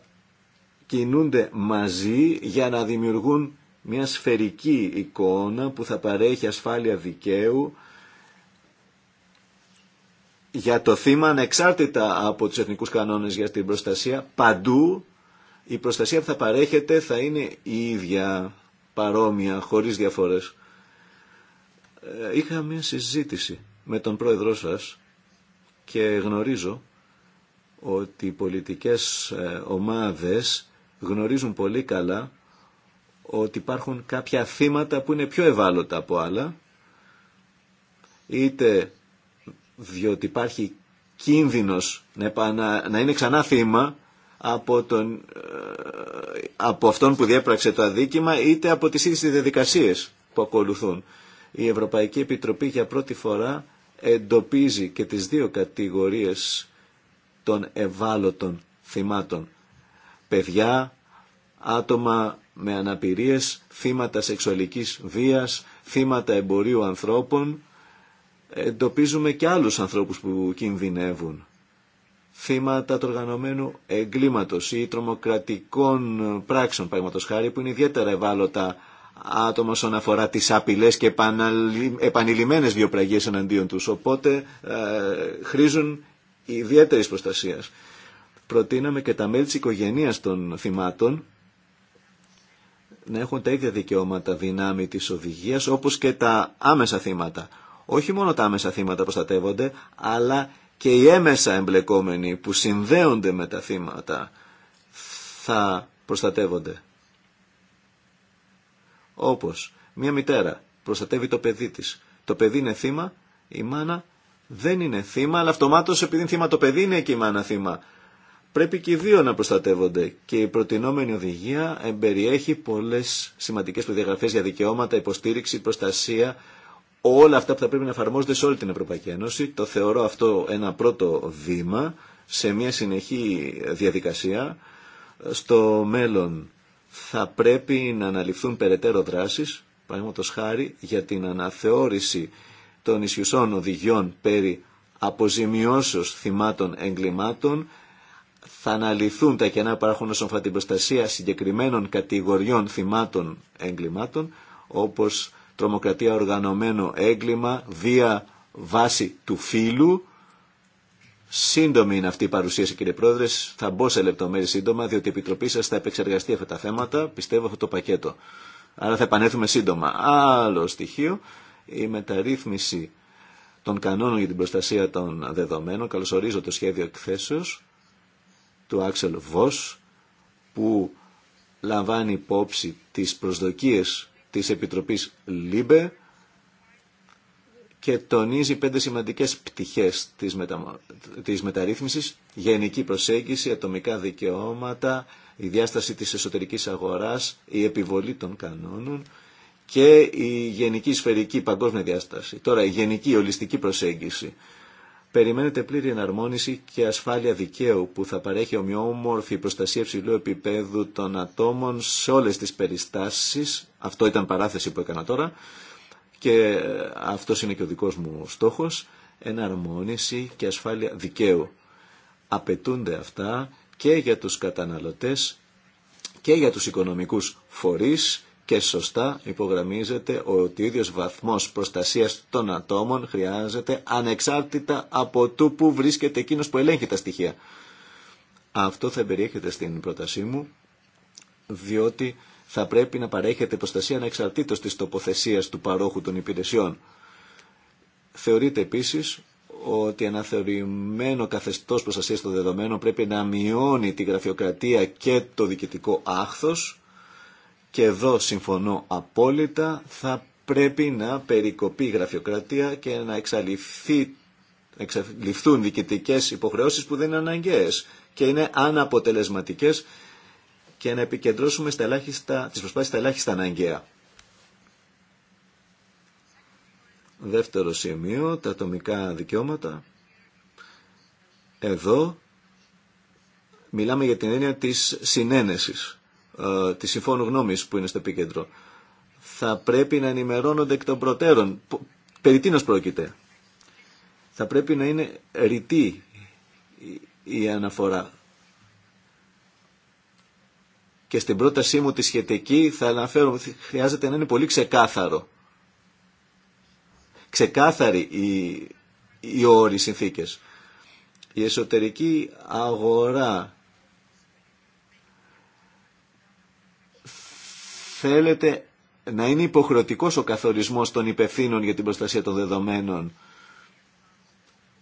κινούνται μαζί για να δημιουργούν μια σφαιρική εικόνα που θα παρέχει ασφάλεια δικαίου για το θύμα ανεξάρτητα από τους εθνικούς κανόνες για την προστασία. Παντού η προστασία που θα παρέχεται θα είναι η ίδια παρόμοια, χωρίς διαφορές. Ε, είχα μια συζήτηση με τον πρόεδρό σας και γνωρίζω ότι οι πολιτικές ε, ομάδες γνωρίζουν πολύ καλά ότι υπάρχουν κάποια θύματα που είναι πιο ευάλωτα από άλλα, είτε διότι υπάρχει κίνδυνος να είναι ξανά θύμα από, τον, ε, από αυτόν που διέπραξε το αδίκημα, είτε από τις ίδιες διαδικασίες που ακολουθούν. Η Ευρωπαϊκή Επιτροπή για πρώτη φορά εντοπίζει και τις δύο κατηγορίες των ευάλωτων θυμάτων. Παιδιά, άτομα με αναπηρίες, θύματα σεξουαλικής βίας, θύματα εμπορίου ανθρώπων. Εντοπίζουμε και άλλους ανθρώπους που κινδυνεύουν. Θύματα του οργανωμένου εγκλήματος ή τρομοκρατικών πράξεων, παραδείγματος χάρη, που είναι ιδιαίτερα ευάλωτα άτομα όσον αφορά τις απειλές και επανειλημμένες βιοπραγίες εναντίον τους. Οπότε ε, χρήζουν Ιδιαίτερη προστασία. Προτείναμε και τα μέλη τη οικογένειας των θυμάτων να έχουν τα ίδια δικαιώματα δυνάμει της οδηγίας όπως και τα άμεσα θύματα. Όχι μόνο τα άμεσα θύματα προστατεύονται, αλλά και οι έμεσα εμπλεκόμενοι που συνδέονται με τα θύματα θα προστατεύονται. Όπως μια μητέρα προστατεύει το παιδί της. Το παιδί είναι θύμα, η μάνα δεν είναι θύμα, αλλά αυτομάτω επειδή είναι θύμα το παιδί είναι και η μάνα θύμα. Πρέπει και οι δύο να προστατεύονται και η προτινόμενη οδηγία περιέχει πολλέ σημαντικέ προδιαγραφέ για δικαιώματα, υποστήριξη, προστασία, όλα αυτά που θα πρέπει να εφαρμόζονται σε όλη την Ευρωπαϊκή Ένωση. Το θεωρώ αυτό ένα πρώτο βήμα σε μια συνεχή διαδικασία. Στο μέλλον θα πρέπει να αναλυφθούν περαιτέρω δράσεις, παραδείγματος χάρη για την αναθεώρηση των ισχυσών οδηγιών περί αποζημιώσεως θυμάτων εγκλημάτων θα αναλυθούν τα κενά υπάρχουν όσον αφορά την προστασία συγκεκριμένων κατηγοριών θυμάτων εγκλημάτων όπως τρομοκρατία οργανωμένο έγκλημα, βία βάση του φύλου. Σύντομη είναι αυτή η παρουσίαση κύριε Πρόεδρε, θα μπω σε λεπτομέρειε σύντομα διότι η Επιτροπή σας θα επεξεργαστεί αυτά τα θέματα, πιστεύω αυτό το πακέτο. Άρα θα επανέλθουμε σύντομα. Άλλο στοιχείο η μεταρρύθμιση των κανόνων για την προστασία των δεδομένων. Καλωσορίζω το σχέδιο εκθέσεως του Άξελ Βος που λαμβάνει υπόψη τις προσδοκίες της Επιτροπής ΛΥΜΠΕ και τονίζει πέντε σημαντικές πτυχές της, μετα... της μεταρρύθμισης, γενική προσέγγιση, ατομικά δικαιώματα, η διάσταση της εσωτερικής αγοράς, η επιβολή των κανόνων, και η γενική σφαιρική παγκόσμια διάσταση. Τώρα, η γενική ολιστική προσέγγιση. Περιμένετε πλήρη εναρμόνιση και ασφάλεια δικαίου που θα παρέχει ομοιόμορφη προστασία υψηλού επίπεδου των ατόμων σε όλες τις περιστάσεις. Αυτό ήταν παράθεση που έκανα τώρα και ε, αυτό είναι και ο δικός μου στόχος. Εναρμόνιση και ασφάλεια δικαίου. Απαιτούνται αυτά και για τους καταναλωτές και για τους οικονομικούς φορείς και σωστά υπογραμμίζεται ότι ο ίδιος βαθμός προστασίας των ατόμων χρειάζεται ανεξάρτητα από το που βρίσκεται εκείνος που ελέγχει τα στοιχεία. Αυτό θα περιέχεται στην πρότασή μου, διότι θα πρέπει να παρέχεται προστασία ανεξαρτήτως της τοποθεσίας του παρόχου των υπηρεσιών. Θεωρείται επίσης ότι ενα θεωρημενο καθεστώς προστασίας των δεδομένων πρέπει να μειώνει τη γραφειοκρατία και το διοικητικό άχθος, και εδώ συμφωνώ απόλυτα, θα πρέπει να περικοπεί η γραφειοκρατία και να εξαλειφθεί εξαλειφθούν διοικητικές υποχρεώσεις που δεν είναι αναγκαίες και είναι αναποτελεσματικές και να επικεντρώσουμε στα ελάχιστα, τις προσπάθειες στα ελάχιστα αναγκαία. Δεύτερο σημείο, τα ατομικά δικαιώματα. Εδώ μιλάμε για την έννοια της συνένεσης ε, τη συμφώνου γνώμη που είναι στο επίκεντρο. Θα πρέπει να ενημερώνονται εκ των προτέρων. Περί πρόκειται. Θα πρέπει να είναι ρητή η αναφορά. Και στην πρότασή μου τη σχετική θα αναφέρω χρειάζεται να είναι πολύ ξεκάθαρο. Ξεκάθαρη η, όροι συνθήκες. Η εσωτερική αγορά θέλετε να είναι υποχρεωτικός ο καθορισμός των υπευθύνων για την προστασία των δεδομένων.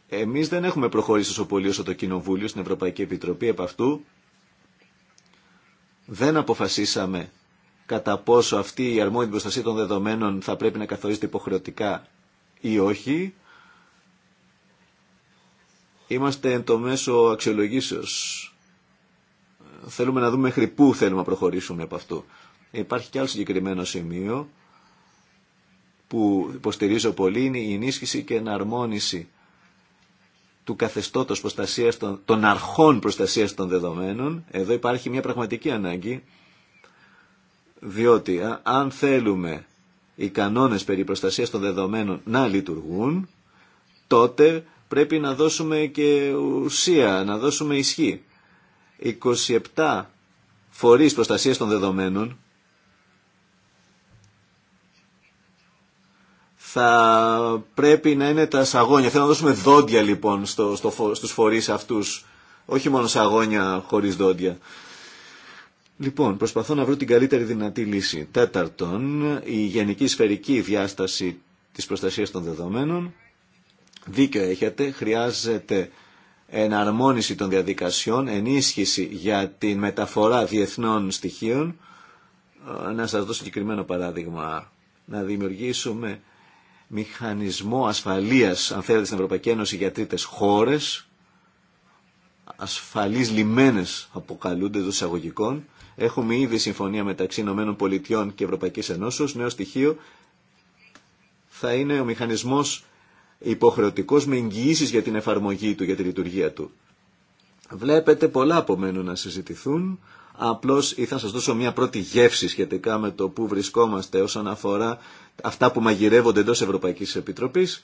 Εμείς δεν έχουμε προχωρήσει τόσο πολύ όσο το Κοινοβούλιο στην Ευρωπαϊκή Επιτροπή επ' αυτού. Δεν αποφασίσαμε κατά πόσο αυτή η αρμόδια προστασία των δεδομένων θα πρέπει να καθορίζεται υποχρεωτικά ή όχι. Είμαστε εν το μέσο αξιολογήσεως. Θέλουμε να δούμε μέχρι πού θέλουμε να προχωρήσουμε από αυτού. Υπάρχει και άλλο συγκεκριμένο σημείο που υποστηρίζω πολύ, είναι η ενίσχυση και εναρμόνιση του καθεστώτος προστασίας των, των αρχών προστασίας των δεδομένων. Εδώ υπάρχει μια πραγματική ανάγκη, διότι αν θέλουμε οι κανόνες περί προστασίας των δεδομένων να λειτουργούν, τότε πρέπει να δώσουμε και ουσία, να δώσουμε ισχύ. 27 φορείς προστασίας των δεδομένων θα πρέπει να είναι τα σαγόνια. Θέλω να δώσουμε δόντια λοιπόν στο, στους φορείς αυτούς. Όχι μόνο σαγόνια χωρίς δόντια. Λοιπόν, προσπαθώ να βρω την καλύτερη δυνατή λύση. Τέταρτον, η γενική σφαιρική διάσταση της προστασίας των δεδομένων. Δίκιο έχετε, χρειάζεται εναρμόνιση των διαδικασιών, ενίσχυση για την μεταφορά διεθνών στοιχείων. Ε, να σας δώσω συγκεκριμένο παράδειγμα. Να δημιουργήσουμε μηχανισμό ασφαλείας, αν θέλετε, στην Ευρωπαϊκή Ένωση για τρίτες χώρες, ασφαλείς λιμένες αποκαλούνται εδώ εισαγωγικών. Έχουμε ήδη συμφωνία μεταξύ Ηνωμένων Πολιτειών και Ευρωπαϊκής Ενώσεως. Νέο στοιχείο θα είναι ο μηχανισμός υποχρεωτικός με εγγυήσεις για την εφαρμογή του, για τη λειτουργία του. Βλέπετε πολλά απομένουν να συζητηθούν. Απλώς ήθελα να σας δώσω μια πρώτη γεύση σχετικά με το που βρισκόμαστε όσον αφορά αυτά που μαγειρεύονται εντός Ευρωπαϊκής Επιτροπής.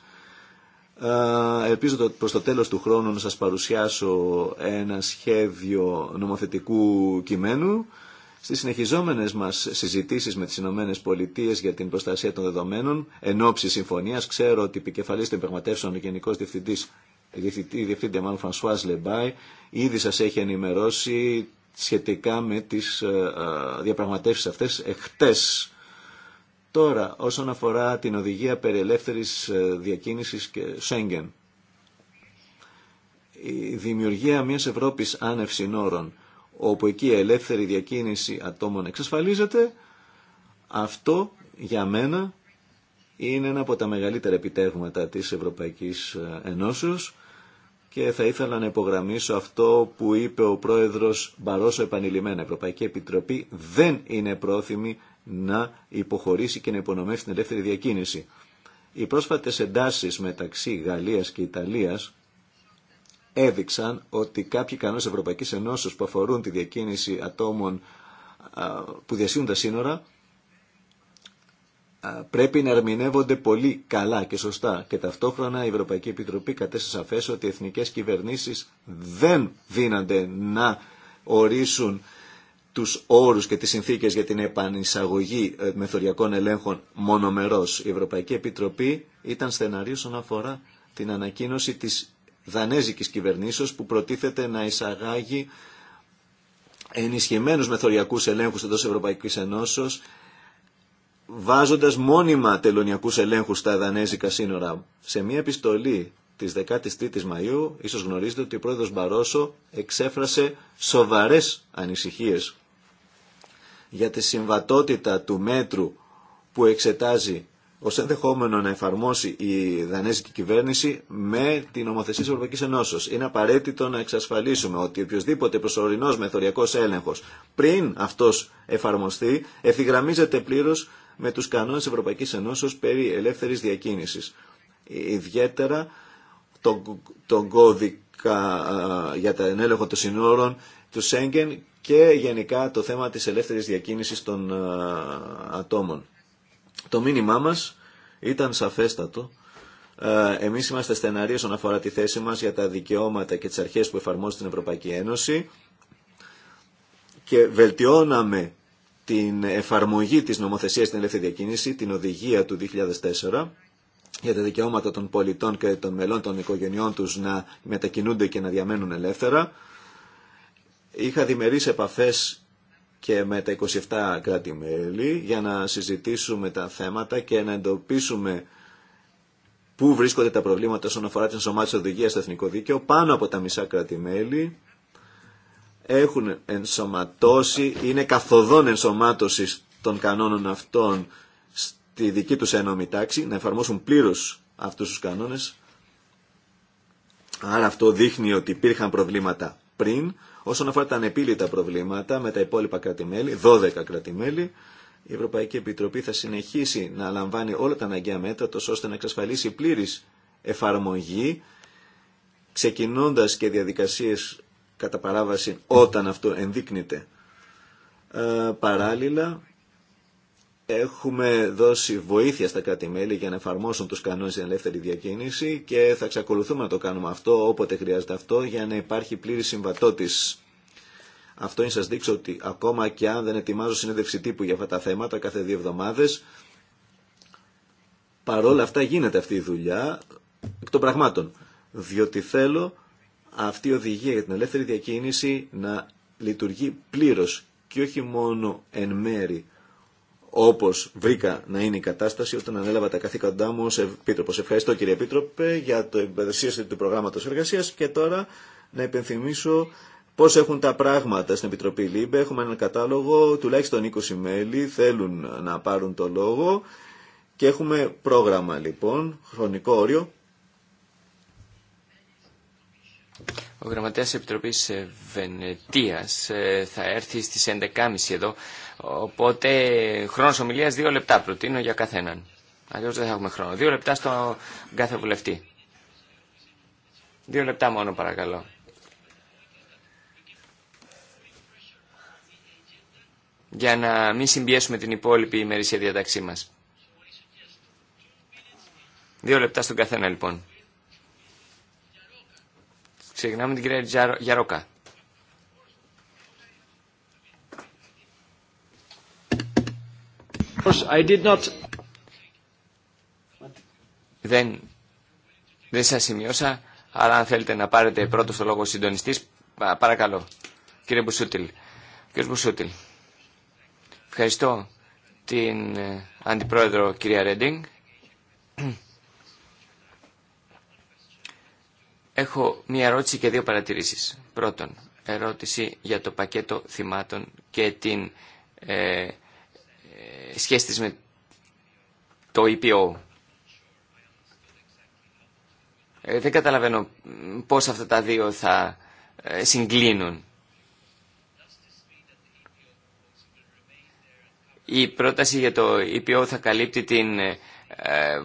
Ε, ελπίζω προς το τέλος του χρόνου να σας παρουσιάσω ένα σχέδιο νομοθετικού κειμένου. Στις συνεχιζόμενες μας συζητήσεις με τις Ηνωμένε Πολιτείε για την προστασία των δεδομένων, εν ώψη συμφωνίας, ξέρω ότι η επικεφαλής των πραγματεύσεων, ο Γενικός Διευθυντής, η Διευθυντή, μάλλον Φρανσουάς Λεμπάι, ήδη σας έχει ενημερώσει σχετικά με τις ε, ε, διαπραγματεύσεις αυτές εχθές Τώρα, όσον αφορά την οδηγία περί ελεύθερης ε, διακίνησης και Σέγγεν, η δημιουργία μιας Ευρώπης άνευ συνόρων, όπου εκεί η ελεύθερη διακίνηση ατόμων εξασφαλίζεται, αυτό για μένα είναι ένα από τα μεγαλύτερα επιτεύγματα της Ευρωπαϊκής ε, Ενώσεως και θα ήθελα να υπογραμμίσω αυτό που είπε ο πρόεδρος Μπαρόσο επανειλημμένα. Η Ευρωπαϊκή Επιτροπή δεν είναι πρόθυμη να υποχωρήσει και να υπονομεύσει την ελεύθερη διακίνηση. Οι πρόσφατες εντάσεις μεταξύ Γαλλίας και Ιταλίας έδειξαν ότι κάποιοι κανόνες Ευρωπαϊκής Ενώσεως που αφορούν τη διακίνηση ατόμων που διασύνουν τα σύνορα πρέπει να ερμηνεύονται πολύ καλά και σωστά και ταυτόχρονα η Ευρωπαϊκή Επιτροπή κατέστησε σαφές ότι οι εθνικές κυβερνήσεις δεν δίνανται να ορίσουν τους όρους και τις συνθήκες για την επανεισαγωγή ε, μεθοριακών ελέγχων μονομερός. Η Ευρωπαϊκή Επιτροπή ήταν στεναρή όσον αφορά την ανακοίνωση της δανέζικης κυβερνήσεως που προτίθεται να εισαγάγει ενισχυμένους μεθοριακούς ελέγχους εντός Ευρωπαϊκής Ενώσεως βάζοντας μόνιμα τελωνιακούς ελέγχους στα δανέζικα σύνορα. Σε μια επιστολή τη 13 η Μαΐου, ίσως γνωρίζετε ότι ο πρόεδρος Μπαρόσο εξέφρασε σοβαρές ανησυχίες για τη συμβατότητα του μέτρου που εξετάζει ως ενδεχόμενο να εφαρμόσει η δανέζικη κυβέρνηση με την νομοθεσία της Ευρωπαϊκής Ενώσεως. Είναι απαραίτητο να εξασφαλίσουμε ότι οποιοδήποτε προσωρινός μεθοριακός έλεγχος πριν αυτός εφαρμοστεί ευθυγραμμίζεται πλήρως με τους κανόνες της Ευρωπαϊκής Ενώσεως περί ελεύθερης διακίνησης. Ιδιαίτερα τον κώδικα ε, για τα έλεγχο των συνόρων του Σέγγεν και γενικά το θέμα της ελεύθερης διακίνησης των ε, ατόμων. Το μήνυμά μας ήταν σαφέστατο. Ε, εμείς είμαστε στεναροί όσον αφορά τη θέση μας για τα δικαιώματα και τις αρχές που εφαρμόζει την Ευρωπαϊκή Ένωση και βελτιώναμε την εφαρμογή της νομοθεσίας στην ελεύθερη διακίνηση, την οδηγία του 2004 για τα δικαιώματα των πολιτών και των μελών των οικογενειών τους να μετακινούνται και να διαμένουν ελεύθερα. Είχα διμερείς επαφές και με τα 27 κράτη-μέλη για να συζητήσουμε τα θέματα και να εντοπίσουμε πού βρίσκονται τα προβλήματα όσον αφορά την σωμάτιση οδηγία στο εθνικό δίκαιο. Πάνω από τα μισά κράτη-μέλη έχουν ενσωματώσει, είναι καθοδόν ενσωμάτωση των κανόνων αυτών στη δική τους ένωμη τάξη, να εφαρμόσουν πλήρως αυτούς τους κανόνες. Άρα αυτό δείχνει ότι υπήρχαν προβλήματα πριν, Όσον αφορά τα ανεπίλητα προβλήματα με τα υπόλοιπα 12 κράτη-μέλη, η Ευρωπαϊκή Επιτροπή θα συνεχίσει να λαμβάνει όλα τα αναγκαία μέτρα ώστε να εξασφαλίσει πλήρη εφαρμογή, ξεκινώντα και διαδικασίες κατά παράβαση όταν αυτό ενδείκνυται. Ε, παράλληλα, Έχουμε δώσει βοήθεια στα κράτη-μέλη για να εφαρμόσουν τους κανόνες για ελεύθερη διακίνηση και θα εξακολουθούμε να το κάνουμε αυτό όποτε χρειάζεται αυτό για να υπάρχει πλήρη συμβατότηση. Αυτό είναι σας δείξω ότι ακόμα και αν δεν ετοιμάζω συνέντευξη τύπου για αυτά τα θέματα κάθε δύο εβδομάδες, παρόλα αυτά γίνεται αυτή η δουλειά εκ των πραγμάτων. Διότι θέλω αυτή η οδηγία για την ελεύθερη διακίνηση να λειτουργεί πλήρως και όχι μόνο εν μέρη όπως βρήκα να είναι η κατάσταση όταν ανέλαβα τα καθήκοντά μου ω Επίτροπος. Ευχαριστώ κύριε Επίτροπε για το εμπεδεσίωση του προγράμματος εργασία και τώρα να υπενθυμίσω πώς έχουν τα πράγματα στην Επιτροπή ΛΥΜΠΕ. Έχουμε έναν κατάλογο, τουλάχιστον 20 μέλη θέλουν να πάρουν το λόγο και έχουμε πρόγραμμα λοιπόν, χρονικό όριο, ο γραμματέας Επιτροπής ε, Βενετίας ε, θα έρθει στις 11.30 εδώ, οπότε χρόνος ομιλίας δύο λεπτά προτείνω για καθέναν. Αλλιώ δεν θα έχουμε χρόνο. Δύο λεπτά στον κάθε βουλευτή. Δύο λεπτά μόνο παρακαλώ. για να μην συμπιέσουμε την υπόλοιπη ημερήσια διαταξή μας. Δύο λεπτά στον καθένα λοιπόν. Ξεκινάμε την κυρία Γιαρόκα. Δεν, δεν σας σημειώσα, αλλά αν θέλετε να πάρετε πρώτο το λόγο συντονιστής, παρακαλώ. Κύριε Μπουσούτιλ. Κύριε Μπουσούτιλ, ευχαριστώ την ε, Αντιπρόεδρο κυρία Ρέντινγκ Έχω μία ερώτηση και δύο παρατηρήσεις. Πρώτον, ερώτηση για το πακέτο θυμάτων και την ε, ε, σχέση της με το EPO. Ε, δεν καταλαβαίνω πώς αυτά τα δύο θα συγκλίνουν. Η πρόταση για το EPO θα καλύπτει την ε,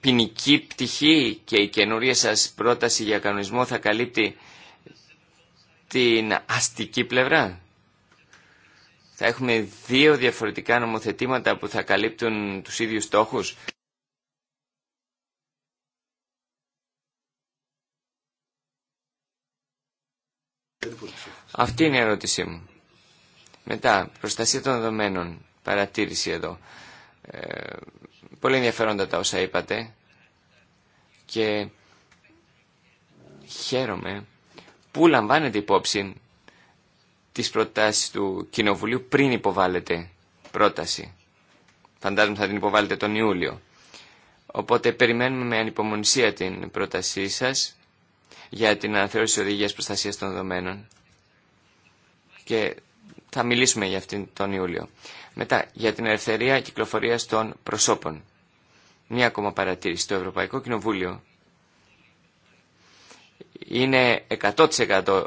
ποινική πτυχή και η καινούρια σας πρόταση για κανονισμό θα καλύπτει την αστική πλευρά. Θα έχουμε δύο διαφορετικά νομοθετήματα που θα καλύπτουν τους ίδιους στόχους. Αυτή είναι η ερώτησή μου. Μετά, προστασία των δεδομένων, παρατήρηση εδώ. Ε, Πολύ ενδιαφέροντα τα όσα είπατε και χαίρομαι που λαμβάνετε υπόψη τις προτάσεις του Κοινοβουλίου πριν υποβάλλετε πρόταση. Φαντάζομαι θα την υποβάλλετε τον Ιούλιο. Οπότε περιμένουμε με ανυπομονησία την πρότασή σας για την αναθεώρηση οδηγίας προστασίας των δεδομένων. Και θα μιλήσουμε για αυτήν τον Ιούλιο. Μετά, για την ελευθερία κυκλοφορία των προσώπων. Μία ακόμα παρατήρηση. Το Ευρωπαϊκό Κοινοβούλιο είναι 100%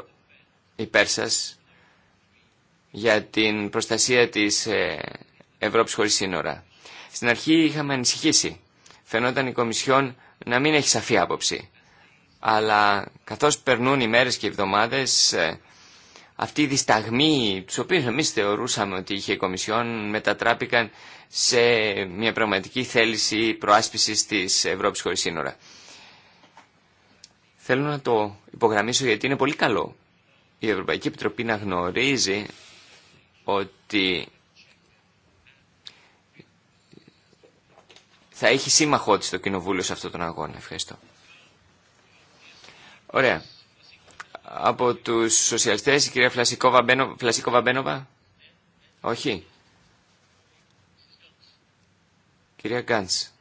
υπέρ σας για την προστασία της ε, Ευρώπης χωρίς σύνορα. Στην αρχή είχαμε ανησυχήσει. Φαινόταν η Κομισιόν να μην έχει σαφή άποψη. Αλλά καθώς περνούν οι μέρες και οι εβδομάδες ε, αυτή η δισταγμή του οποίου εμεί θεωρούσαμε ότι είχε η Κομισιόν, μετατράπηκαν σε μια πραγματική θέληση προάσπισης της Ευρώπη χωρί σύνορα. Θέλω να το υπογραμμίσω γιατί είναι πολύ καλό η Ευρωπαϊκή Επιτροπή να γνωρίζει ότι θα έχει σύμμαχό της το Κοινοβούλιο σε αυτόν τον αγώνα. Ευχαριστώ. Ωραία. Από τους σοσιαλιστές, η κυρία Φλασικό Βαμπένοβα. Όχι. Κυρία Γκάντς.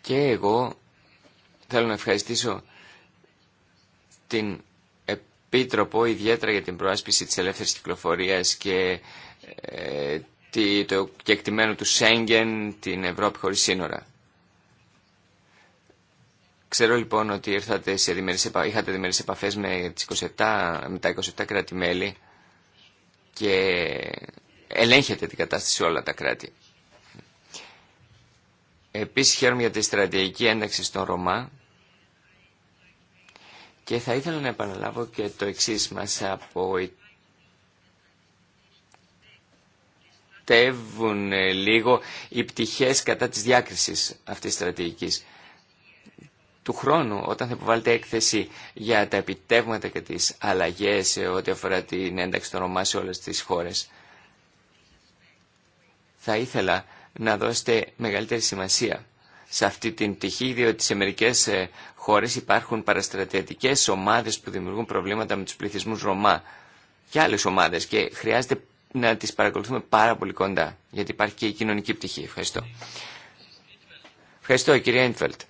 Και εγώ θέλω να ευχαριστήσω την Επίτροπο ιδιαίτερα για την προάσπιση της ελεύθερης κυκλοφορίας και ε, το κεκτημένο του Σέγγεν, την Ευρώπη χωρίς σύνορα. Ξέρω λοιπόν ότι ήρθατε σε είχατε διμερείς επαφές με, τις 27, με τα 27 κράτη-μέλη και ελέγχετε την κατάσταση σε όλα τα κράτη. Επίσης χαίρομαι για τη στρατηγική ένταξη στον Ρωμά και θα ήθελα να επαναλάβω και το εξής μας από ε, λίγο οι πτυχές κατά της διάκρισης αυτής της στρατηγικής του χρόνου όταν θα υποβάλλετε έκθεση για τα επιτεύγματα και τις αλλαγές ό,τι αφορά την ένταξη των Ρωμά σε όλες τις χώρες. Θα ήθελα να δώσετε μεγαλύτερη σημασία σε αυτή την πτυχή, διότι σε μερικές ε, χώρες υπάρχουν παραστρατιωτικές ομάδες που δημιουργούν προβλήματα με τους πληθυσμούς Ρωμά και άλλες ομάδες και χρειάζεται να τις παρακολουθούμε πάρα πολύ κοντά, γιατί υπάρχει και η κοινωνική πτυχή. Ευχαριστώ. Ευχαριστώ κυρία Ένφελτ.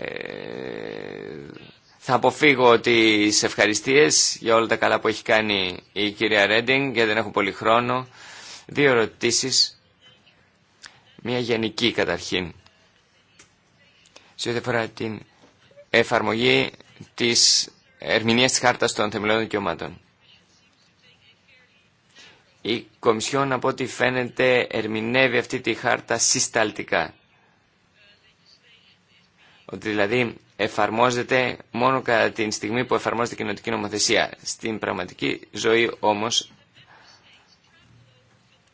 Ε, θα αποφύγω τις ευχαριστίες για όλα τα καλά που έχει κάνει η κυρία Ρέντινγκ, γιατί δεν έχω πολύ χρόνο. Δύο ερωτήσει. Μία γενική καταρχήν. Σε ό,τι αφορά την εφαρμογή της ερμηνείας της χάρτας των θεμελιών δικαιωμάτων. Η Κομισιόν από ό,τι φαίνεται ερμηνεύει αυτή τη χάρτα συσταλτικά. Ότι δηλαδή εφαρμόζεται μόνο κατά την στιγμή που εφαρμόζεται η κοινωτική νομοθεσία. Στην πραγματική ζωή όμως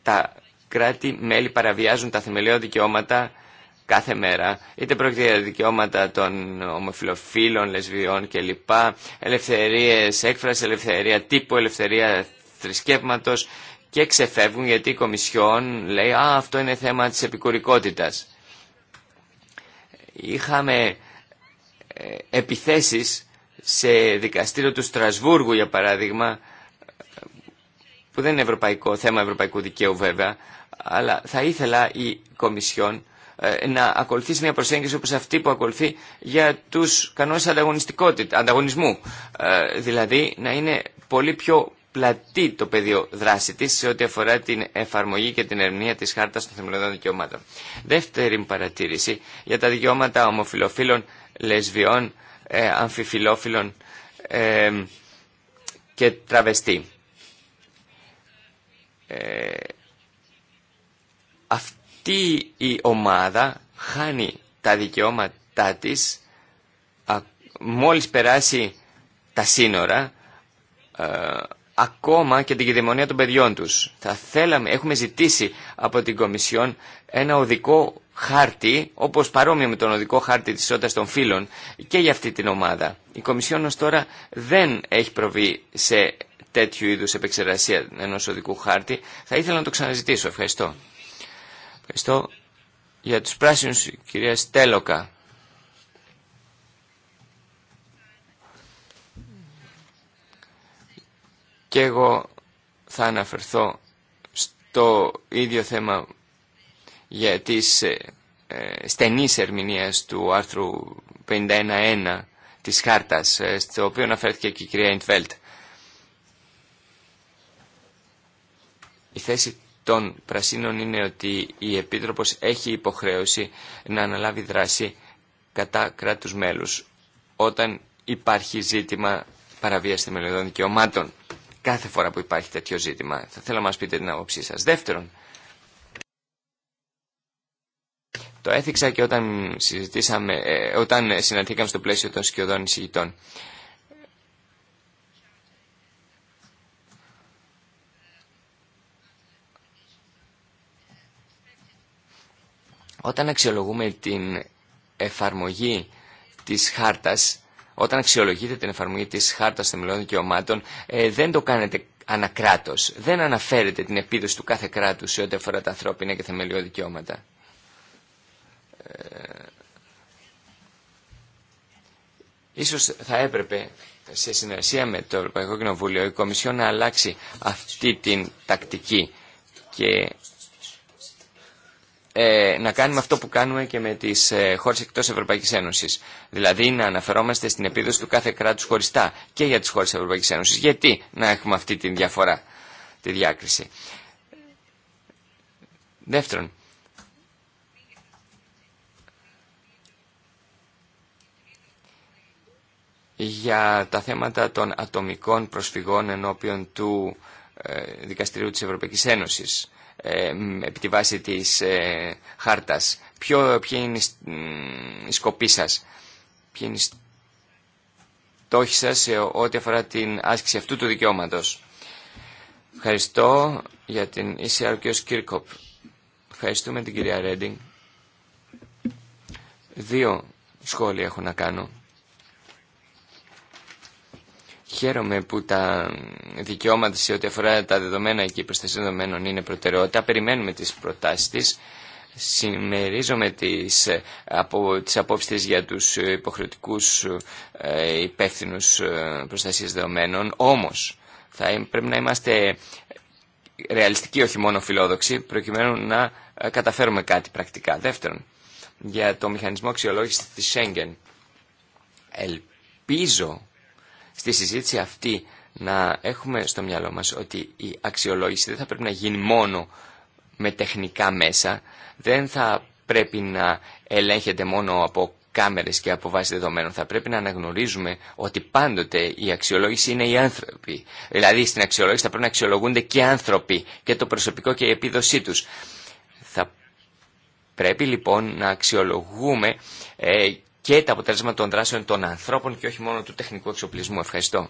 τα κράτη-μέλη παραβιάζουν τα θεμελιώδη δικαιώματα κάθε μέρα. Είτε πρόκειται για δικαιώματα των ομοφιλοφίλων, λεσβιών κλπ. Ελευθερίες έκφραση, ελευθερία τύπου, ελευθερία θρησκεύματος και ξεφεύγουν γιατί η Κομισιόν λέει «Α, αυτό είναι θέμα της επικουρικότητας» είχαμε ε, επιθέσεις σε δικαστήριο του Στρασβούργου για παράδειγμα που δεν είναι ευρωπαϊκό, θέμα ευρωπαϊκού δικαίου βέβαια αλλά θα ήθελα η Κομισιόν ε, να ακολουθήσει μια προσέγγιση όπως αυτή που ακολουθεί για τους κανόνες ανταγωνισμού ε, δηλαδή να είναι πολύ πιο πλατεί το πεδίο δράση τη σε ό,τι αφορά την εφαρμογή και την ερμηνεία της Χάρτας των Θεμελιωδών Δικαιωμάτων. Δεύτερη παρατήρηση για τα δικαιώματα ομοφιλοφίλων, λεσβιών, ε, ε, και τραβεστή. Ε, αυτή η ομάδα χάνει τα δικαιώματά της μόλις περάσει τα σύνορα ε, ακόμα και την κυδαιμονία των παιδιών τους. Θα θέλαμε, έχουμε ζητήσει από την Κομισιόν ένα οδικό χάρτη, όπως παρόμοιο με τον οδικό χάρτη της ισότητας των φύλων, και για αυτή την ομάδα. Η Κομισιόν ως τώρα δεν έχει προβεί σε τέτοιου είδους επεξεργασία ενός οδικού χάρτη. Θα ήθελα να το ξαναζητήσω. Ευχαριστώ. Ευχαριστώ για τους πράσινους, κυρία Στέλοκα. Και εγώ θα αναφερθώ στο ίδιο θέμα για τις ε, ε, στενής ερμηνείας του άρθρου 51.1 της χάρτας, ε, στο οποίο αναφέρθηκε και η κυρία Ιντφέλτ. Η θέση των πρασίνων είναι ότι η Επίτροπος έχει υποχρέωση να αναλάβει δράση κατά κράτους μέλους όταν υπάρχει ζήτημα παραβίαση θεμελιωδών δικαιωμάτων κάθε φορά που υπάρχει τέτοιο ζήτημα. Θα θέλω να μας πείτε την άποψή σας. Δεύτερον, το έθιξα και όταν, συζητήσαμε, ε, όταν συναντήκαμε στο πλαίσιο των σκιωδών εισηγητών. Όταν αξιολογούμε την εφαρμογή της χάρτας όταν αξιολογείτε την εφαρμογή της Χάρτας Θεμελιών Δικαιωμάτων ε, δεν το κάνετε ανακράτος. Δεν αναφέρετε την επίδοση του κάθε κράτους σε ό,τι αφορά τα ανθρώπινα και θεμελιώδη δικαιώματα. Ε, ίσως θα έπρεπε σε συνεργασία με το Ευρωπαϊκό Κοινοβούλιο η Κομισιόν να αλλάξει αυτή την τακτική και ε, να κάνουμε αυτό που κάνουμε και με τις ε, χώρες εκτός Ευρωπαϊκής Ένωσης. Δηλαδή να αναφερόμαστε στην επίδοση του κάθε κράτους χωριστά και για τις χώρες Ευρωπαϊκής Ένωση. Γιατί να έχουμε αυτή τη διαφορά, τη διάκριση. Δεύτερον, για τα θέματα των ατομικών προσφυγών ενώπιον του ε, Δικαστηρίου της Ευρωπαϊκής Ένωσης. Ε, επί τη βάση της ε, χάρτας. Ποιο, ποια είναι η σκοπή σας, ποια είναι η στόχη σας σε ό,τι αφορά την άσκηση αυτού του δικαιώματος. Ευχαριστώ για την ECR και ο Σκύρκοπ. Ευχαριστούμε την κυρία Ρέντινγκ. Δύο σχόλια έχω να κάνω. Χαίρομαι που τα δικαιώματα σε ό,τι αφορά τα δεδομένα και η προστασία δεδομένων είναι προτεραιότητα. Περιμένουμε τις προτάσεις της. Συμμερίζομαι τις, ε, από, τις απόψεις για τους υποχρεωτικούς ε, υπεύθυνου ε, προστασίας δεδομένων. Όμως, θα, ε, πρέπει να είμαστε ρεαλιστικοί, όχι μόνο φιλόδοξοι, προκειμένου να καταφέρουμε κάτι πρακτικά. Δεύτερον, για το μηχανισμό αξιολόγηση της Schengen. Ελπίζω στη συζήτηση αυτή να έχουμε στο μυαλό μας ότι η αξιολόγηση δεν θα πρέπει να γίνει μόνο με τεχνικά μέσα, δεν θα πρέπει να ελέγχεται μόνο από κάμερες και από βάση δεδομένων. Θα πρέπει να αναγνωρίζουμε ότι πάντοτε η αξιολόγηση είναι οι άνθρωποι. Δηλαδή στην αξιολόγηση θα πρέπει να αξιολογούνται και οι άνθρωποι και το προσωπικό και η επίδοσή τους. Θα πρέπει λοιπόν να αξιολογούμε ε, και τα αποτέλεσματα των δράσεων των ανθρώπων και όχι μόνο του τεχνικού εξοπλισμού. Ευχαριστώ.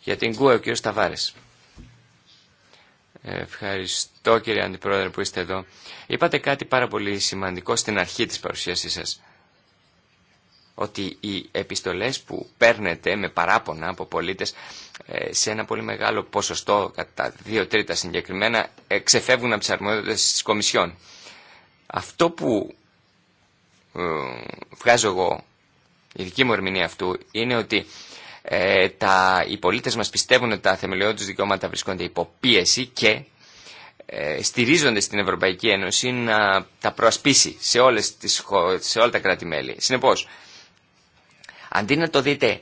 Για την ΚΟΕ ο κύριο Σταβάρε. Ευχαριστώ κύριε Αντιπρόεδρε που είστε εδώ. Είπατε κάτι πάρα πολύ σημαντικό στην αρχή της παρουσίασής σας. Ότι οι επιστολές που παίρνετε με παράπονα από πολίτες ε, σε ένα πολύ μεγάλο ποσοστό, κατά δύο τρίτα συγκεκριμένα, ε, ξεφεύγουν από τις αρμοδιότητες της Κομισιόν. Αυτό που ε, βγάζω εγώ, η δική μου ερμηνεία αυτού, είναι ότι ε, τα, οι πολίτες μας πιστεύουν ότι τα θεμελιώδη τους δικαιώματα βρίσκονται υπό πίεση και ε, στηρίζονται στην Ευρωπαϊκή Ένωση να τα προασπίσει σε, όλες τις, σε όλα τα κράτη-μέλη. Συνεπώς, αντί να το δείτε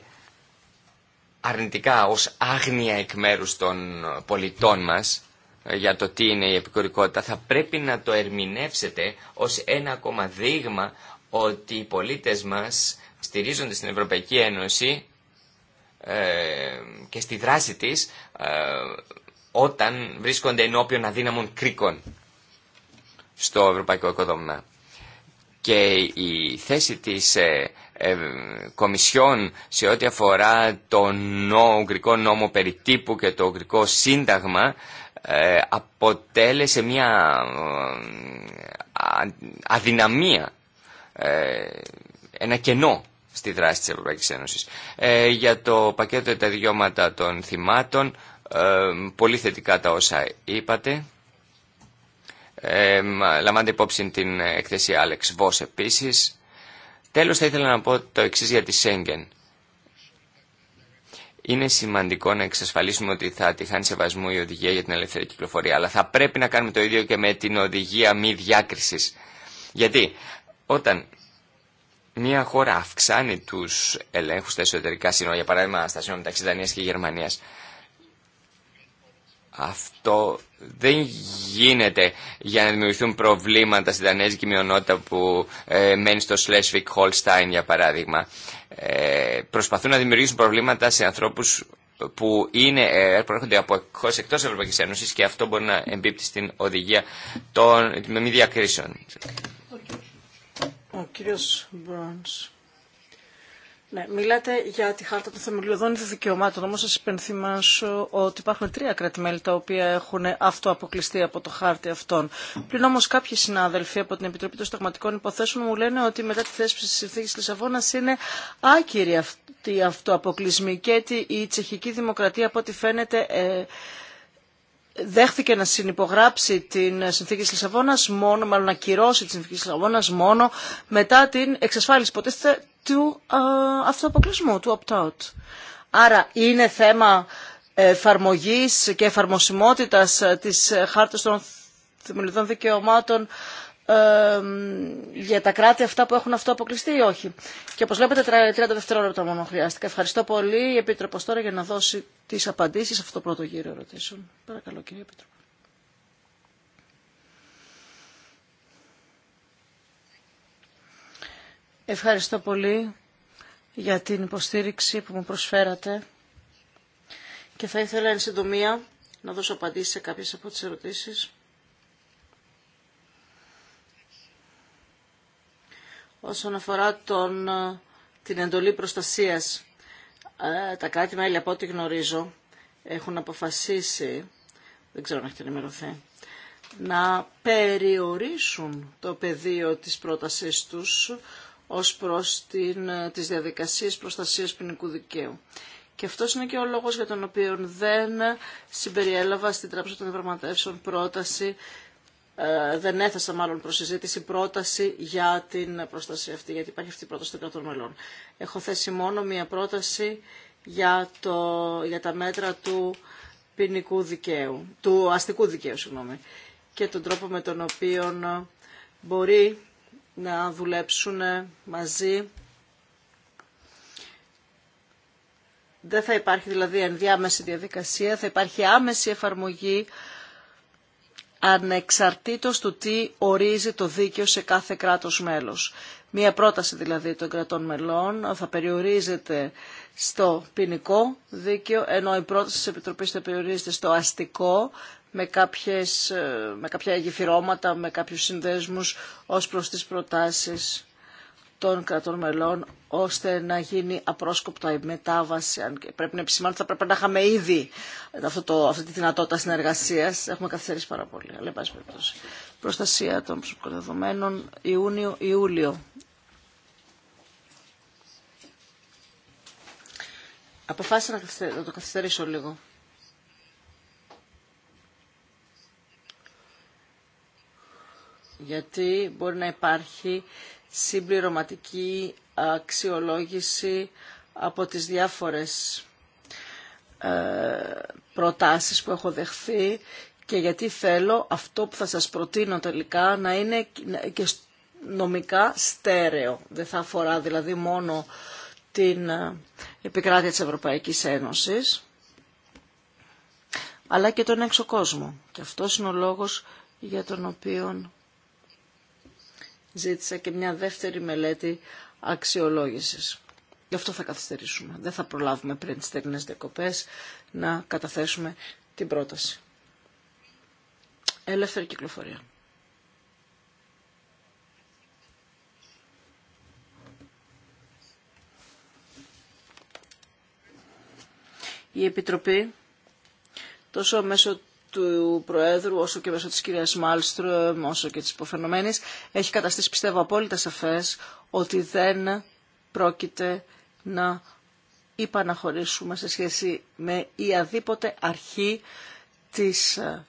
αρνητικά ως άγνοια εκ μέρους των πολιτών μας για το τι είναι η επικορικότητα, θα πρέπει να το ερμηνεύσετε ως ένα ακόμα δείγμα ότι οι πολίτες μας στηρίζονται στην Ευρωπαϊκή Ένωση ε, και στη δράση της ε, όταν βρίσκονται ενώπιον αδύναμων κρίκων στο ευρωπαϊκό οικοδόμημα. Και η θέση της ε, ε Κομισιόν σε ό,τι αφορά τον Ουγγρικό νόμο περί και το Ουγγρικό σύνταγμα ε, αποτέλεσε μια αδυναμία ε, ένα κενό στη δράση της Ευρωπαϊκής Ένωσης. Ε, για το πακέτο τα δικαιώματα των θυμάτων, ε, πολύ θετικά τα όσα είπατε. Ε, λαμβάνετε υπόψη την εκθέση Άλεξ Voss επίσης. Τέλος θα ήθελα να πω το εξής για τη Σέγγεν. Είναι σημαντικό να εξασφαλίσουμε ότι θα τη χάνει σεβασμού η οδηγία για την ελεύθερη κυκλοφορία, αλλά θα πρέπει να κάνουμε το ίδιο και με την οδηγία μη διάκριση. Γιατί όταν μια χώρα αυξάνει τους ελέγχους στα εσωτερικά σύνορα, για παράδειγμα στα σύνορα μεταξύ Δανίας και Γερμανίας, αυτό δεν γίνεται για να δημιουργηθούν προβλήματα στην Δανέζικη μειονότητα που ε, μένει στο Σλέσβικ Χολστάιν για παράδειγμα. Ε, προσπαθούν να δημιουργήσουν προβλήματα σε ανθρώπους που είναι, ε, προέρχονται από χώρες εκτός Ευρωπαϊκής Ένωσης και αυτό μπορεί να εμπίπτει στην οδηγία των, με μη διακρίσεων. Ο κύριος Μπρόνς. Ναι, μιλάτε για τη χάρτα των θεμελιωδών δικαιωμάτων, όμως σας υπενθυμάσω ότι υπάρχουν τρία κράτη-μέλη τα οποία έχουν αυτοαποκλειστεί από το χάρτη αυτών. Πλην όμως κάποιοι συνάδελφοι από την Επιτροπή των Σταγματικών Υποθέσεων μου λένε ότι μετά τη θέσπιση της Συνθήκης Λισαβόνας είναι άκυρη αυτή η αυτοαποκλεισμή και η τσεχική δημοκρατία από ό,τι φαίνεται... Ε, δέχθηκε να συνυπογράψει την συνθήκη της Λισαβόνας μόνο, μάλλον να κυρώσει τη συνθήκη της Λισαβόνας μόνο μετά την εξασφάλιση ποτέ του αυτοαποκλεισμού, του opt-out. Άρα είναι θέμα εφαρμογής και εφαρμοσιμότητας ε, της χάρτας των θεμελιδών δικαιωμάτων για τα κράτη αυτά που έχουν αυτό αποκλειστεί ή όχι. Και όπως βλέπετε 30 δευτερόλεπτα μόνο χρειάστηκα. Ευχαριστώ πολύ η Επίτροπος τώρα για να δώσει τις απαντήσεις σε αυτό το πρώτο γύρο ερωτήσεων. Παρακαλώ κύριε Επίτροπο. Ευχαριστώ πολύ για την υποστήριξη που μου προσφέρατε και θα ήθελα εν συντομία να δώσω απαντήσεις σε κάποιες από τις ερωτήσεις. όσον αφορά τον, ε, την εντολή προστασίας. Ε, τα κράτη-μέλη, από ό,τι γνωρίζω, έχουν αποφασίσει, δεν ξέρω αν έχετε ενημερωθεί, να περιορίσουν το πεδίο της πρότασής τους ως προς την, ε, τις διαδικασίες προστασίας ποινικού δικαίου. Και αυτός είναι και ο λόγος για τον οποίο δεν συμπεριέλαβα στην Τράπεζα των Διαπραγματεύσεων πρόταση ε, δεν έθεσα μάλλον προς πρόταση για την προστασία αυτή, γιατί υπάρχει αυτή η πρόταση των κρατών μελών. Έχω θέσει μόνο μία πρόταση για, το, για τα μέτρα του ποινικού δικαίου, του αστικού δικαίου, συγγνώμη, και τον τρόπο με τον οποίο μπορεί να δουλέψουν μαζί. Δεν θα υπάρχει δηλαδή ενδιάμεση διαδικασία, θα υπάρχει άμεση εφαρμογή ανεξαρτήτως του τι ορίζει το δίκαιο σε κάθε κράτος μέλος. Μία πρόταση δηλαδή των κρατών μελών θα περιορίζεται στο ποινικό δίκαιο, ενώ η πρόταση της Επιτροπής θα περιορίζεται στο αστικό, με, κάποιες, ε, με κάποια γεφυρώματα, με κάποιους συνδέσμους ως προς τις προτάσεις των κρατών μελών ώστε να γίνει απρόσκοπτα η μετάβαση. Αν και πρέπει να επισημάνω ότι θα πρέπει να είχαμε ήδη αυτό το, αυτή τη δυνατότητα συνεργασία. Έχουμε καθυστερήσει πάρα πολύ. Αλλά, πάση περιπτώσει. Προστασία των προσωπικων δεδομένων Ιούνιο-Ιούλιο. Αποφάσισα να το καθυστερήσω λίγο. Γιατί μπορεί να υπάρχει συμπληρωματική αξιολόγηση από τις διάφορες ε, προτάσεις που έχω δεχθεί και γιατί θέλω αυτό που θα σας προτείνω τελικά να είναι και νομικά στέρεο. Δεν θα αφορά δηλαδή μόνο την ε, επικράτεια της Ευρωπαϊκής Ένωσης, αλλά και τον έξω κόσμο. Και αυτός είναι ο λόγος για τον οποίο ζήτησα και μια δεύτερη μελέτη αξιολόγησης. Γι' αυτό θα καθυστερήσουμε. Δεν θα προλάβουμε πριν τις τερινέ διακοπές να καταθέσουμε την πρόταση. Ελεύθερη κυκλοφορία. Η Επιτροπή τόσο μέσω του Προέδρου, όσο και μέσω της κυρίας Μάλστρομ, όσο και της υποφαινομένης, έχει καταστήσει πιστεύω απόλυτα σαφές ότι δεν πρόκειται να υπαναχωρήσουμε σε σχέση με η αδίποτε αρχή της ε,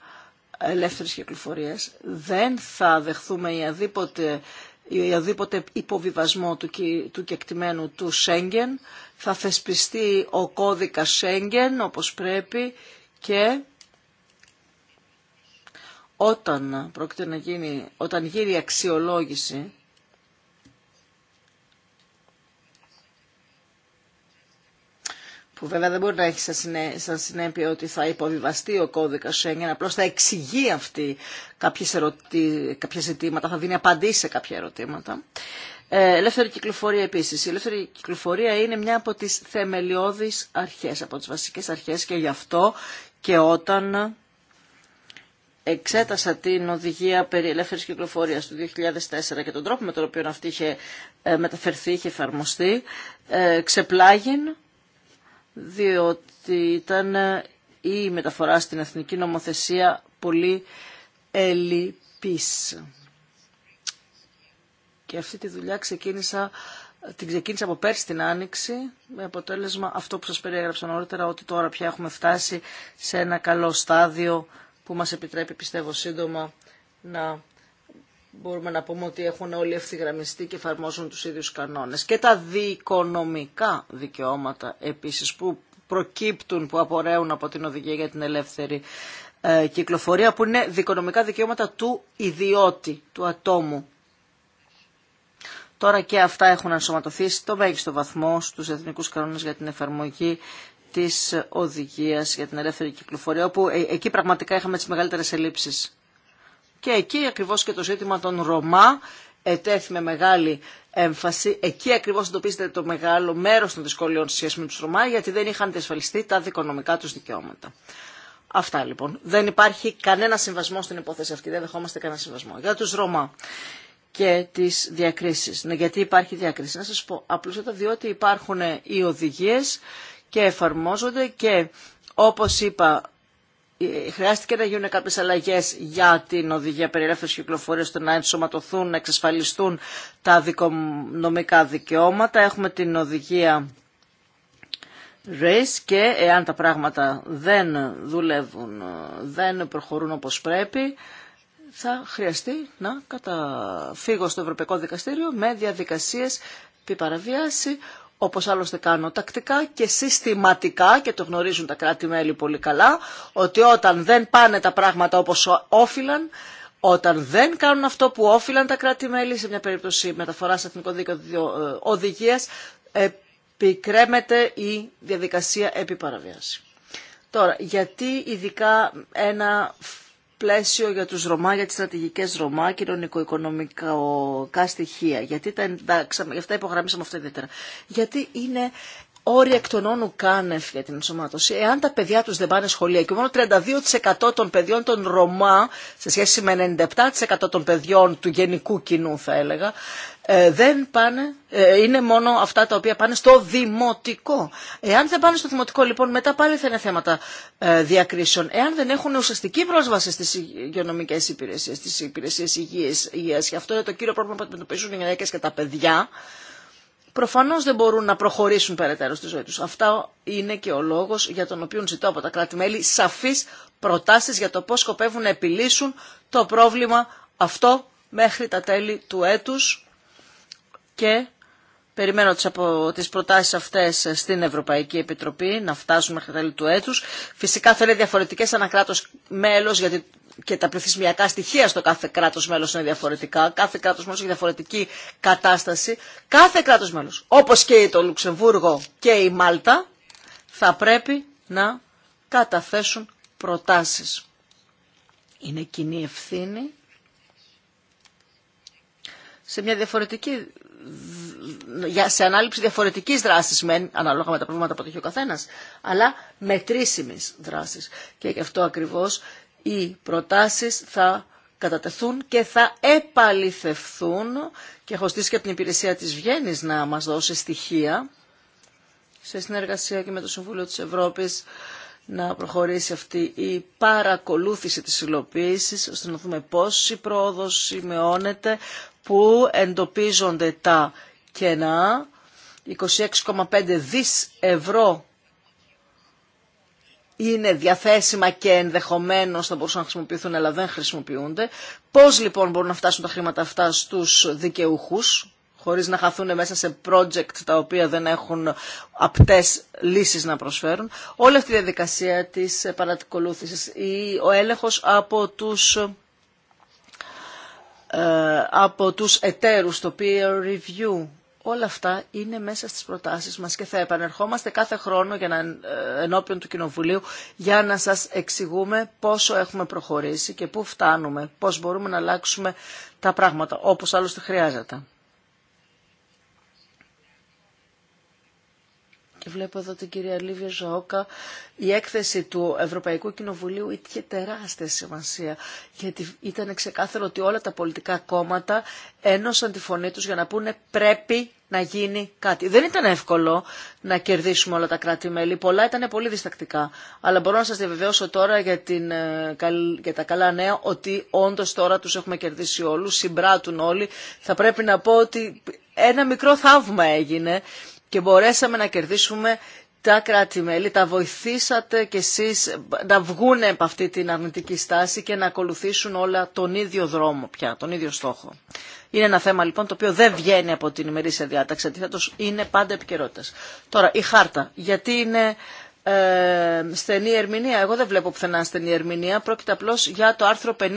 ελεύθερης κυκλοφορίας. Δεν θα δεχθούμε η αδίποτε ή οδήποτε υποβιβασμό του, του κεκτημένου του Σέγγεν. Θα θεσπιστεί ο κώδικας Σέγγεν όπως πρέπει και όταν πρόκειται να γίνει, όταν γίνει αξιολόγηση που βέβαια δεν μπορεί να έχει σαν συνέπεια ότι θα υποβιβαστεί ο κώδικα Σέγγεν, απλώς θα εξηγεί αυτή κάποιες ερωτη... κάποια ζητήματα, θα δίνει απαντήσει σε κάποια ερωτήματα. Ε, ελεύθερη κυκλοφορία επίσης. Η ελεύθερη κυκλοφορία είναι μια από τις θεμελιώδεις αρχές, από τις βασικές αρχές και γι' αυτό και όταν εξέτασα την οδηγία περί ελεύθερης κυκλοφορίας του 2004 και τον τρόπο με τον οποίο αυτή είχε ε, μεταφερθεί, είχε εφαρμοστεί, ε, ξεπλάγιν, διότι ήταν ε, η μεταφορά στην εθνική νομοθεσία πολύ ελλειπής. Και αυτή τη δουλειά ξεκίνησα, την ξεκίνησα από πέρσι την Άνοιξη, με αποτέλεσμα αυτό που σας περιέγραψα νωρίτερα, ότι τώρα πια έχουμε φτάσει σε ένα καλό στάδιο που μας επιτρέπει πιστεύω σύντομα να μπορούμε να πούμε ότι έχουν όλοι ευθυγραμμιστεί και εφαρμόζουν τους ίδιους κανόνες. Και τα δικονομικά δικαιώματα επίσης που προκύπτουν, που απορρέουν από την οδηγία για την ελεύθερη ε, κυκλοφορία, που είναι δικονομικά δικαιώματα του ιδιώτη, του ατόμου. Τώρα και αυτά έχουν ενσωματωθεί στο μέγιστο βαθμό στους εθνικούς κανόνες για την εφαρμογή της οδηγίας για την ελεύθερη κυκλοφορία, όπου ε, εκεί πραγματικά είχαμε τις μεγαλύτερες ελλείψεις. Και εκεί ακριβώς και το ζήτημα των Ρωμά ετέθη με μεγάλη έμφαση. Εκεί ακριβώ εντοπίζεται το μεγάλο μέρο των δυσκολιών σχέση με του Ρωμά, γιατί δεν είχαν διασφαλιστεί τα δικονομικά του δικαιώματα. Αυτά λοιπόν. Δεν υπάρχει κανένα συμβασμό στην υπόθεση αυτή. Δεν δεχόμαστε κανένα συμβασμό. Για του Ρωμά και τι διακρίσει. Ναι, γιατί υπάρχει διακρίση. Να σα πω απλούστατα, διότι υπάρχουν οι οδηγίε και εφαρμόζονται και όπως είπα ε, χρειάστηκε να γίνουν κάποιες αλλαγές για την οδηγία περιελεύθερη κυκλοφορίας ώστε να ενσωματωθούν, να εξασφαλιστούν τα δικονομικά δικαιώματα. Έχουμε την οδηγία RACE και εάν τα πράγματα δεν δουλεύουν, ε, δεν προχωρούν όπως πρέπει, θα χρειαστεί να καταφύγω στο Ευρωπαϊκό Δικαστήριο με διαδικασίες παραβιάση, όπως άλλωστε κάνω τακτικά και συστηματικά και το γνωρίζουν τα κράτη-μέλη πολύ καλά, ότι όταν δεν πάνε τα πράγματα όπως όφυλαν, όταν δεν κάνουν αυτό που όφυλαν τα κράτη-μέλη, σε μια περίπτωση μεταφοράς εθνικών δίκαιο ε, οδηγίας, επικρέμεται η διαδικασία επί Τώρα, γιατί ειδικά ένα πλαίσιο για τους Ρωμά, για τις στρατηγικές Ρωμά, κοινωνικο-οικονομικά στοιχεία. Γιατί τα εντάξαμε, γι' αυτά υπογραμμίσαμε αυτό ιδιαίτερα. Γιατί είναι όρια εκ των όνων κάνευ για την ενσωμάτωση. Εάν τα παιδιά τους δεν πάνε σχολεία και μόνο 32% των παιδιών των Ρωμά, σε σχέση με 97% των παιδιών του γενικού κοινού θα έλεγα, ε, δεν πάνε, ε, είναι μόνο αυτά τα οποία πάνε στο δημοτικό. Εάν δεν πάνε στο δημοτικό λοιπόν μετά πάλι θα είναι θέματα ε, διακρίσεων. Εάν δεν έχουν ουσιαστική πρόσβαση στι υγειονομικέ υπηρεσίε, στι υπηρεσίε υγεία και αυτό είναι το κύριο πρόβλημα που αντιμετωπίζουν οι γυναίκε και τα παιδιά, προφανώς δεν μπορούν να προχωρήσουν περαιτέρω στη ζωή τους. Αυτά είναι και ο λόγος για τον οποίο ζητώ από τα κράτη-μέλη σαφείς προτάσεις για το πώς σκοπεύουν να επιλύσουν το πρόβλημα αυτό μέχρι τα τέλη του έτους και Περιμένω τις, από, τις προτάσεις αυτές στην Ευρωπαϊκή Επιτροπή να φτάσουν μέχρι τα τέλη του έτους. Φυσικά θέλει διαφορετικές ανακράτως μέλος γιατί και τα πληθυσμιακά στοιχεία στο κάθε κράτο μέλο είναι διαφορετικά. Κάθε κράτο μέλο έχει διαφορετική κατάσταση. Κάθε κράτο μέλο, όπω και το Λουξεμβούργο και η Μάλτα, θα πρέπει να καταθέσουν προτάσεις. Είναι κοινή ευθύνη σε μια διαφορετική σε ανάληψη διαφορετική δράση, μεν ανάλογα με τα προβλήματα που έχει ο καθένα, αλλά μετρήσιμη δράση. Και γι' αυτό ακριβώ οι προτάσεις θα κατατεθούν και θα επαληθευθούν και έχω στήσει και από την υπηρεσία της Βιέννης να μας δώσει στοιχεία σε συνεργασία και με το Συμβούλιο της Ευρώπης να προχωρήσει αυτή η παρακολούθηση της υλοποίησης ώστε να δούμε πώς η πρόοδος σημειώνεται, πού εντοπίζονται τα κενά. 26,5 δις ευρώ είναι διαθέσιμα και ενδεχομένω θα μπορούσαν να χρησιμοποιηθούν αλλά δεν χρησιμοποιούνται. Πώς λοιπόν μπορούν να φτάσουν τα χρήματα αυτά στους δικαιούχους χωρίς να χαθούν μέσα σε project τα οποία δεν έχουν απτέ λύσεις να προσφέρουν. Όλη αυτή η διαδικασία της παρακολούθηση. ή ο έλεγχος από του ε, από τους εταίρους, το peer review, Όλα αυτά είναι μέσα στις προτάσεις μας και θα επανερχόμαστε κάθε χρόνο για να, ε, ενώπιον του Κοινοβουλίου για να σας εξηγούμε πόσο έχουμε προχωρήσει και πού φτάνουμε, πώς μπορούμε να αλλάξουμε τα πράγματα όπως άλλωστε χρειάζεται. και βλέπω εδώ την κυρία Λίβια Ζωόκα, η έκθεση του Ευρωπαϊκού Κοινοβουλίου είχε τεράστια σημασία, γιατί ήταν ξεκάθαρο ότι όλα τα πολιτικά κόμματα ένωσαν τη φωνή τους για να πούνε πρέπει να γίνει κάτι. Δεν ήταν εύκολο να κερδίσουμε όλα τα κράτη-μέλη. Πολλά ήταν πολύ διστακτικά. Αλλά μπορώ να σας διαβεβαιώσω τώρα για, την, ε, για τα καλά νέα ότι όντως τώρα τους έχουμε κερδίσει όλους, συμπράττουν όλοι. Θα πρέπει να πω ότι ένα μικρό θαύμα έγινε και μπορέσαμε να κερδίσουμε τα κράτη-μέλη, τα βοηθήσατε κι εσείς να βγουν από αυτή την αρνητική στάση και να ακολουθήσουν όλα τον ίδιο δρόμο πια, τον ίδιο στόχο. Είναι ένα θέμα λοιπόν το οποίο δεν βγαίνει από την ημερήσια διάταξη, αντίθετος είναι πάντα επικαιρότητα. Τώρα η χάρτα, γιατί είναι ε, στενή ερμηνεία. Εγώ δεν βλέπω πουθενά στενή ερμηνεία. Πρόκειται απλώ για το άρθρο 51.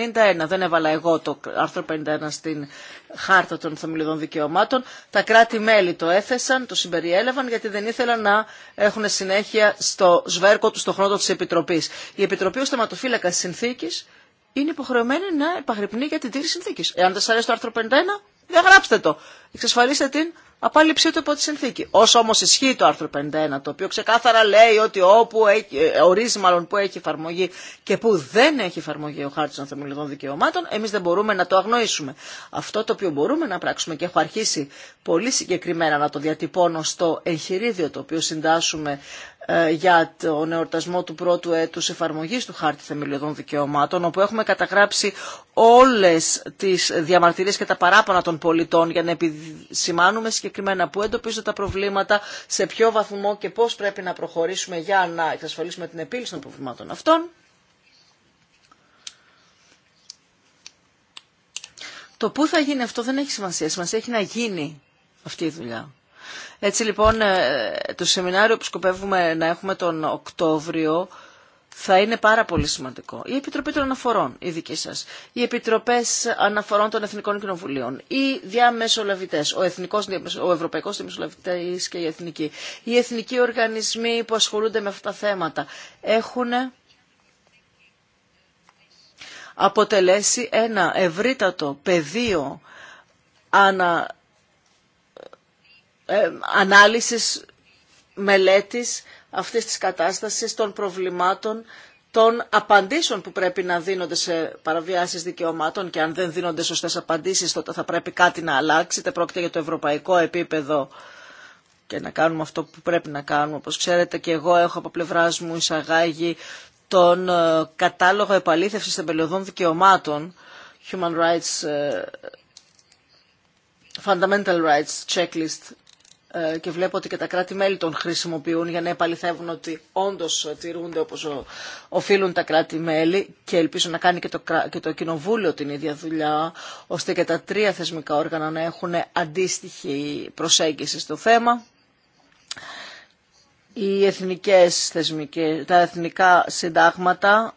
Δεν έβαλα εγώ το άρθρο 51 στην χάρτα των θεμελιωδών δικαιωμάτων. Τα κράτη-μέλη το έθεσαν, το συμπεριέλαβαν γιατί δεν ήθελαν να έχουν συνέχεια στο σβέρκο του, στο χρόνο τη Επιτροπή. Η Επιτροπή ω θεματοφύλακα συνθήκη είναι υποχρεωμένη να επαγρυπνεί για την τήρηση συνθήκη. Εάν δεν σα αρέσει το άρθρο 51, διαγράψτε το. Εξασφαλίστε την απάλληψή του υπό τη συνθήκη. Όσο όμω ισχύει το άρθρο 51, το οποίο ξεκάθαρα λέει ότι όπου έχει, ε, ορίζει μάλλον που έχει εφαρμογή και που δεν έχει εφαρμογή ο χάρτη των θεμελιωδών δικαιωμάτων, εμεί δεν μπορούμε να το αγνοήσουμε. Αυτό το οποίο μπορούμε να πράξουμε και έχω αρχίσει πολύ συγκεκριμένα να το διατυπώνω στο εγχειρίδιο το οποίο συντάσσουμε ε, για τον εορτασμό του πρώτου έτους εφαρμογής του Χάρτη Θεμελιωδών Δικαιωμάτων, όπου έχουμε καταγράψει όλες τις διαμαρτυρίες και τα παράπονα των πολιτών για να επισημάνουμε συγκεκριμένα πού εντοπίζονται τα προβλήματα, σε ποιο βαθμό και πώς πρέπει να προχωρήσουμε για να εξασφαλίσουμε την επίλυση των προβλημάτων αυτών. Το πού θα γίνει αυτό δεν έχει σημασία. Σημασία έχει να γίνει αυτή η δουλειά. Έτσι λοιπόν ε, το σεμινάριο που σκοπεύουμε να έχουμε τον Οκτώβριο θα είναι πάρα πολύ σημαντικό. Η Επιτροπή των Αναφορών, η δική σα. οι Επιτροπές Αναφορών των Εθνικών Κοινοβουλίων, οι διαμεσολαβητές, ο, εθνικός, ο Ευρωπαϊκός Διαμεσολαβητής και η Εθνική. οι εθνικοί οργανισμοί που ασχολούνται με αυτά τα θέματα έχουν αποτελέσει ένα ευρύτατο πεδίο ανα, ε, ανάλυσης μελέτης αυτής της κατάστασης, των προβλημάτων, των απαντήσεων που πρέπει να δίνονται σε παραβιάσεις δικαιωμάτων και αν δεν δίνονται σωστές απαντήσεις τότε θα πρέπει κάτι να αλλάξει, τε πρόκειται για το ευρωπαϊκό επίπεδο και να κάνουμε αυτό που πρέπει να κάνουμε. Όπως ξέρετε και εγώ έχω από πλευρά μου εισαγάγει τον ε, κατάλογο επαλήθευσης θεμελιωδών δικαιωμάτων, Human Rights, ε, Fundamental Rights Checklist ε, και βλέπω ότι και τα κράτη-μέλη τον χρησιμοποιούν για να επαληθεύουν ότι όντως τηρούνται όπως οφείλουν τα κράτη-μέλη και ελπίζω να κάνει και το, και το Κοινοβούλιο την ίδια δουλειά ώστε και τα τρία θεσμικά όργανα να έχουν αντίστοιχη προσέγγιση στο θέμα. Οι εθνικές θεσμικές, τα εθνικά συντάγματα,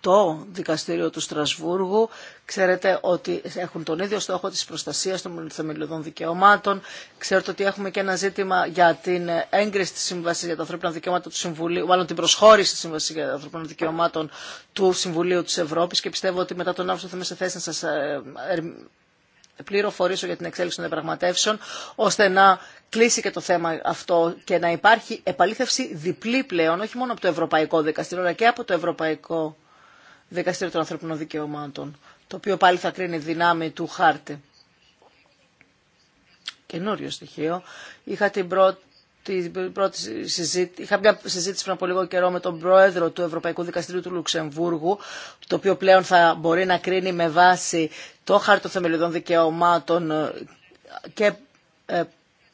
το Δικαστήριο του Στρασβούργου Ξέρετε ότι έχουν τον ίδιο στόχο της προστασίας των θεμελιωδών δικαιωμάτων. Ξέρετε ότι έχουμε και ένα ζήτημα για την έγκριση της Σύμβασης για τα ανθρώπινα δικαιώματα του Συμβουλίου, μάλλον την προσχώρηση της Σύμβασης για τα ανθρώπινα δικαιωμάτων του Συμβουλίου της Ευρώπης και πιστεύω ότι μετά τον Αύγουστο θα είμαι σε θέση να σας ε, ε, πληροφορήσω για την εξέλιξη των διαπραγματεύσεων, ώστε να κλείσει και το θέμα αυτό και να υπάρχει επαλήθευση διπλή πλέον, όχι μόνο από το Ευρωπαϊκό Δικαστήριο, αλλά και από το Ευρωπαϊκό Δικαστήριο των Ανθρωπινών Δικαιωμάτων το οποίο πάλι θα κρίνει δυνάμει του χάρτη. Καινούριο στοιχείο. Είχα την πρώτη Είχα μια συζήτηση πριν από λίγο καιρό με τον πρόεδρο του Ευρωπαϊκού Δικαστηρίου του Λουξεμβούργου, το οποίο πλέον θα μπορεί να κρίνει με βάση το χάρτο θεμελιωδών δικαιωμάτων και ε,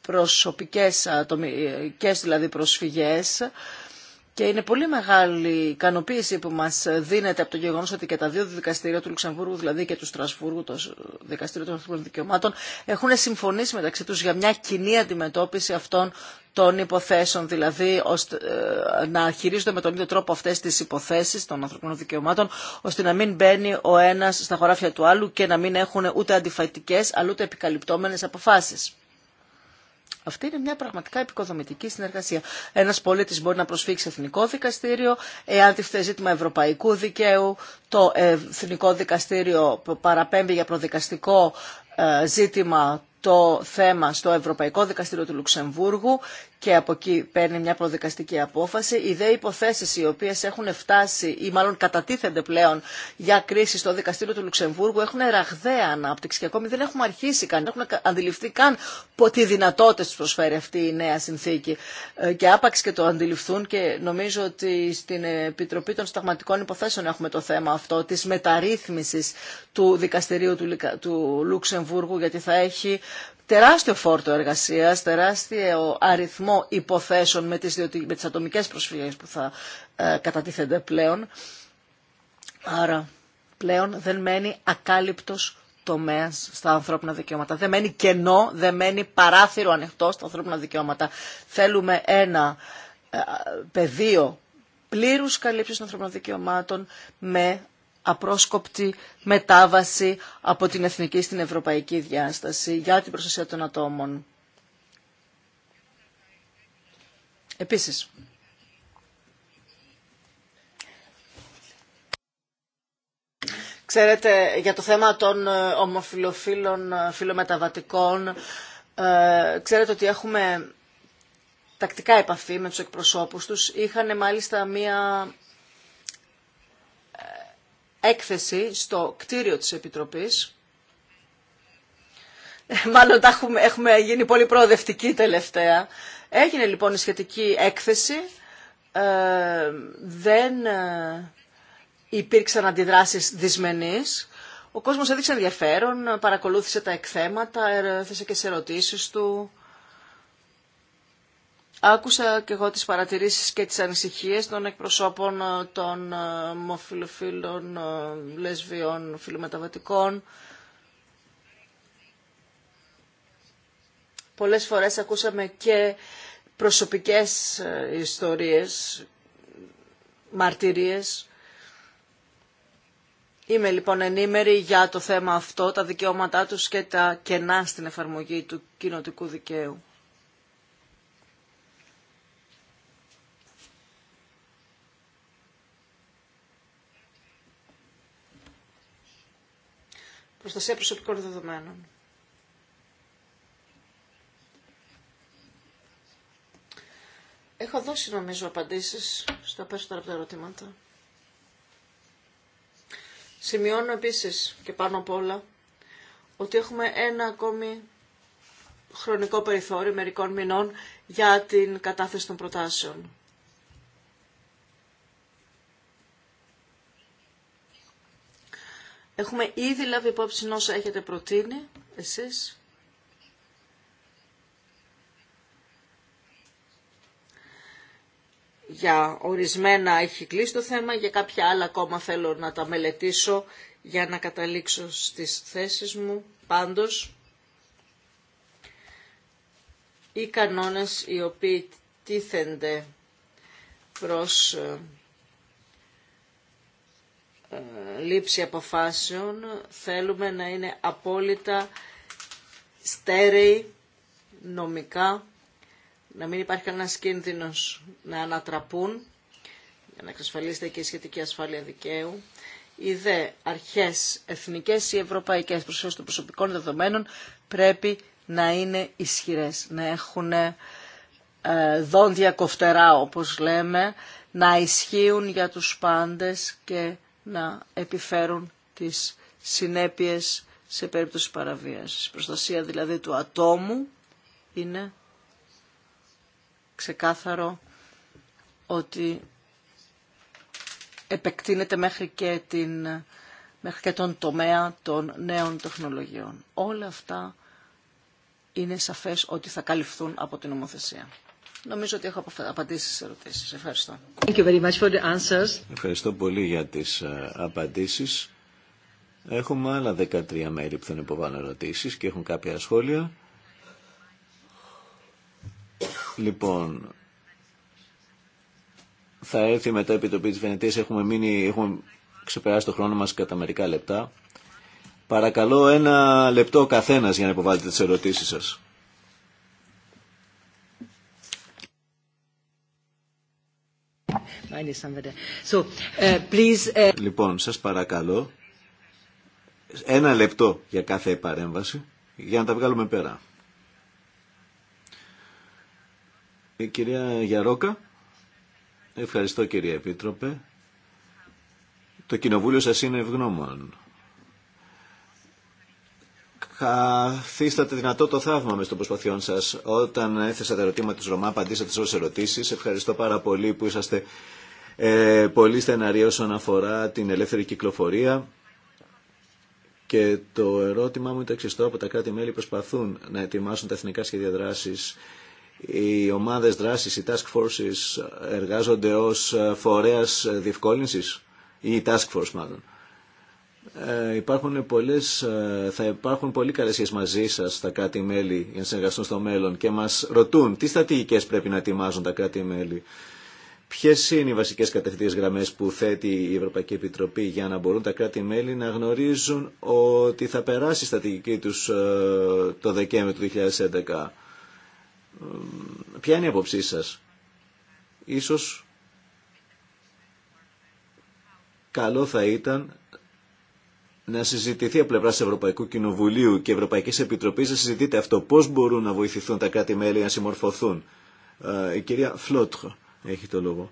προσωπικές ατομικές ε, δηλαδή προσφυγές και είναι πολύ μεγάλη η ικανοποίηση που μας δίνεται από το γεγονός ότι και τα δύο δικαστήρια του Λουξεμβούργου, δηλαδή και του Στρασβούργου, το Δικαστήριο των Ανθρωπίνων Δικαιωμάτων, έχουν συμφωνήσει μεταξύ τους για μια κοινή αντιμετώπιση αυτών των υποθέσεων, δηλαδή ώστε ε, να χειρίζονται με τον ίδιο τρόπο αυτές τις υποθέσεις των ανθρωπίνων δικαιωμάτων, ώστε να μην μπαίνει ο ένας στα χωράφια του άλλου και να μην έχουν ούτε αντιφατικές αλλά ούτε επικαλυπτόμενες αποφάσεις. Αυτή είναι μια πραγματικά επικοδομητική συνεργασία. Ένας πολίτη μπορεί να προσφύγει σε εθνικό δικαστήριο, εάν τη ζήτημα ευρωπαϊκού δικαίου, το εθνικό δικαστήριο παραπέμπει για προδικαστικό ε, ζήτημα το θέμα στο Ευρωπαϊκό Δικαστήριο του Λουξεμβούργου και από εκεί παίρνει μια προδικαστική απόφαση. Οι δε υποθέσει οι οποίε έχουν φτάσει ή μάλλον κατατίθενται πλέον για κρίση στο δικαστήριο του Λουξεμβούργου έχουν ραγδαία ανάπτυξη και ακόμη δεν έχουμε αρχίσει καν, δεν έχουμε αντιληφθεί καν τι δυνατότητε του προσφέρει αυτή η νέα συνθήκη. Ε, και άπαξ και το αντιληφθούν και νομίζω ότι στην Επιτροπή των Σταγματικών Υποθέσεων έχουμε το θέμα αυτό τη μεταρρύθμιση του δικαστηρίου του Λουξεμβούργου γιατί θα έχει τεράστιο φόρτο εργασίας, τεράστιο αριθμό υποθέσεων με τις, με τις ατομικές προσφυγές που θα ε, κατατίθενται πλέον. Άρα πλέον δεν μένει ακάλυπτος τομέα στα ανθρώπινα δικαιώματα. Δεν μένει κενό, δεν μένει παράθυρο ανοιχτό στα ανθρώπινα δικαιώματα. Θέλουμε ένα ε, πεδίο πλήρους καλύψης των ανθρώπινων δικαιωμάτων με απρόσκοπτη μετάβαση από την εθνική στην ευρωπαϊκή διάσταση για την προστασία των ατόμων. Επίσης, Ξέρετε, για το θέμα των ε, ομοφιλοφίλων ε, φιλομεταβατικών, ε, ξέρετε ότι έχουμε τακτικά επαφή με τους εκπροσώπους τους. Είχαν μάλιστα μία έκθεση στο κτίριο της Επιτροπής. Μάλλον τα έχουμε, έχουμε γίνει πολύ προοδευτικοί τελευταία. Έγινε λοιπόν η σχετική έκθεση. Ε, δεν ε, υπήρξαν αντιδράσεις δυσμενείς. Ο κόσμος έδειξε ενδιαφέρον, παρακολούθησε τα εκθέματα, ε, έθεσε και σε ερωτήσεις του. Άκουσα και εγώ τις παρατηρήσεις και τις ανησυχίες των εκπροσώπων ε, των ε, μοφιλοφίλων, ε, λεσβιών, φιλομεταβατικών. Πολλές φορές ακούσαμε και προσωπικές ιστορίες, μαρτυρίες. Είμαι λοιπόν ενήμερη για το θέμα αυτό, τα δικαιώματά τους και τα κενά στην εφαρμογή του κοινοτικού δικαίου. προστασία προσωπικών δεδομένων. Έχω δώσει νομίζω απαντήσεις στα περισσότερα από τα ερωτήματα. Σημειώνω επίσης και πάνω απ' όλα ότι έχουμε ένα ακόμη χρονικό περιθώριο μερικών μηνών για την κατάθεση των προτάσεων. Έχουμε ήδη λάβει υπόψη όσα έχετε προτείνει εσείς. Για ορισμένα έχει κλείσει το θέμα, για κάποια άλλα ακόμα θέλω να τα μελετήσω για να καταλήξω στις θέσεις μου. Πάντως, οι κανόνες οι οποίοι τίθενται προς ε, ε, λήψη αποφάσεων θέλουμε να είναι απόλυτα στέρεοι νομικά, να μην υπάρχει κανένα κίνδυνο να ανατραπούν, για να εξασφαλίσετε και η σχετική ασφάλεια δικαίου. Οι δε αρχές εθνικές ή ευρωπαϊκές προσφέρειες των προσωπικών δεδομένων πρέπει να είναι ισχυρές, να έχουν ε, δόντια κοφτερά όπως λέμε, να ισχύουν για τους πάντε και να επιφέρουν τις συνέπειες σε περίπτωση παραβίασης. Η προστασία δηλαδή του ατόμου είναι ξεκάθαρο ότι επεκτείνεται μέχρι και, την, μέχρι και τον τομέα των νέων τεχνολογιών. Όλα αυτά είναι σαφές ότι θα καλυφθούν από την νομοθεσία. Νομίζω ότι έχω απαντήσει στις ερωτήσεις. Ευχαριστώ. Thank you very much for the answers. Ευχαριστώ πολύ για τις ε, απαντήσεις. Έχουμε άλλα 13 μέρη που θα να υποβάλουν ερωτήσεις και έχουν κάποια σχόλια. Λοιπόν, θα έρθει μετά η Επιτροπή της Βενετίας. Έχουμε, μείνει, έχουμε ξεπεράσει το χρόνο μας κατά μερικά λεπτά. Παρακαλώ ένα λεπτό καθένας για να υποβάλλετε τις ερωτήσεις σας. Äh, äh, λοιπόν, σας παρακαλώ ένα λεπτό για κάθε παρέμβαση για να τα βγάλουμε πέρα. Η ε, κυρία Γιαρόκα, ευχαριστώ κυρία Επίτροπε. Το κοινοβούλιο σας είναι ευγνώμων Καθίστατε δυνατό το θαύμα με στο προσπαθειών σας. Όταν έθεσα τα ερωτήματα της Ρωμά, απαντήσατε σε όλες ερωτήσεις. Ευχαριστώ πάρα πολύ που είσαστε ε, πολύ στεναροί όσον αφορά την ελεύθερη κυκλοφορία. Και το ερώτημά μου είναι το εξιστό. Από τα κράτη-μέλη προσπαθούν να ετοιμάσουν τα εθνικά σχέδια δράση. Οι ομάδε δράση ή task force εργάζονται ω φορέα διευκόλυνση ή οι task forces εργάζονται ως φορέα διευκόλυνση ή task force μάλλον. Ε, υπάρχουν πολλές, ε, θα υπάρχουν πολύ καλές σχέσεις μαζί σας τα κράτη-μέλη για να συνεργαστούν στο μέλλον και μας ρωτούν τι στρατηγικές πρέπει να ετοιμάζουν τα κράτη-μέλη. Ποιες είναι οι βασικές κατευθυντικές γραμμές που θέτει η Ευρωπαϊκή Επιτροπή για να μπορούν τα κράτη-μέλη να γνωρίζουν ότι θα περάσει η στρατηγική τους ε, το Δεκέμβριο του 2011. Ποια είναι η απόψή σας. Ίσως καλό θα ήταν να συζητηθεί από πλευρά Ευρωπαϊκού Κοινοβουλίου και Ευρωπαϊκή Επιτροπή, να συζητείτε αυτό. Πώ μπορούν να βοηθηθούν τα κράτη-μέλη να συμμορφωθούν. Ε, η κυρία Φλότρο έχει το λόγο.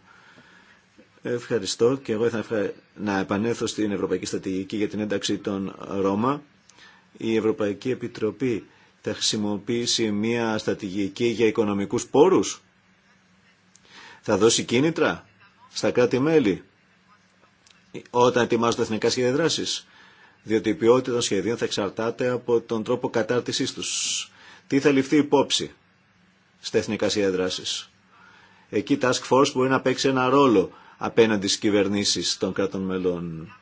Ευχαριστώ και εγώ ήθελα να επανέλθω στην Ευρωπαϊκή Στρατηγική για την ένταξη των Ρώμα. Η Ευρωπαϊκή Επιτροπή θα χρησιμοποιήσει μια στρατηγική για οικονομικούς πόρους. Θα δώσει κίνητρα στα κράτη-μέλη όταν ετοιμάζονται εθνικά σχέδια δράσης διότι η ποιότητα των σχεδίων θα εξαρτάται από τον τρόπο κατάρτισή τους. Τι θα ληφθεί υπόψη στα εθνικά σχέδια Εκεί η Task Force μπορεί να παίξει ένα ρόλο απέναντι στις κυβερνήσεις των κρατών μελών.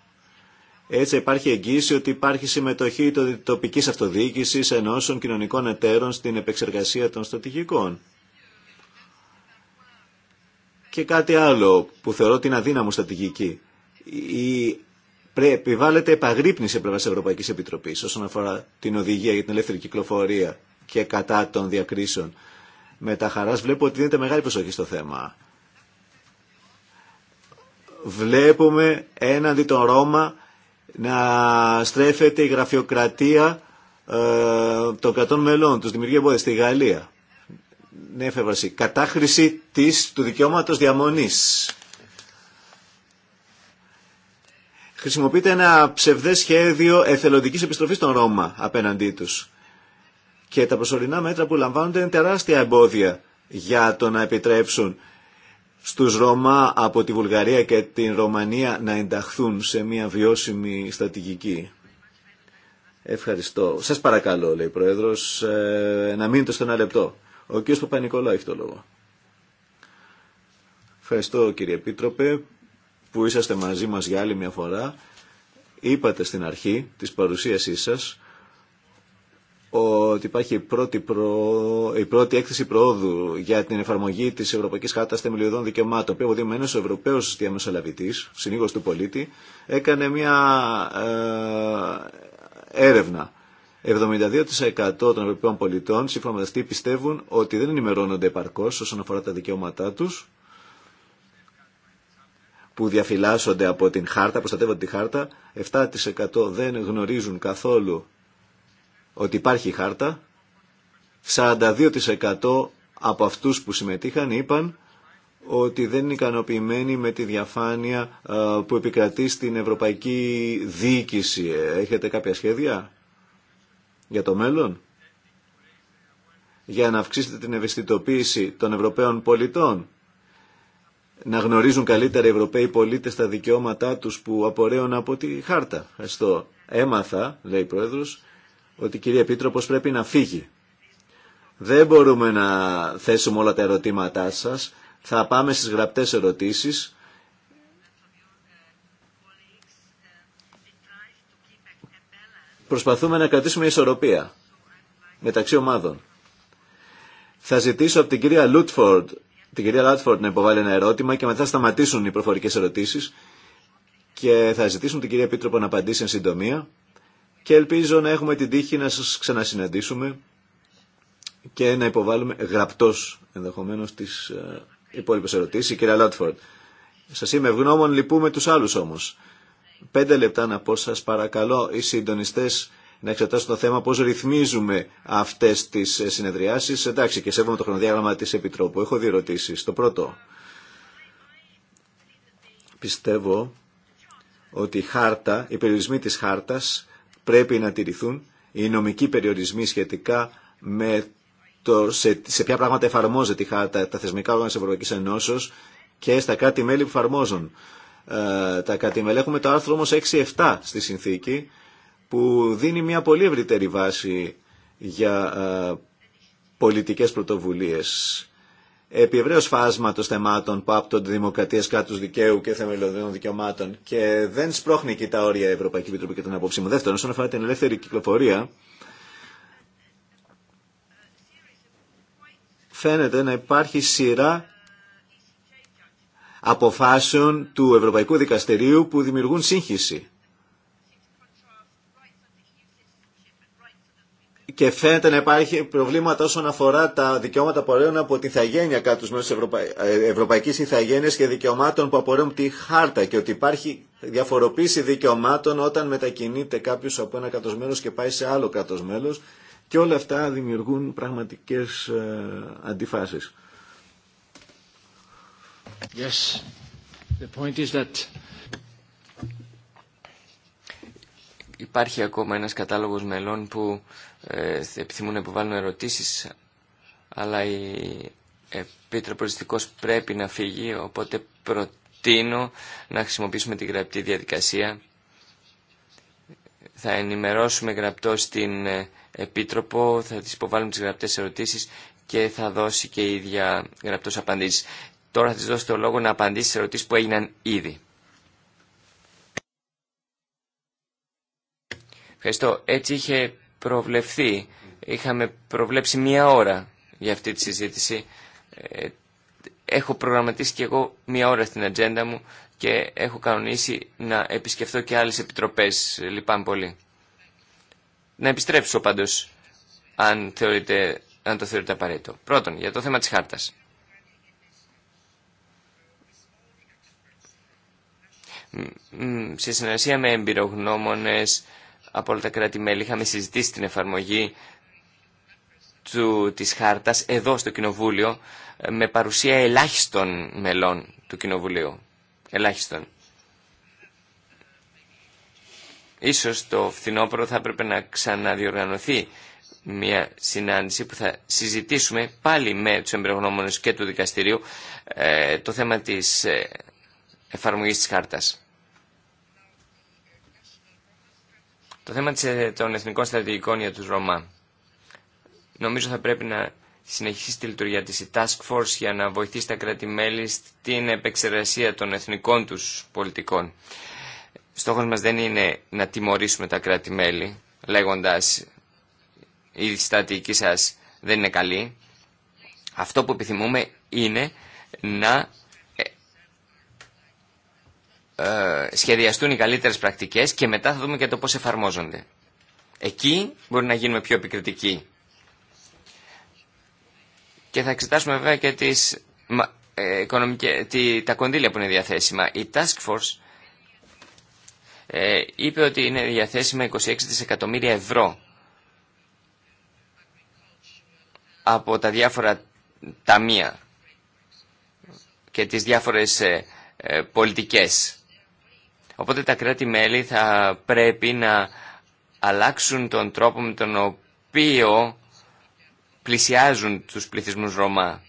Έτσι υπάρχει εγγύηση ότι υπάρχει συμμετοχή τοπική τοπικής αυτοδιοίκησης ενώσεων κοινωνικών εταίρων στην επεξεργασία των στρατηγικών. Και κάτι άλλο που θεωρώ ότι είναι αδύναμο στρατηγική. Η πρέπει, επαγρύπνηση από πλευρά Ευρωπαϊκή Επιτροπή όσον αφορά την οδηγία για την ελεύθερη κυκλοφορία και κατά των διακρίσεων. Με τα χαράς βλέπω ότι δίνεται μεγάλη προσοχή στο θέμα. Βλέπουμε έναντι των Ρώμα να στρέφεται η γραφειοκρατία ε, των κρατών μελών, του δημιουργεί εμπόδια στη Γαλλία. Ναι, Κατάχρηση της, του δικαιώματος διαμονής. χρησιμοποιείται ένα ψευδές σχέδιο εθελοντικής επιστροφής των Ρώμα απέναντί τους. Και τα προσωρινά μέτρα που λαμβάνονται είναι τεράστια εμπόδια για το να επιτρέψουν στους Ρώμα από τη Βουλγαρία και την Ρωμανία να ενταχθούν σε μια βιώσιμη στρατηγική. Ευχαριστώ. Σας παρακαλώ, λέει ο Πρόεδρος, ε, να μείνετε στο ένα λεπτό. Ο κ. Παπα-Νικολάου έχει το λόγο. Ευχαριστώ κύριε Επίτροπε που είσαστε μαζί μας για άλλη μια φορά. Είπατε στην αρχή της παρουσίασή σας ότι υπάρχει η πρώτη, προ... η πρώτη έκθεση προόδου για την εφαρμογή της Ευρωπαϊκής Χάρτας Θεμελιωδών Δικαιωμάτων, που αποδειγμένως ο Ευρωπαίος διαμεσολαβητής, συνήγος του πολίτη, έκανε μια ε, έρευνα. 72% των Ευρωπαίων πολιτών, σύμφωνα με αυτή, πιστεύουν ότι δεν ενημερώνονται επαρκώ όσον αφορά τα δικαιώματά τους που διαφυλάσσονται από την χάρτα, προστατεύονται τη χάρτα, 7% δεν γνωρίζουν καθόλου ότι υπάρχει χάρτα, 42% από αυτούς που συμμετείχαν είπαν ότι δεν είναι ικανοποιημένοι με τη διαφάνεια ε, που επικρατεί στην ευρωπαϊκή διοίκηση. Έχετε κάποια σχέδια για το μέλλον, για να αυξήσετε την ευαισθητοποίηση των Ευρωπαίων πολιτών να γνωρίζουν καλύτερα οι Ευρωπαίοι πολίτες τα δικαιώματά τους που απορρέουν από τη χάρτα. Ευχαριστώ. Έμαθα, λέει η Πρόεδρος, ότι η κυρία Επίτροπος πρέπει να φύγει. Δεν μπορούμε να θέσουμε όλα τα ερωτήματά σας. Θα πάμε στις γραπτές ερωτήσεις. Προσπαθούμε να κρατήσουμε ισορροπία μεταξύ ομάδων. Θα ζητήσω από την κυρία Λούτφορντ την κυρία Λάτφορντ να υποβάλει ένα ερώτημα και μετά θα σταματήσουν οι προφορικές ερωτήσεις και θα ζητήσουν την κυρία Επίτροπο να απαντήσει εν συντομία και ελπίζω να έχουμε την τύχη να σας ξανασυναντήσουμε και να υποβάλουμε γραπτός ενδεχομένως τις ε, υπόλοιπες ερωτήσεις. κυρία Λάτφορντ, σας είμαι ευγνώμων, λυπούμε τους άλλους όμως. Πέντε λεπτά να πω σας παρακαλώ οι συντονιστές να εξετάσουν το θέμα πώς ρυθμίζουμε αυτές τις ε, συνεδριάσεις. Εντάξει, και σέβομαι το χρονοδιάγραμμα της Επιτρόπου. Έχω δύο ερωτήσει. Το πρώτο, πιστεύω ότι η χάρτα, οι περιορισμοί της χάρτας πρέπει να τηρηθούν, οι νομικοί περιορισμοί σχετικά με το σε, σε ποια πράγματα εφαρμόζεται η χάρτα, τα θεσμικά όργανα της Ευρωπαϊκής Ενώσεως και στα κράτη-μέλη που εφαρμόζουν. Ε, τα κατημελέχουμε το άρθρο όμως 6-7 στη συνθήκη που δίνει μια πολύ ευρύτερη βάση για ε, πολιτικές πρωτοβουλίες. Επί ευρέως φάσματος θεμάτων που άπτονται δημοκρατίας κράτου δικαίου και θεμελιωδών δικαιωμάτων και δεν σπρώχνει και τα όρια η Ευρωπαϊκή Επιτροπή και την απόψη μου. Δεύτερον, όσον αφορά την ελεύθερη κυκλοφορία, φαίνεται να υπάρχει σειρά αποφάσεων του Ευρωπαϊκού Δικαστηρίου που δημιουργούν σύγχυση. και φαίνεται να υπάρχει προβλήματα όσον αφορά τα δικαιώματα που από τη θαγένεια κάτω μέσω τη ε, Ευρωπαϊκής Ιθαγένειας και δικαιωμάτων που απορρέουν τη χάρτα και ότι υπάρχει διαφοροποίηση δικαιωμάτων όταν μετακινείται κάποιος από ένα μέλος και πάει σε άλλο κάτω μέλος και όλα αυτά δημιουργούν πραγματικές ε, αντιφάσεις. Yes. The point is that... Υπάρχει ακόμα ένας κατάλογος μελών που ε, επιθυμούν να υποβάλουν ερωτήσεις, αλλά η Επίτροπο Ριστικός πρέπει να φύγει, οπότε προτείνω να χρησιμοποιήσουμε τη γραπτή διαδικασία. Θα ενημερώσουμε γραπτό την ε, Επίτροπο, θα της υποβάλουμε τις γραπτές ερωτήσεις και θα δώσει και η ίδια γραπτός απαντήσεις. Τώρα θα της δώσω το λόγο να απαντήσει σε ερωτήσεις που έγιναν ήδη. Ευχαριστώ. Έτσι είχε προβλεφθεί. Είχαμε προβλέψει μία ώρα για αυτή τη συζήτηση. Ε, έχω προγραμματίσει και εγώ μία ώρα στην ατζέντα μου και έχω κανονίσει να επισκεφθώ και άλλες επιτροπές. Λυπάμαι πολύ. Να επιστρέψω πάντως, αν, θεωρείτε, αν το θεωρείτε απαραίτητο. Πρώτον, για το θέμα της χάρτας. Σε συνεργασία με εμπειρογνώμονες, από όλα τα κράτη-μέλη. Είχαμε συζητήσει την εφαρμογή του, της χάρτας εδώ στο Κοινοβούλιο ε, με παρουσία ελάχιστων μελών του Κοινοβουλίου. Ελάχιστον. Ίσως το φθινόπωρο θα έπρεπε να ξαναδιοργανωθεί μια συνάντηση που θα συζητήσουμε πάλι με τους εμπειρογνώμονες και του δικαστηρίου ε, το θέμα της ε, εφαρμογής της χάρτας. Το θέμα ε, των εθνικών στρατηγικών για τους Ρωμά. Νομίζω θα πρέπει να συνεχίσει τη λειτουργία της η Task Force για να βοηθήσει τα κράτη-μέλη στην επεξεργασία των εθνικών τους πολιτικών. Στόχος μας δεν είναι να τιμωρήσουμε τα κράτη-μέλη λέγοντας η στρατηγική σας δεν είναι καλή. Αυτό που επιθυμούμε είναι να ε, σχεδιαστούν οι καλύτερες πρακτικές και μετά θα δούμε και το πώς εφαρμόζονται. Εκεί μπορεί να γίνουμε πιο επικριτικοί. Και θα εξετάσουμε βέβαια και τις, ε, τη, τα κονδύλια που είναι διαθέσιμα. Η Task Force ε, είπε ότι είναι διαθέσιμα 26 δισεκατομμύρια ευρώ από τα διάφορα ταμεία και τις διάφορες ε, ε πολιτικές. Οπότε τα κράτη-μέλη θα πρέπει να αλλάξουν τον τρόπο με τον οποίο πλησιάζουν τους πληθυσμούς Ρωμά.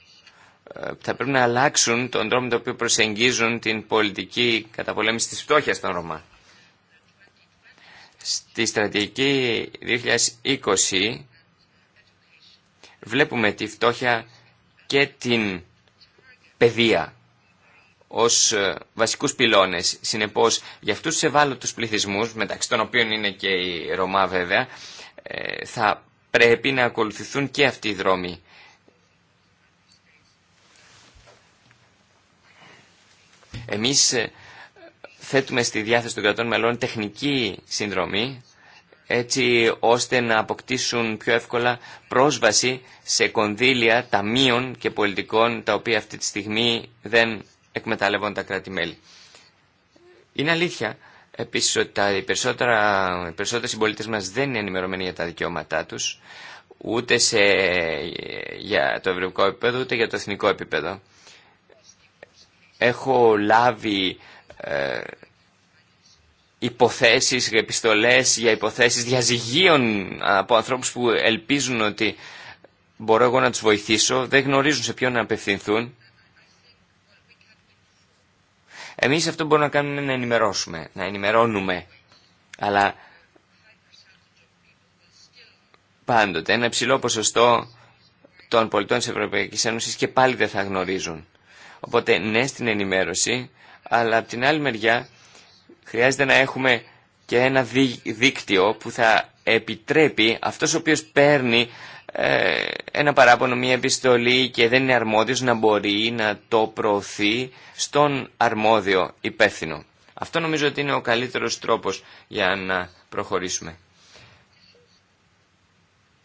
Ε, θα πρέπει να αλλάξουν τον τρόπο με τον οποίο προσεγγίζουν την πολιτική καταπολέμηση της φτώχειας των Ρωμά. Στη στρατηγική 2020 βλέπουμε τη φτώχεια και την παιδεία ως ε, βασικούς πυλώνες. Συνεπώς, για αυτούς τους ευάλωτους πληθυσμούς, μεταξύ των οποίων είναι και η Ρωμά βέβαια, ε, θα πρέπει να ακολουθηθούν και αυτοί οι δρόμοι. Εμείς ε, θέτουμε στη διάθεση των κρατών μελών τεχνική συνδρομή, έτσι ώστε να αποκτήσουν πιο εύκολα πρόσβαση σε κονδύλια ταμείων και πολιτικών, τα οποία αυτή τη στιγμή δεν εκμεταλλεύονται τα κράτη-μέλη. Είναι αλήθεια επίσης ότι οι, περισσότερα, οι περισσότεροι συμπολίτες μας δεν είναι ενημερωμένοι για τα δικαιώματά τους, ούτε σε, για το ευρωπαϊκό επίπεδο, ούτε για το εθνικό επίπεδο. Έχω λάβει ε, υποθέσεις, επιστολές για υποθέσεις διαζυγίων από ανθρώπους που ελπίζουν ότι μπορώ εγώ να τους βοηθήσω, δεν γνωρίζουν σε ποιον να απευθυνθούν εμείς αυτό μπορούμε να κάνουμε να ενημερώσουμε, να ενημερώνουμε. Αλλά πάντοτε ένα ψηλό ποσοστό των πολιτών της Ευρωπαϊκής Ένωσης και πάλι δεν θα γνωρίζουν. Οπότε ναι στην ενημέρωση, αλλά από την άλλη μεριά χρειάζεται να έχουμε και ένα δίκτυο που θα επιτρέπει αυτός ο οποίος παίρνει ε, ένα παράπονο, μια επιστολή και δεν είναι αρμόδιος να μπορεί να το προωθεί στον αρμόδιο υπεύθυνο. Αυτό νομίζω ότι είναι ο καλύτερος τρόπος για να προχωρήσουμε.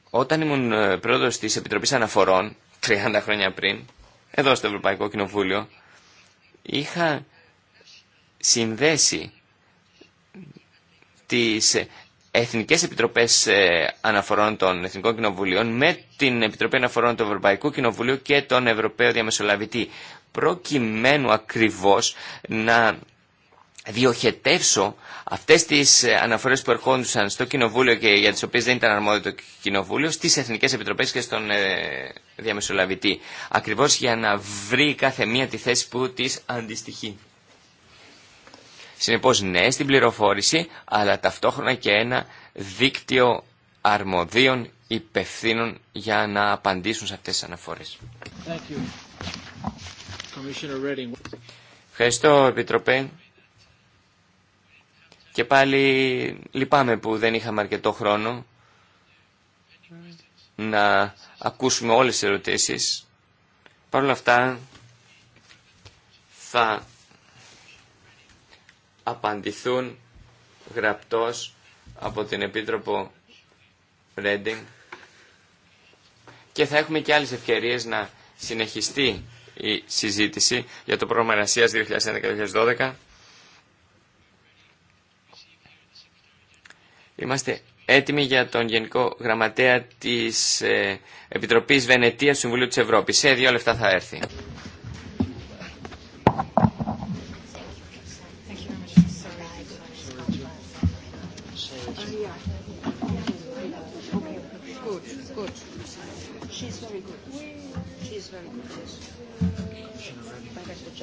Όταν ήμουν ε, πρόεδρος της Επιτροπής Αναφορών, 30 χρόνια πριν, εδώ στο Ευρωπαϊκό Κοινοβούλιο, είχα συνδέσει τις Εθνικές Επιτροπές ε, Αναφορών των Εθνικών Κοινοβουλίων με την Επιτροπή Αναφορών του Ευρωπαϊκού Κοινοβουλίου και τον Ευρωπαίο Διαμεσολαβητή προκειμένου ακριβώς να διοχετεύσω αυτές τις ε, αναφορές που ερχόντουσαν στο Κοινοβούλιο και για τις οποίες δεν ήταν αρμόδιο το Κοινοβούλιο στις Εθνικές Επιτροπές και στον ε, Διαμεσολαβητή. Ακριβώς για να βρει κάθε μία τη θέση που της αντιστοιχεί. Συνεπώς ναι στην πληροφόρηση, αλλά ταυτόχρονα και ένα δίκτυο αρμοδίων υπευθύνων για να απαντήσουν σε αυτές τις αναφορές. Ευχαριστώ, Επιτροπέ. Και πάλι λυπάμαι που δεν είχαμε αρκετό χρόνο να ακούσουμε όλες τις ερωτήσεις. Παρ' όλα αυτά θα απαντηθούν γραπτός από την Επίτροπο Reading και θα έχουμε και άλλες ευκαιρίες να συνεχιστεί η συζήτηση για το πρόγραμμα εργασίας 2011-2012. Είμαστε έτοιμοι για τον Γενικό Γραμματέα της ε, Επιτροπής Βενετίας του Συμβουλίου της Ευρώπης. Σε δύο λεπτά θα έρθει.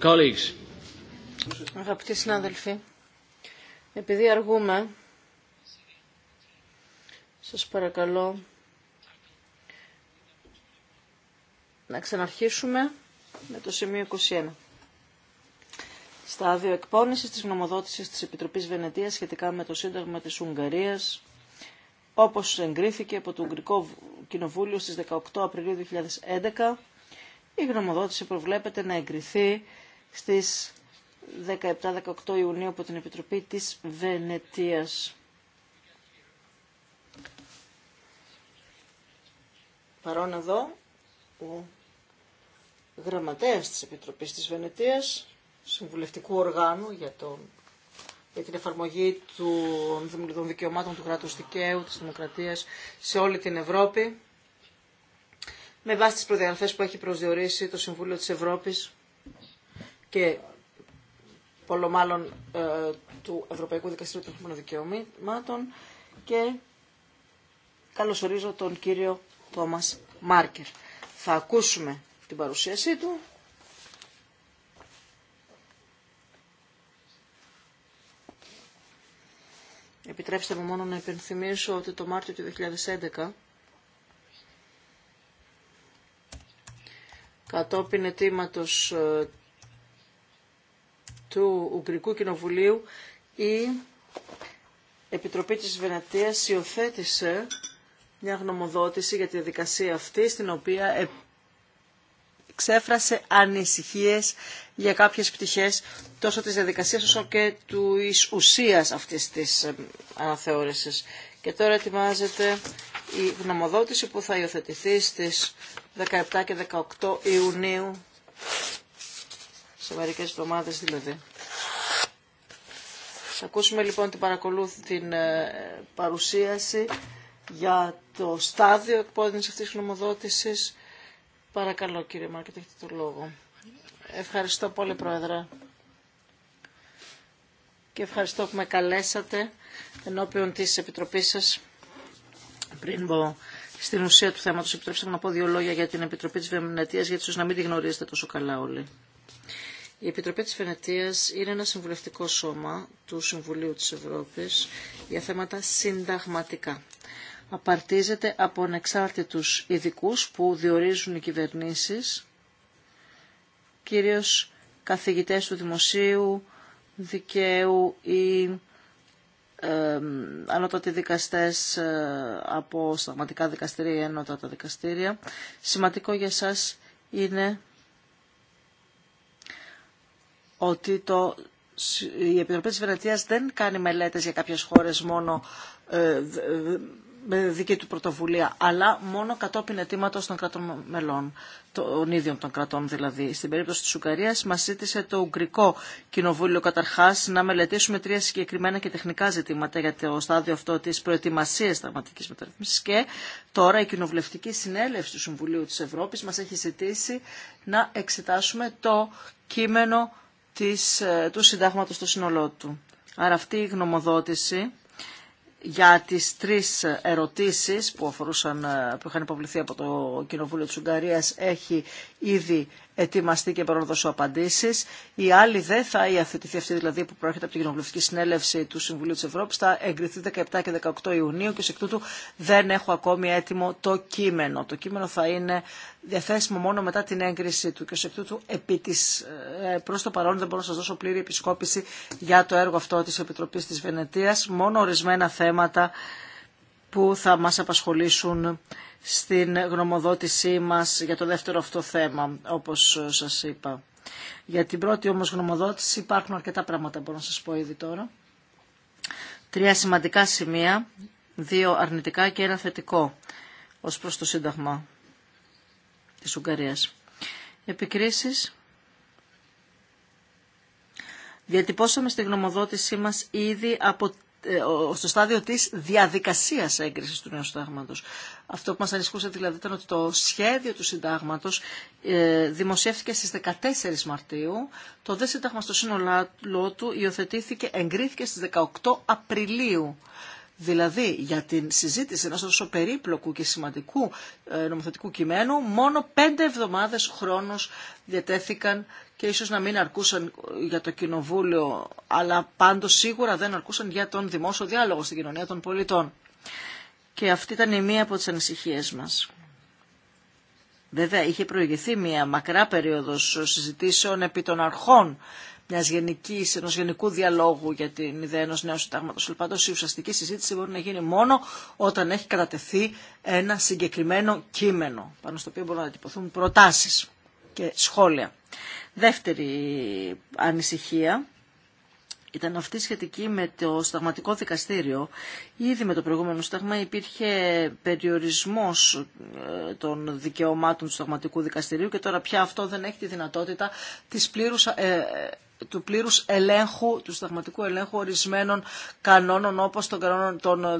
Colleagues. Αγαπητοί συνάδελφοι, επειδή αργούμε, σας παρακαλώ να ξαναρχίσουμε με το σημείο 21 στάδιο εκπόνηση της γνωμοδότησης της Επιτροπής Βενετίας σχετικά με το Σύνταγμα της Ουγγαρία, όπως εγκρίθηκε από το Ουγγρικό Κοινοβούλιο στις 18 Απριλίου 2011. Η γνωμοδότηση προβλέπεται να εγκριθεί στις 17-18 Ιουνίου από την Επιτροπή της Βενετίας. Παρόν εδώ, ο γραμματέας της Επιτροπής της Βενετίας συμβουλευτικού οργάνου για, το, για την εφαρμογή του, των δικαιωμάτων του κράτους δικαίου, της δημοκρατίας σε όλη την Ευρώπη με βάση τις προδιαγραφές που έχει προσδιορίσει το Συμβούλιο της Ευρώπης και πολλο μάλλον ε, του Ευρωπαϊκού Δικαστηρίου των Δικαιωμάτων και καλωσορίζω τον κύριο Τόμας Μάρκερ. Θα ακούσουμε την παρουσίασή του Επιτρέψτε μου μόνο να υπενθυμίσω ότι το Μάρτιο του 2011 κατόπιν αιτήματος ε, του Ουγγρικού Κοινοβουλίου η Επιτροπή της Βενετίας υιοθέτησε μια γνωμοδότηση για τη διαδικασία αυτή στην οποία Ξέφρασε ανησυχίες για κάποιες πτυχές τόσο της διαδικασίας όσο και του ουσίας αυτής της ε, αναθεώρησης. Και τώρα ετοιμάζεται η γνωμοδότηση που θα υιοθετηθεί στις 17 και 18 Ιουνίου, σε μερικέ εβδομάδες δηλαδή. Θα ακούσουμε λοιπόν την, παρακολούθη, την ε, παρουσίαση για το στάδιο εκπόδυνσης αυτής της γνωμοδότησης Παρακαλώ κύριε Μάρκετ, έχετε το λόγο. Ευχαριστώ πολύ Πρόεδρε. Και ευχαριστώ που με καλέσατε ενώπιον της Επιτροπής σας. Πριν μπω στην ουσία του θέματος, επιτρέψτε μου να πω δύο λόγια για την Επιτροπή της Βενετίας, γιατί ίσως να μην τη γνωρίζετε τόσο καλά όλοι. Η Επιτροπή της Βενετίας είναι ένα συμβουλευτικό σώμα του Συμβουλίου της Ευρώπης για θέματα συνταγματικά απαρτίζεται από ανεξάρτητους ειδικού που διορίζουν οι κυβερνήσεις, κυρίως καθηγητές του δημοσίου, δικαίου ή ε, ανώτατοι δικαστές ε, από σταγματικά δικαστήρια ή ανωτατα δικαστήρια. Σημαντικό για σας είναι ότι το, η Επιτροπή της Βενετίας δεν κάνει μελέτες για κάποιες χώρες μόνο ε, με δική του πρωτοβουλία, αλλά μόνο κατόπιν αιτήματο των κρατών μελών, των ίδιων των κρατών δηλαδή. Στην περίπτωση τη Ουγγαρία, μας ζήτησε το Ουγγρικό Κοινοβούλιο καταρχά, να μελετήσουμε τρία συγκεκριμένα και τεχνικά ζητήματα για το στάδιο αυτό τη προετοιμασία δραματικής μεταρρύθμισης και τώρα η Κοινοβουλευτική Συνέλευση του Συμβουλίου τη Ευρώπη μα έχει ζητήσει να εξετάσουμε το κείμενο της, ε, του συντάγματος στο σύνολό του. Άρα αυτή η γνωμοδότηση για τις τρεις ερωτήσεις που, ε, που είχαν υποβληθεί από το Κοινοβούλιο της Ουγγαρίας έχει ήδη ετοιμαστεί και μπορώ να δώσω απαντήσει. Η άλλη δεν θα υιοθετηθεί αυτή δηλαδή που προέρχεται από την Κοινοβουλευτική Συνέλευση του Συμβουλίου τη Ευρώπη. Θα εγκριθεί 17 και 18 Ιουνίου και ω εκ τούτου δεν έχω ακόμη έτοιμο το κείμενο. Το κείμενο θα είναι διαθέσιμο μόνο μετά την έγκριση του και ω εκ τούτου ε, προ το παρόν δεν μπορώ να σα δώσω πλήρη επισκόπηση για το έργο αυτό τη Επιτροπή τη Βενετία. Μόνο ορισμένα θέματα που θα μας απασχολήσουν στην γνωμοδότησή μας για το δεύτερο αυτό θέμα, όπως σας είπα. Για την πρώτη όμως γνωμοδότηση υπάρχουν αρκετά πράγματα, μπορώ να σας πω ήδη τώρα. Τρία σημαντικά σημεία, δύο αρνητικά και ένα θετικό ως προς το Σύνταγμα της Ουγγαρίας. Επικρίσεις. Διατυπώσαμε στη γνωμοδότησή μας ήδη από ε, στο στάδιο της διαδικασίας έγκρισης του νέου συντάγματος. Αυτό που μας ανησυχούσε δηλαδή ήταν ότι το σχέδιο του συντάγματος ε, δημοσιεύτηκε στις 14 Μαρτίου, το δε σύνταγμα στο σύνολό του υιοθετήθηκε, εγκρίθηκε στις 18 Απριλίου. Δηλαδή για την συζήτηση ενός τόσο περίπλοκου και σημαντικού ε, νομοθετικού κειμένου μόνο πέντε εβδομάδες χρόνος διατέθηκαν και ίσως να μην αρκούσαν για το κοινοβούλιο, αλλά πάντως σίγουρα δεν αρκούσαν για τον δημόσιο διάλογο στην κοινωνία των πολιτών. Και αυτή ήταν η μία από τις ανησυχίες μας. Βέβαια, είχε προηγηθεί μία μακρά περίοδος συζητήσεων επί των αρχών μια γενικής, ενός γενικού διαλόγου για την ιδέα ενό νέου συντάγματο. Πάντως, η ουσιαστική συζήτηση μπορεί να γίνει μόνο όταν έχει κατατεθεί ένα συγκεκριμένο κείμενο, πάνω στο οποίο μπορούν να τυπωθούν προτάσει και σχόλια. Δεύτερη ανησυχία ήταν αυτή σχετική με το σταγματικό δικαστήριο. Ήδη με το προηγούμενο σταγμα υπήρχε περιορισμός ε, των δικαιωμάτων του σταγματικού δικαστηρίου και τώρα πια αυτό δεν έχει τη δυνατότητα της πλήρους ε, του πλήρους ελέγχου, του σταγματικού ελέγχου ορισμένων κανόνων όπως των, κανόνων, των ε,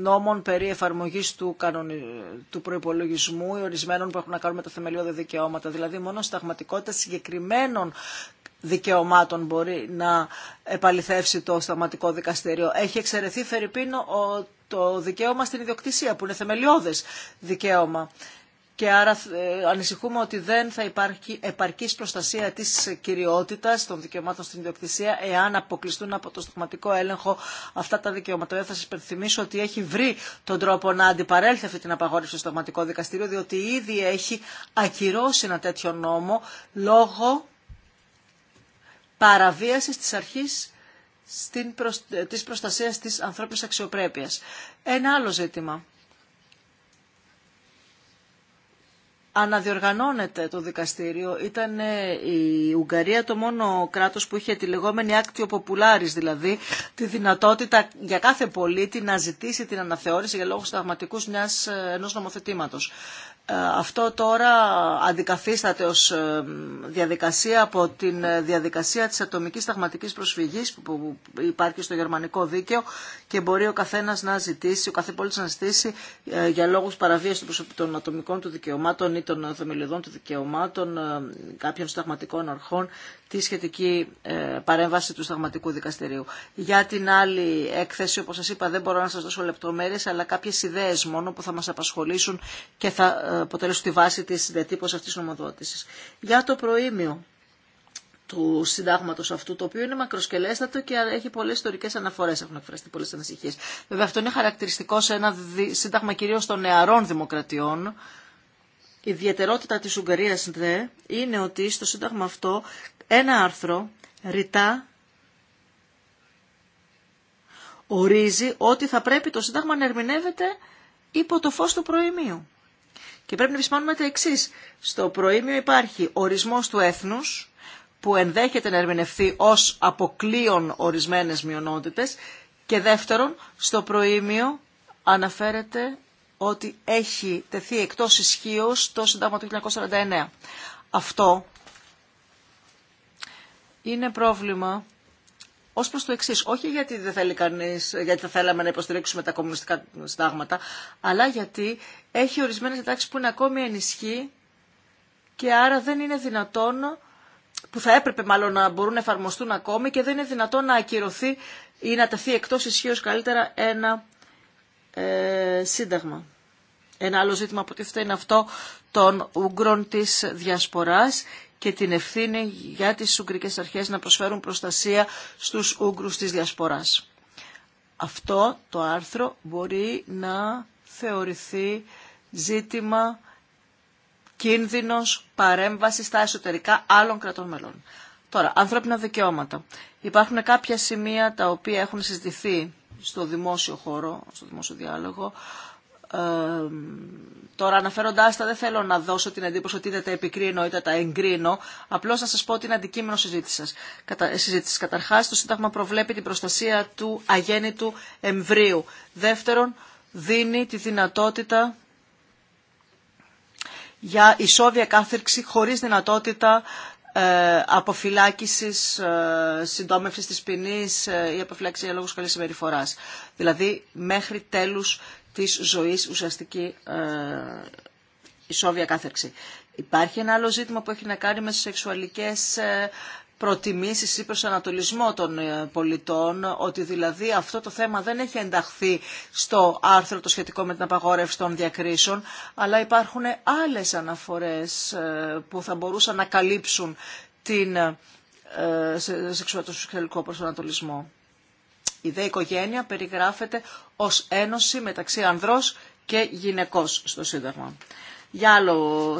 νόμων περί εφαρμογής του, κανονι... του προϋπολογισμού ή ορισμένων που έχουν να κάνουν με τα θεμελιώδη δικαιώματα. Δηλαδή μόνο σταγματικότητα συγκεκριμένων δικαιωμάτων μπορεί να επαληθεύσει το σταγματικό δικαστήριο. Έχει εξαιρεθεί, Φερρυπίνο, το δικαίωμα στην ιδιοκτησία, που είναι θεμελιώδες δικαίωμα και άρα ε, ανησυχούμε ότι δεν θα υπάρχει επαρκής προστασία της κυριότητας των δικαιωμάτων στην ιδιοκτησία εάν αποκλειστούν από το στοχματικό έλεγχο αυτά τα δικαιώματα. Θα σας υπενθυμίσω ότι έχει βρει τον τρόπο να αντιπαρέλθει αυτή την απαγόρευση στο στοχματικό δικαστήριο διότι ήδη έχει ακυρώσει ένα τέτοιο νόμο λόγω παραβίασης της αρχής ε, της προστασίας της ανθρώπινης αξιοπρέπειας. Ένα άλλο ζήτημα αναδιοργανώνεται το δικαστήριο. Ήταν ε, η Ουγγαρία το μόνο κράτος που είχε τη λεγόμενη άκτιο ποπουλάρης, δηλαδή τη δυνατότητα για κάθε πολίτη να ζητήσει την αναθεώρηση για λόγους συνταγματικούς μιας, ε, ενός νομοθετήματος. Ε, αυτό τώρα αντικαθίσταται ως ε, διαδικασία από την ε, διαδικασία της ατομικής σταγματικής προσφυγής που υπάρχει στο γερμανικό δίκαιο και μπορεί ο καθένας να ζητήσει, ο κάθε να ζητήσει για λόγους παραβίαση των ατομικών του δικαιωμάτων ή των θεμελιωδών του δικαιωμάτων κάποιων σταγματικών αρχών τη σχετική ε, παρέμβαση του Σταγματικού Δικαστηρίου. Για την άλλη έκθεση, όπως σας είπα, δεν μπορώ να σας δώσω λεπτομέρειες, αλλά κάποιες ιδέες μόνο που θα μας απασχολήσουν και θα ε, αποτελέσουν τη βάση της διατύπωσης αυτής της νομοδότησης. Για το προήμιο του συντάγματο αυτού, το οποίο είναι μακροσκελέστατο και έχει πολλέ ιστορικέ αναφορέ, έχουν εκφραστεί πολλέ ανησυχίε. Βέβαια, αυτό είναι χαρακτηριστικό σε ένα σύνταγμα κυρίω των νεαρών δημοκρατιών. Η ιδιαιτερότητα τη Ουγγαρία, δε είναι ότι στο σύνταγμα αυτό ένα άρθρο ρητά ορίζει ότι θα πρέπει το Σύνταγμα να ερμηνεύεται υπό το φως του προημίου. Και πρέπει να επισημάνουμε τα εξή. Στο προήμιο υπάρχει ορισμός του έθνους, που ενδέχεται να ερμηνευθεί ως αποκλείον ορισμένες μειονότητες και δεύτερον, στο προήμιο αναφέρεται ότι έχει τεθεί εκτός ισχύω το Συντάγμα του 1949. Αυτό είναι πρόβλημα ω προ το εξή. Όχι γιατί δεν θέλει κανείς, γιατί θα θέλαμε να υποστηρίξουμε τα κομμουνιστικά συντάγματα, αλλά γιατί έχει ορισμένε διατάξει που είναι ακόμη ενισχύ και άρα δεν είναι δυνατόν που θα έπρεπε μάλλον να μπορούν να εφαρμοστούν ακόμη και δεν είναι δυνατόν να ακυρωθεί ή να τεθεί εκτός ισχύω καλύτερα ένα ε, σύνταγμα. Ένα άλλο ζήτημα που τίθεται είναι αυτό των Ούγγρων της Διασποράς και την ευθύνη για τις Ουγγρικές Αρχές να προσφέρουν προστασία στους Ούγγρους της Διασποράς. Αυτό το άρθρο μπορεί να θεωρηθεί ζήτημα κίνδυνος παρέμβαση στα εσωτερικά άλλων κρατών μελών. Τώρα, ανθρώπινα δικαιώματα. Υπάρχουν κάποια σημεία τα οποία έχουν συζητηθεί στο δημόσιο χώρο, στο δημόσιο διάλογο, Τώρα αναφέροντά τα δεν θέλω να δώσω την εντύπωση ότι είτε τα επικρίνω είτε τα εγκρίνω. Απλώ να σα πω ότι είναι αντικείμενο συζήτηση. Ε, Καταρχά, το Σύνταγμα προβλέπει την προστασία του αγέννητου εμβρίου. Δεύτερον, δίνει τη δυνατότητα για ισόβια κάθερξη χωρίς δυνατότητα ε, αποφυλάκησης, ε, συντόμευσης της ποινής ε, ή για λόγους καλής συμπεριφοράς. Δηλαδή μέχρι τέλους της ζωής ουσιαστική ε, ισόβια κάθεξη. Υπάρχει ένα άλλο ζήτημα που έχει να κάνει με σεξουαλικές ε, προτιμήσεις ή προσανατολισμό των ε, πολιτών, ότι δηλαδή αυτό το θέμα δεν έχει ενταχθεί στο άρθρο το σχετικό με την απαγόρευση των διακρίσεων, αλλά υπάρχουν άλλες αναφορές που θα μπορούσαν να καλύψουν την, σε σεξουαλικό προσανατολισμό. Η δε οικογένεια περιγράφεται ως ένωση μεταξύ ανδρός και γυναικός στο Σύνταγμα.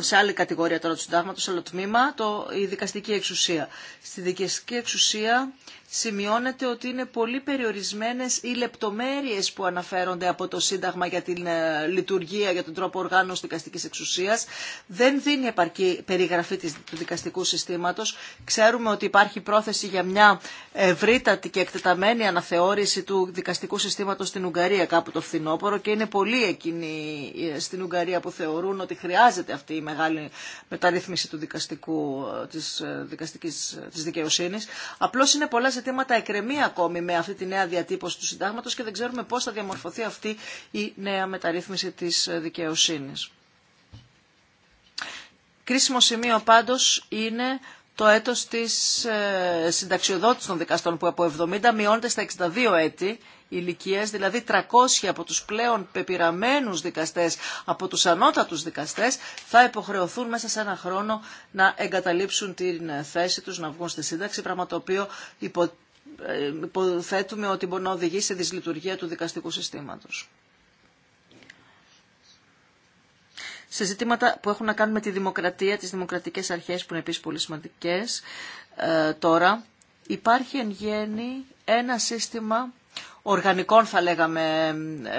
σε άλλη κατηγορία τώρα του Συντάγματος, σε άλλο τμήμα, το, η δικαστική εξουσία. Στη δικαστική εξουσία σημειώνεται ότι είναι πολύ περιορισμένες οι λεπτομέρειες που αναφέρονται από το Σύνταγμα για την ε, λειτουργία, για τον τρόπο οργάνωσης δικαστικής εξουσίας. Δεν δίνει επαρκή περιγραφή του δικαστικού συστήματος. Ξέρουμε ότι υπάρχει πρόθεση για μια ευρύτατη και εκτεταμένη αναθεώρηση του δικαστικού συστήματος στην Ουγγαρία κάπου το φθινόπωρο και είναι πολλοί εκείνοι ε, στην Ουγγαρία που θεωρούν ότι χρειάζεται αυτή η μεγάλη μεταρρύθμιση του δικαστικού, ε, της, δικαστικής, της δικαιοσύνης. Απλώς είναι πολλά θέματα εκρεμεί ακόμη με αυτή τη νέα διατύπωση του συντάγματος και δεν ξέρουμε πώς θα διαμορφωθεί αυτή η νέα μεταρρύθμιση της δικαιοσύνης. Κρίσιμο σημείο πάντως είναι το έτος της ε, συνταξιοδότησης των δικαστών που από 70 μειώνεται στα 62 έτη ηλικίες, δηλαδή 300 από τους πλέον πεπειραμένους δικαστές, από τους ανώτατους δικαστές, θα υποχρεωθούν μέσα σε ένα χρόνο να εγκαταλείψουν την θέση τους, να βγουν στη σύνταξη, πράγμα το οποίο ε, υποθέτουμε ότι μπορεί να οδηγήσει σε δυσλειτουργία του δικαστικού συστήματος. σε ζητήματα που έχουν να κάνουν με τη δημοκρατία, τις δημοκρατικές αρχές που είναι επίσης πολύ σημαντικές ε, τώρα, υπάρχει εν γέννη ένα σύστημα οργανικών θα λέγαμε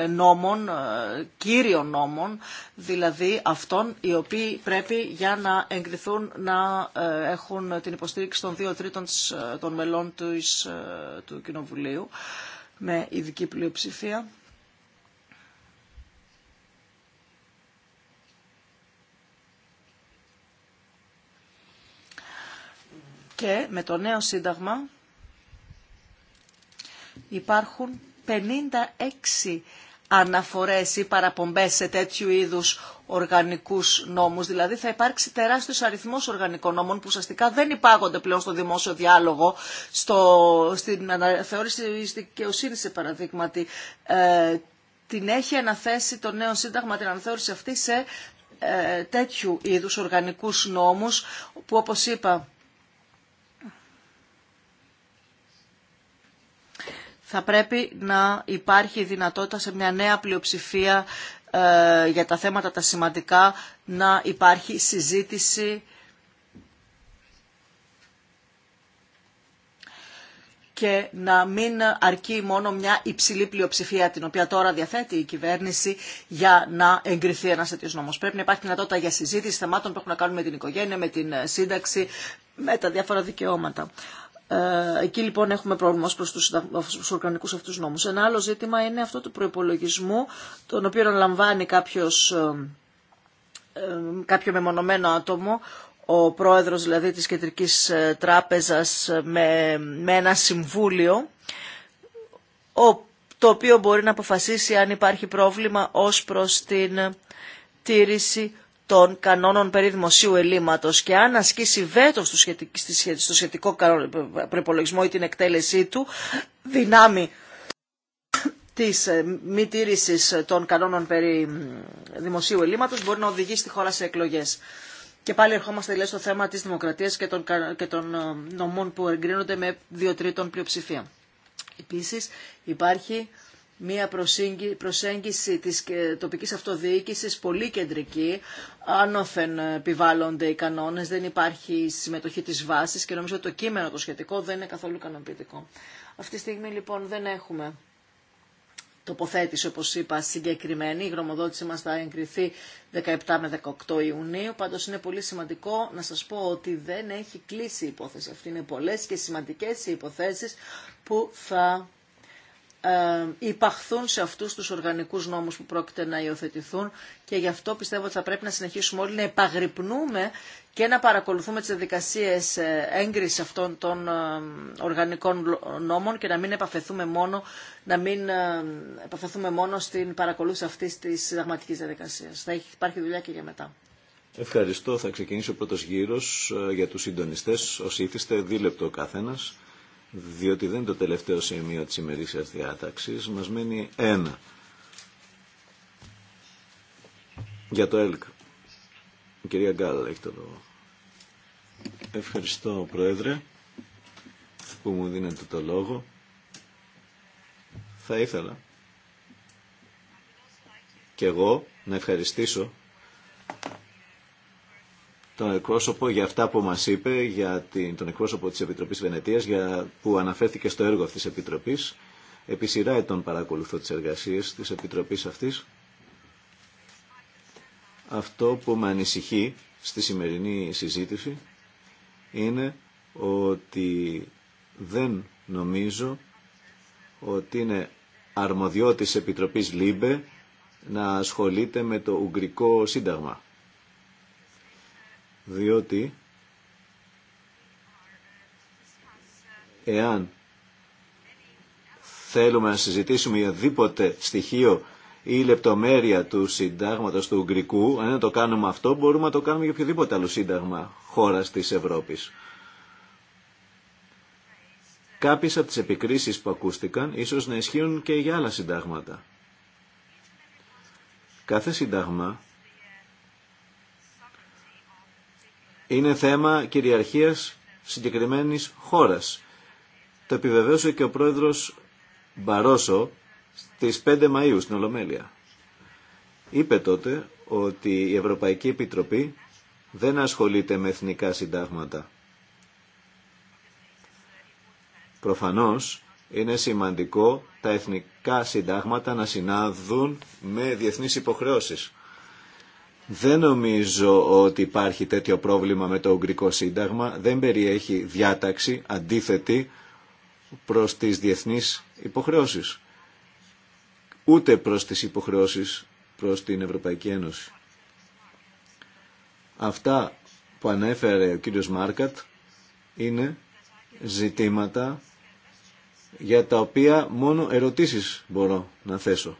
νόμων, ε, κύριων νόμων, δηλαδή αυτών οι οποίοι πρέπει για να εγκριθούν να ε, έχουν την υποστήριξη των δύο τρίτων ε, των μελών του Κοινοβουλίου με ειδική πλειοψηφία. Και με το νέο σύνταγμα Υπάρχουν 56 αναφορές ή παραπομπές σε τέτοιου είδους οργανικούς νόμους. Δηλαδή θα υπάρξει τεράστιος αριθμός οργανικών νόμων που ουσιαστικά δεν υπάγονται πλέον στο δημόσιο διάλογο, στο, στην αναθεώρηση της δικαιοσύνη σε παραδείγματι. Ε, την έχει αναθέσει το νέο σύνταγμα την αναθεώρηση αυτή σε ε, τέτοιου είδους οργανικούς νόμους που όπως είπα θα πρέπει να υπάρχει δυνατότητα σε μια νέα πλειοψηφία ε, για τα θέματα τα σημαντικά να υπάρχει συζήτηση και να μην αρκεί μόνο μια υψηλή πλειοψηφία την οποία τώρα διαθέτει η κυβέρνηση για να εγκριθεί ένας τέτοιο νόμος. Πρέπει να υπάρχει δυνατότητα για συζήτηση θεμάτων που έχουν να κάνουν με την οικογένεια, με την ε, σύνταξη, με τα διάφορα δικαιώματα. Ε, εκεί λοιπόν έχουμε πρόβλημα ως προς τους, οργανικούς αυτούς νόμους. Ένα άλλο ζήτημα είναι αυτό του προϋπολογισμού, τον οποίο λαμβάνει κάποιος, ε, ε, κάποιο μεμονωμένο άτομο, ο πρόεδρος δηλαδή της Κεντρικής Τράπεζας με, με ένα συμβούλιο, το οποίο μπορεί να αποφασίσει αν υπάρχει πρόβλημα ως προς την τήρηση των κανόνων περί δημοσίου ελλείμματο και αν ασκήσει βέτο στο σχετικό προπολογισμό ή την εκτέλεσή του, δυνάμει τη ε, μη τήρηση των κανόνων περί δημοσίου ελλείμματο μπορεί να οδηγήσει τη χώρα σε εκλογές. Και πάλι ερχόμαστε λέει, στο θέμα της δημοκρατίας και των, και ε, νομών που εγκρίνονται με δύο τρίτων πλειοψηφία. Επίση, υπάρχει μια προσέγγιση της τοπικής αυτοδιοίκησης πολύ κεντρική, άνωθεν επιβάλλονται οι κανόνες, δεν υπάρχει συμμετοχή της βάσης και νομίζω ότι το κείμενο το σχετικό δεν είναι καθόλου ικανοποιητικό. Αυτή τη στιγμή λοιπόν δεν έχουμε τοποθέτηση, όπως είπα, συγκεκριμένη. Η γνωμοδότηση μας θα εγκριθεί 17 με 18 Ιουνίου. Πάντως είναι πολύ σημαντικό να σας πω ότι δεν έχει κλείσει η υπόθεση αυτή. Είναι πολλές και σημαντικές οι υποθέσεις που θα ε, υπαχθούν σε αυτούς τους οργανικούς νόμους που πρόκειται να υιοθετηθούν και γι' αυτό πιστεύω ότι θα πρέπει να συνεχίσουμε όλοι να επαγρυπνούμε και να παρακολουθούμε τις διαδικασίες ε, έγκρισης αυτών των ε, οργανικών νόμων και να μην επαφεθούμε μόνο, να μην επαφεθούμε μόνο στην παρακολούθηση αυτής της συνταγματικής διαδικασία. Θα υπάρχει δουλειά και για μετά. Ευχαριστώ. Θα ξεκινήσει ο πρώτος γύρος για τους συντονιστές. Ως ήθιστε δίλεπτο ο καθένας διότι δεν είναι το τελευταίο σημείο της ημερήσιας διάταξης, μας μένει ένα για το ΕΛΚ. Η κυρία Γκάλλα έχει το λόγο. Ευχαριστώ, Πρόεδρε, που μου δίνετε το λόγο. Θα ήθελα και εγώ να ευχαριστήσω τον εκπρόσωπο για αυτά που μας είπε, για την, τον εκπρόσωπο της Επιτροπής Βενετίας για, που αναφέρθηκε στο έργο αυτής της Επιτροπής. Επί σειρά ετών παρακολουθώ τις εργασίες της Επιτροπής αυτής. Αυτό που με ανησυχεί στη σημερινή συζήτηση είναι ότι δεν νομίζω ότι είναι της Επιτροπής ΛΥΜΠΕ να ασχολείται με το Ουγγρικό Σύνταγμα διότι εάν θέλουμε να συζητήσουμε οδήποτε στοιχείο ή λεπτομέρεια του συντάγματος του Ουγγρικού, αν δεν το κάνουμε αυτό, μπορούμε να το κάνουμε για οποιοδήποτε άλλο σύνταγμα χώρας της Ευρώπης. Κάποιες από τις επικρίσεις που ακούστηκαν ίσως να ισχύουν και για άλλα συντάγματα. Κάθε σύνταγμα Είναι θέμα κυριαρχίας συγκεκριμένης χώρας. Το επιβεβαίωσε και ο πρόεδρος Μπαρόσο στις 5 Μαΐου στην Ολομέλεια. Είπε τότε ότι η Ευρωπαϊκή Επιτροπή δεν ασχολείται με εθνικά συντάγματα. Προφανώς είναι σημαντικό τα εθνικά συντάγματα να συνάδουν με διεθνείς υποχρεώσεις. Δεν νομίζω ότι υπάρχει τέτοιο πρόβλημα με το Ουγγρικό Σύνταγμα. Δεν περιέχει διάταξη αντίθετη προς τις διεθνείς υποχρεώσεις. Ούτε προς τις υποχρεώσεις προς την Ευρωπαϊκή Ένωση. Αυτά που ανέφερε ο κύριος Μάρκατ είναι ζητήματα για τα οποία μόνο ερωτήσεις μπορώ να θέσω.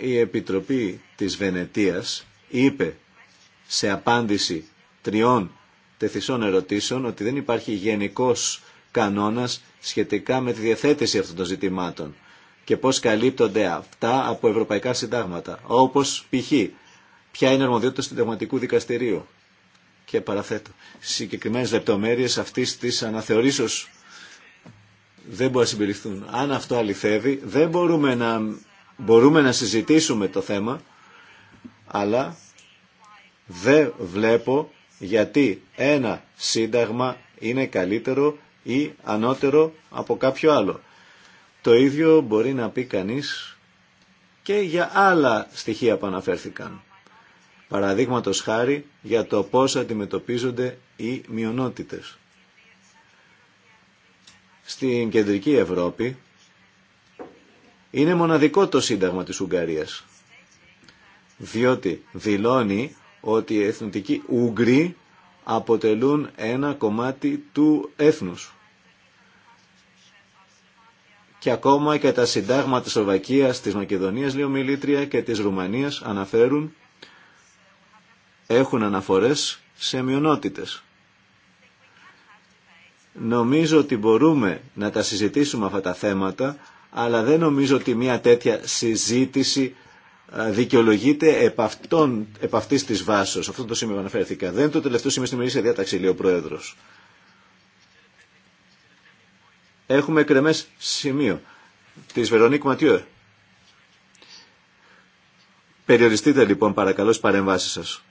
η Επιτροπή της Βενετίας είπε σε απάντηση τριών τεθισών ερωτήσεων ότι δεν υπάρχει γενικός κανόνας σχετικά με τη διαθέτηση αυτών των ζητημάτων και πώς καλύπτονται αυτά από ευρωπαϊκά συντάγματα, όπως π.χ. ποια είναι η αρμοδιότητα του συνταγματικού δικαστηρίου. Και παραθέτω, συγκεκριμένες λεπτομέρειες αυτής της αναθεωρήσεως δεν μπορεί να συμπεριφθούν. Αν αυτό αληθεύει, δεν μπορούμε να μπορούμε να συζητήσουμε το θέμα, αλλά δεν βλέπω γιατί ένα σύνταγμα είναι καλύτερο ή ανώτερο από κάποιο άλλο. Το ίδιο μπορεί να πει κανείς και για άλλα στοιχεία που αναφέρθηκαν. Παραδείγματο χάρη για το πώς αντιμετωπίζονται οι μειονότητες. Στην κεντρική Ευρώπη είναι μοναδικό το Σύνταγμα της Ουγγαρίας, διότι δηλώνει ότι οι εθνικοί Ούγγροι αποτελούν ένα κομμάτι του έθνους. Και ακόμα και τα συντάγματα της Σλοβακίας, της Μακεδονίας, λέει και της Ρουμανίας αναφέρουν, έχουν αναφορές σε μειονότητες. Νομίζω ότι μπορούμε να τα συζητήσουμε αυτά τα θέματα αλλά δεν νομίζω ότι μια τέτοια συζήτηση δικαιολογείται επ, αυτών, επ αυτής της βάσης. Αυτό το σημείο αναφέρθηκα. Δεν το τελευταίο σημείο στη μερίσια διάταξη, λέει ο Πρόεδρος. Έχουμε κρεμές σημείο της Βερονίκ Ματιούε. Περιοριστείτε λοιπόν παρακαλώ στις παρεμβάσεις σας.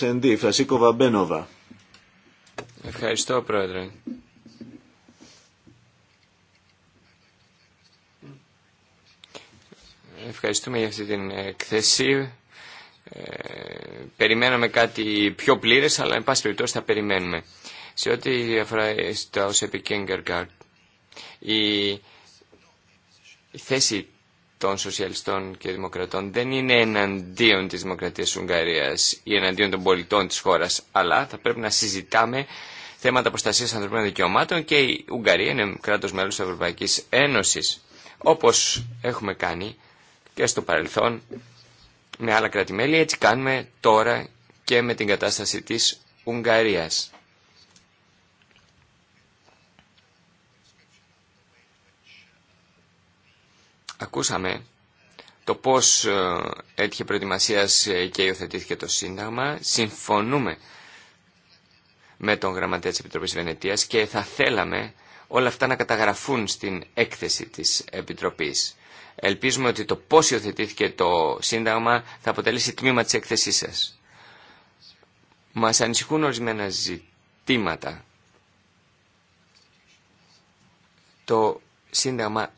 S&D, Φρασίκο Βαμπένοβα. Ευχαριστώ Πρόεδρε. Ευχαριστούμε για αυτή την εκθέση. Ε, περιμέναμε κάτι πιο πλήρες, αλλά εν πάση περιπτώσει θα περιμένουμε. Σε ό,τι αφορά ε, στα όσα είπε η, η θέση των σοσιαλιστών και δημοκρατών δεν είναι εναντίον της δημοκρατίας της Ουγγαρίας ή εναντίον των πολιτών της χώρας, αλλά θα πρέπει να συζητάμε θέματα προστασίας ανθρωπίνων δικαιωμάτων και η Ουγγαρία είναι κράτος μέλος της Ευρωπαϊκής Ένωσης. Όπως έχουμε κάνει και στο παρελθόν με άλλα κράτη-μέλη. Έτσι κάνουμε τώρα και με την κατάσταση της Ουγγαρίας. Ακούσαμε το πώς ε, έτυχε προετοιμασίας και υιοθετήθηκε το Σύνταγμα. Συμφωνούμε με τον Γραμματέα της Επιτροπής Βενετίας και θα θέλαμε όλα αυτά να καταγραφούν στην έκθεση της Επιτροπής. Ελπίζουμε ότι το πώς υιοθετήθηκε το Σύνταγμα θα αποτελέσει τμήμα της έκθεσής σας. Μας ανησυχούν ορισμένα ζητήματα. Το Σύνταγμα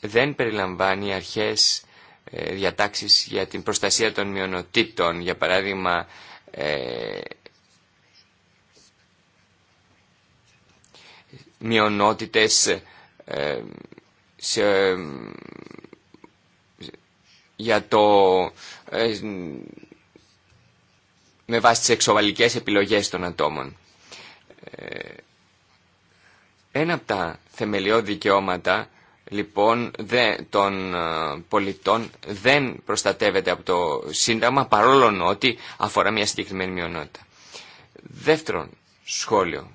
δεν περιλαμβάνει αρχές ε, διατάξεις για την προστασία των μειονοτήτων, για παράδειγμα ε, ε σε, για το... Ε, με βάση τις εξοβαλικές επιλογές των ατόμων. Ε, ένα από τα θεμελιώδη δικαιώματα λοιπόν δε, των ε, πολιτών δεν προστατεύεται από το Σύνταγμα παρόλο ότι αφορά μια συγκεκριμένη μειονότητα. Δεύτερον σχόλιο.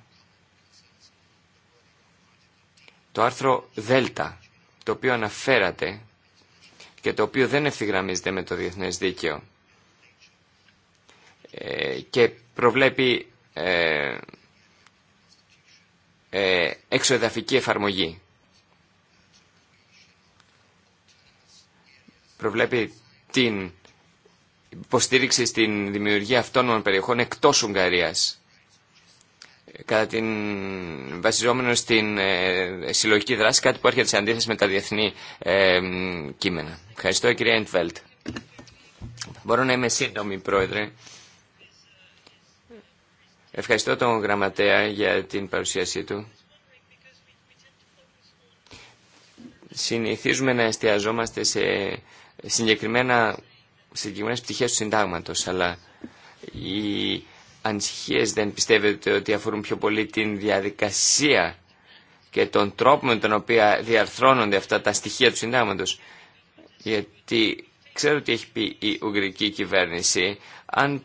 Το άρθρο Δέλτα, το οποίο αναφέρατε και το οποίο δεν ευθυγραμμίζεται με το διεθνές δίκαιο ε, και προβλέπει ε, ε εφαρμογή. Προβλέπει την υποστήριξη στην δημιουργία αυτόνομων περιοχών εκτός Ουγγαρίας κατά την, βασιζόμενο στην ε, συλλογική δράση, κάτι που έρχεται σε αντίθεση με τα διεθνή ε, κείμενα. Ευχαριστώ κυρία Ιντβέλτ. Μπορώ να είμαι σύντομη πρόεδρε. Ευχαριστώ τον γραμματέα για την παρουσίασή του. Συνηθίζουμε να εστιαζόμαστε σε συγκεκριμένα, συγκεκριμένες πτυχές του συντάγματος, αλλά η ανησυχίες δεν πιστεύετε ότι αφορούν πιο πολύ την διαδικασία και τον τρόπο με τον οποίο διαρθρώνονται αυτά τα στοιχεία του συντάγματος. Γιατί ξέρω ότι έχει πει η Ουγγρική κυβέρνηση, αν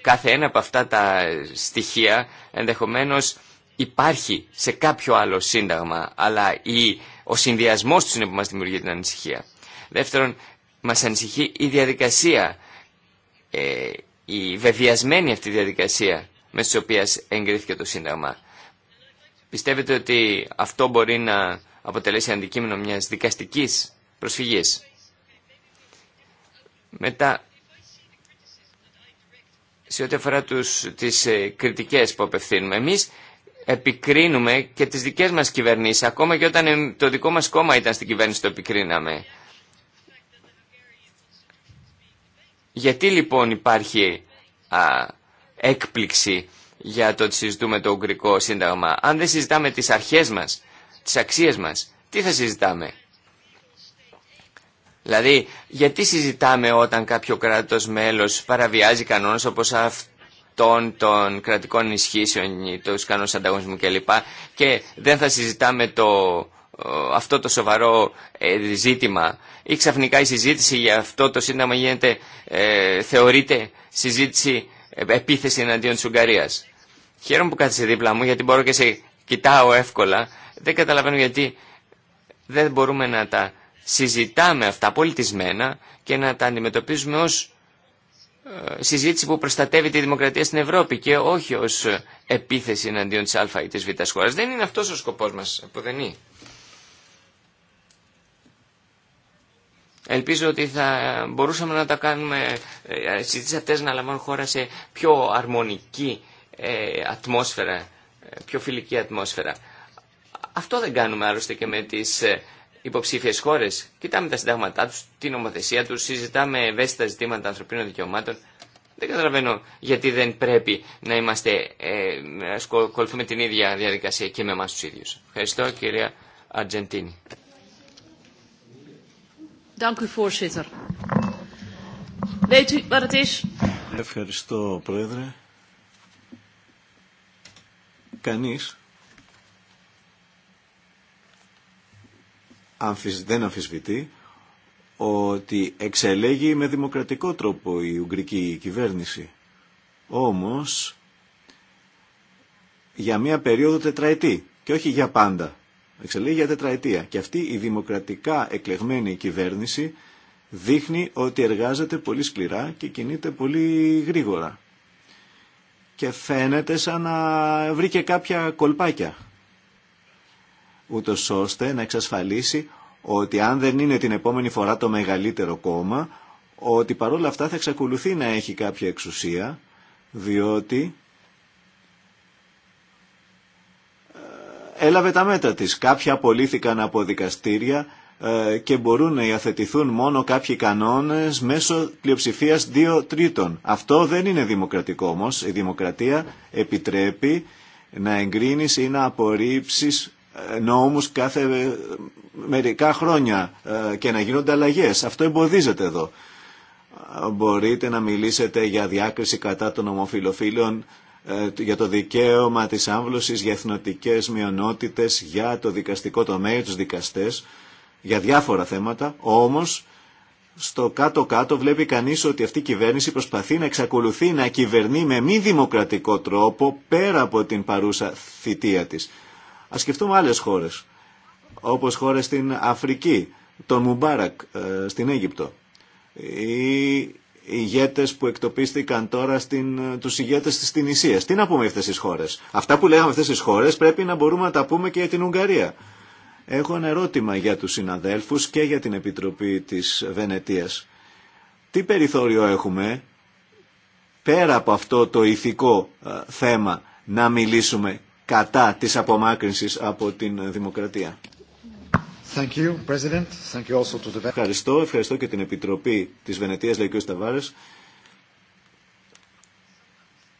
κάθε ένα από αυτά τα στοιχεία ενδεχομένως υπάρχει σε κάποιο άλλο σύνταγμα, αλλά ο συνδυασμός τους είναι που μας δημιουργεί την ανησυχία. Δεύτερον, μας ανησυχεί η διαδικασία. Ε, η βεβαιασμένη αυτή διαδικασία με τις οποίες εγκρίθηκε το Σύνταγμα. Πιστεύετε ότι αυτό μπορεί να αποτελέσει αντικείμενο μιας δικαστικής προσφυγής. Μετά, σε ό,τι αφορά τους, τις ε, κριτικές που απευθύνουμε, εμείς επικρίνουμε και τις δικές μας κυβερνήσεις, ακόμα και όταν το δικό μας κόμμα ήταν στην κυβέρνηση το επικρίναμε. Γιατί λοιπόν υπάρχει α, έκπληξη για το ότι συζητούμε το Ουγγρικό Σύνταγμα. Αν δεν συζητάμε τις αρχές μας, τις αξίες μας, τι θα συζητάμε. Δηλαδή, γιατί συζητάμε όταν κάποιο κράτος μέλος παραβιάζει κανόνες όπως αυτών των κρατικών ή τους κανόνες ανταγωνισμού κλπ. Και δεν θα συζητάμε το, αυτό το σοβαρό ε, ζήτημα ή ξαφνικά η συζήτηση για αυτό το σύνταγμα γίνεται, ε, θεωρείται συζήτηση ε, επίθεση εναντίον τη Ουγγαρία. Χαίρομαι που κάθεσαι δίπλα μου γιατί μπορώ και σε κοιτάω εύκολα. Δεν καταλαβαίνω γιατί δεν μπορούμε να τα συζητάμε αυτά πολιτισμένα και να τα αντιμετωπίζουμε ως ε, συζήτηση που προστατεύει τη δημοκρατία στην Ευρώπη και όχι ως επίθεση εναντίον της Α ή της Β χώρας. Δεν είναι αυτός ο σκοπός μας, που δεν είναι. Ελπίζω ότι θα μπορούσαμε να τα κάνουμε, ε, συζητήσεις αυτές να λαμβάνουν χώρα σε πιο αρμονική ε, ατμόσφαιρα, ε, πιο φιλική ατμόσφαιρα. Αυτό δεν κάνουμε άλλωστε και με τις υποψήφιες χώρες. Κοιτάμε τα συντάγματά τους, την ομοθεσία τους, συζητάμε ευαίσθητα ζητήματα ανθρωπίνων δικαιωμάτων. Δεν καταλαβαίνω γιατί δεν πρέπει να είμαστε, την ίδια διαδικασία και με εμάς τους ίδιους. Ευχαριστώ κυρία Αργεντίνη. Ευχαριστώ, Πρόεδρε. Κανείς δεν αμφισβητεί ότι εξελέγει με δημοκρατικό τρόπο η Ουγγρική κυβέρνηση. Όμως, για μία περίοδο τετραετή και όχι για πάντα εξελίγει για τετραετία. Και αυτή η δημοκρατικά εκλεγμένη κυβέρνηση δείχνει ότι εργάζεται πολύ σκληρά και κινείται πολύ γρήγορα. Και φαίνεται σαν να βρήκε κάποια κολπάκια, ούτως ώστε να εξασφαλίσει ότι αν δεν είναι την επόμενη φορά το μεγαλύτερο κόμμα, ότι παρόλα αυτά θα εξακολουθεί να έχει κάποια εξουσία, διότι έλαβε τα μέτρα της. Κάποια απολύθηκαν από δικαστήρια ε, και μπορούν να υιοθετηθούν μόνο κάποιοι κανόνες μέσω πλειοψηφίας δύο τρίτων. Αυτό δεν είναι δημοκρατικό όμως. Η δημοκρατία επιτρέπει να εγκρίνεις ή να απορρίψεις ε, νόμους κάθε ε, μερικά χρόνια και να γίνονται αλλαγές. Αυτό εμποδίζεται εδώ. Μπορείτε να μιλήσετε για διάκριση κατά των ομοφιλοφίλων ε, για το δικαίωμα της άμβλωσης για εθνοτικές μειονότητες, για το δικαστικό τομέα, τους δικαστές, για διάφορα θέματα, όμως στο κάτω-κάτω βλέπει κανείς ότι αυτή η κυβέρνηση προσπαθεί να εξακολουθεί να κυβερνεί με μη δημοκρατικό τρόπο πέρα από την παρούσα θητεία της. Ας σκεφτούμε άλλες χώρες, όπως χώρες στην Αφρική, τον Μουμπάρακ ε, στην Αίγυπτο ή ηγέτες που εκτοπίστηκαν τώρα στην, ε, τους ηγέτες της Τινησίας. Τι να πούμε αυτές τις χώρες. Αυτά που λέγαμε αυτές τις χώρες πρέπει να μπορούμε να τα πούμε και για την Ουγγαρία. Έχω ένα ερώτημα για τους συναδέλφους και για την Επιτροπή της Βενετίας. Τι περιθώριο έχουμε πέρα από αυτό το ηθικό ε, θέμα να μιλήσουμε κατά της απομάκρυνσης από την δημοκρατία. Ευχαριστώ, ευχαριστώ και την Επιτροπή της Βενετίας τα Ταβάρες.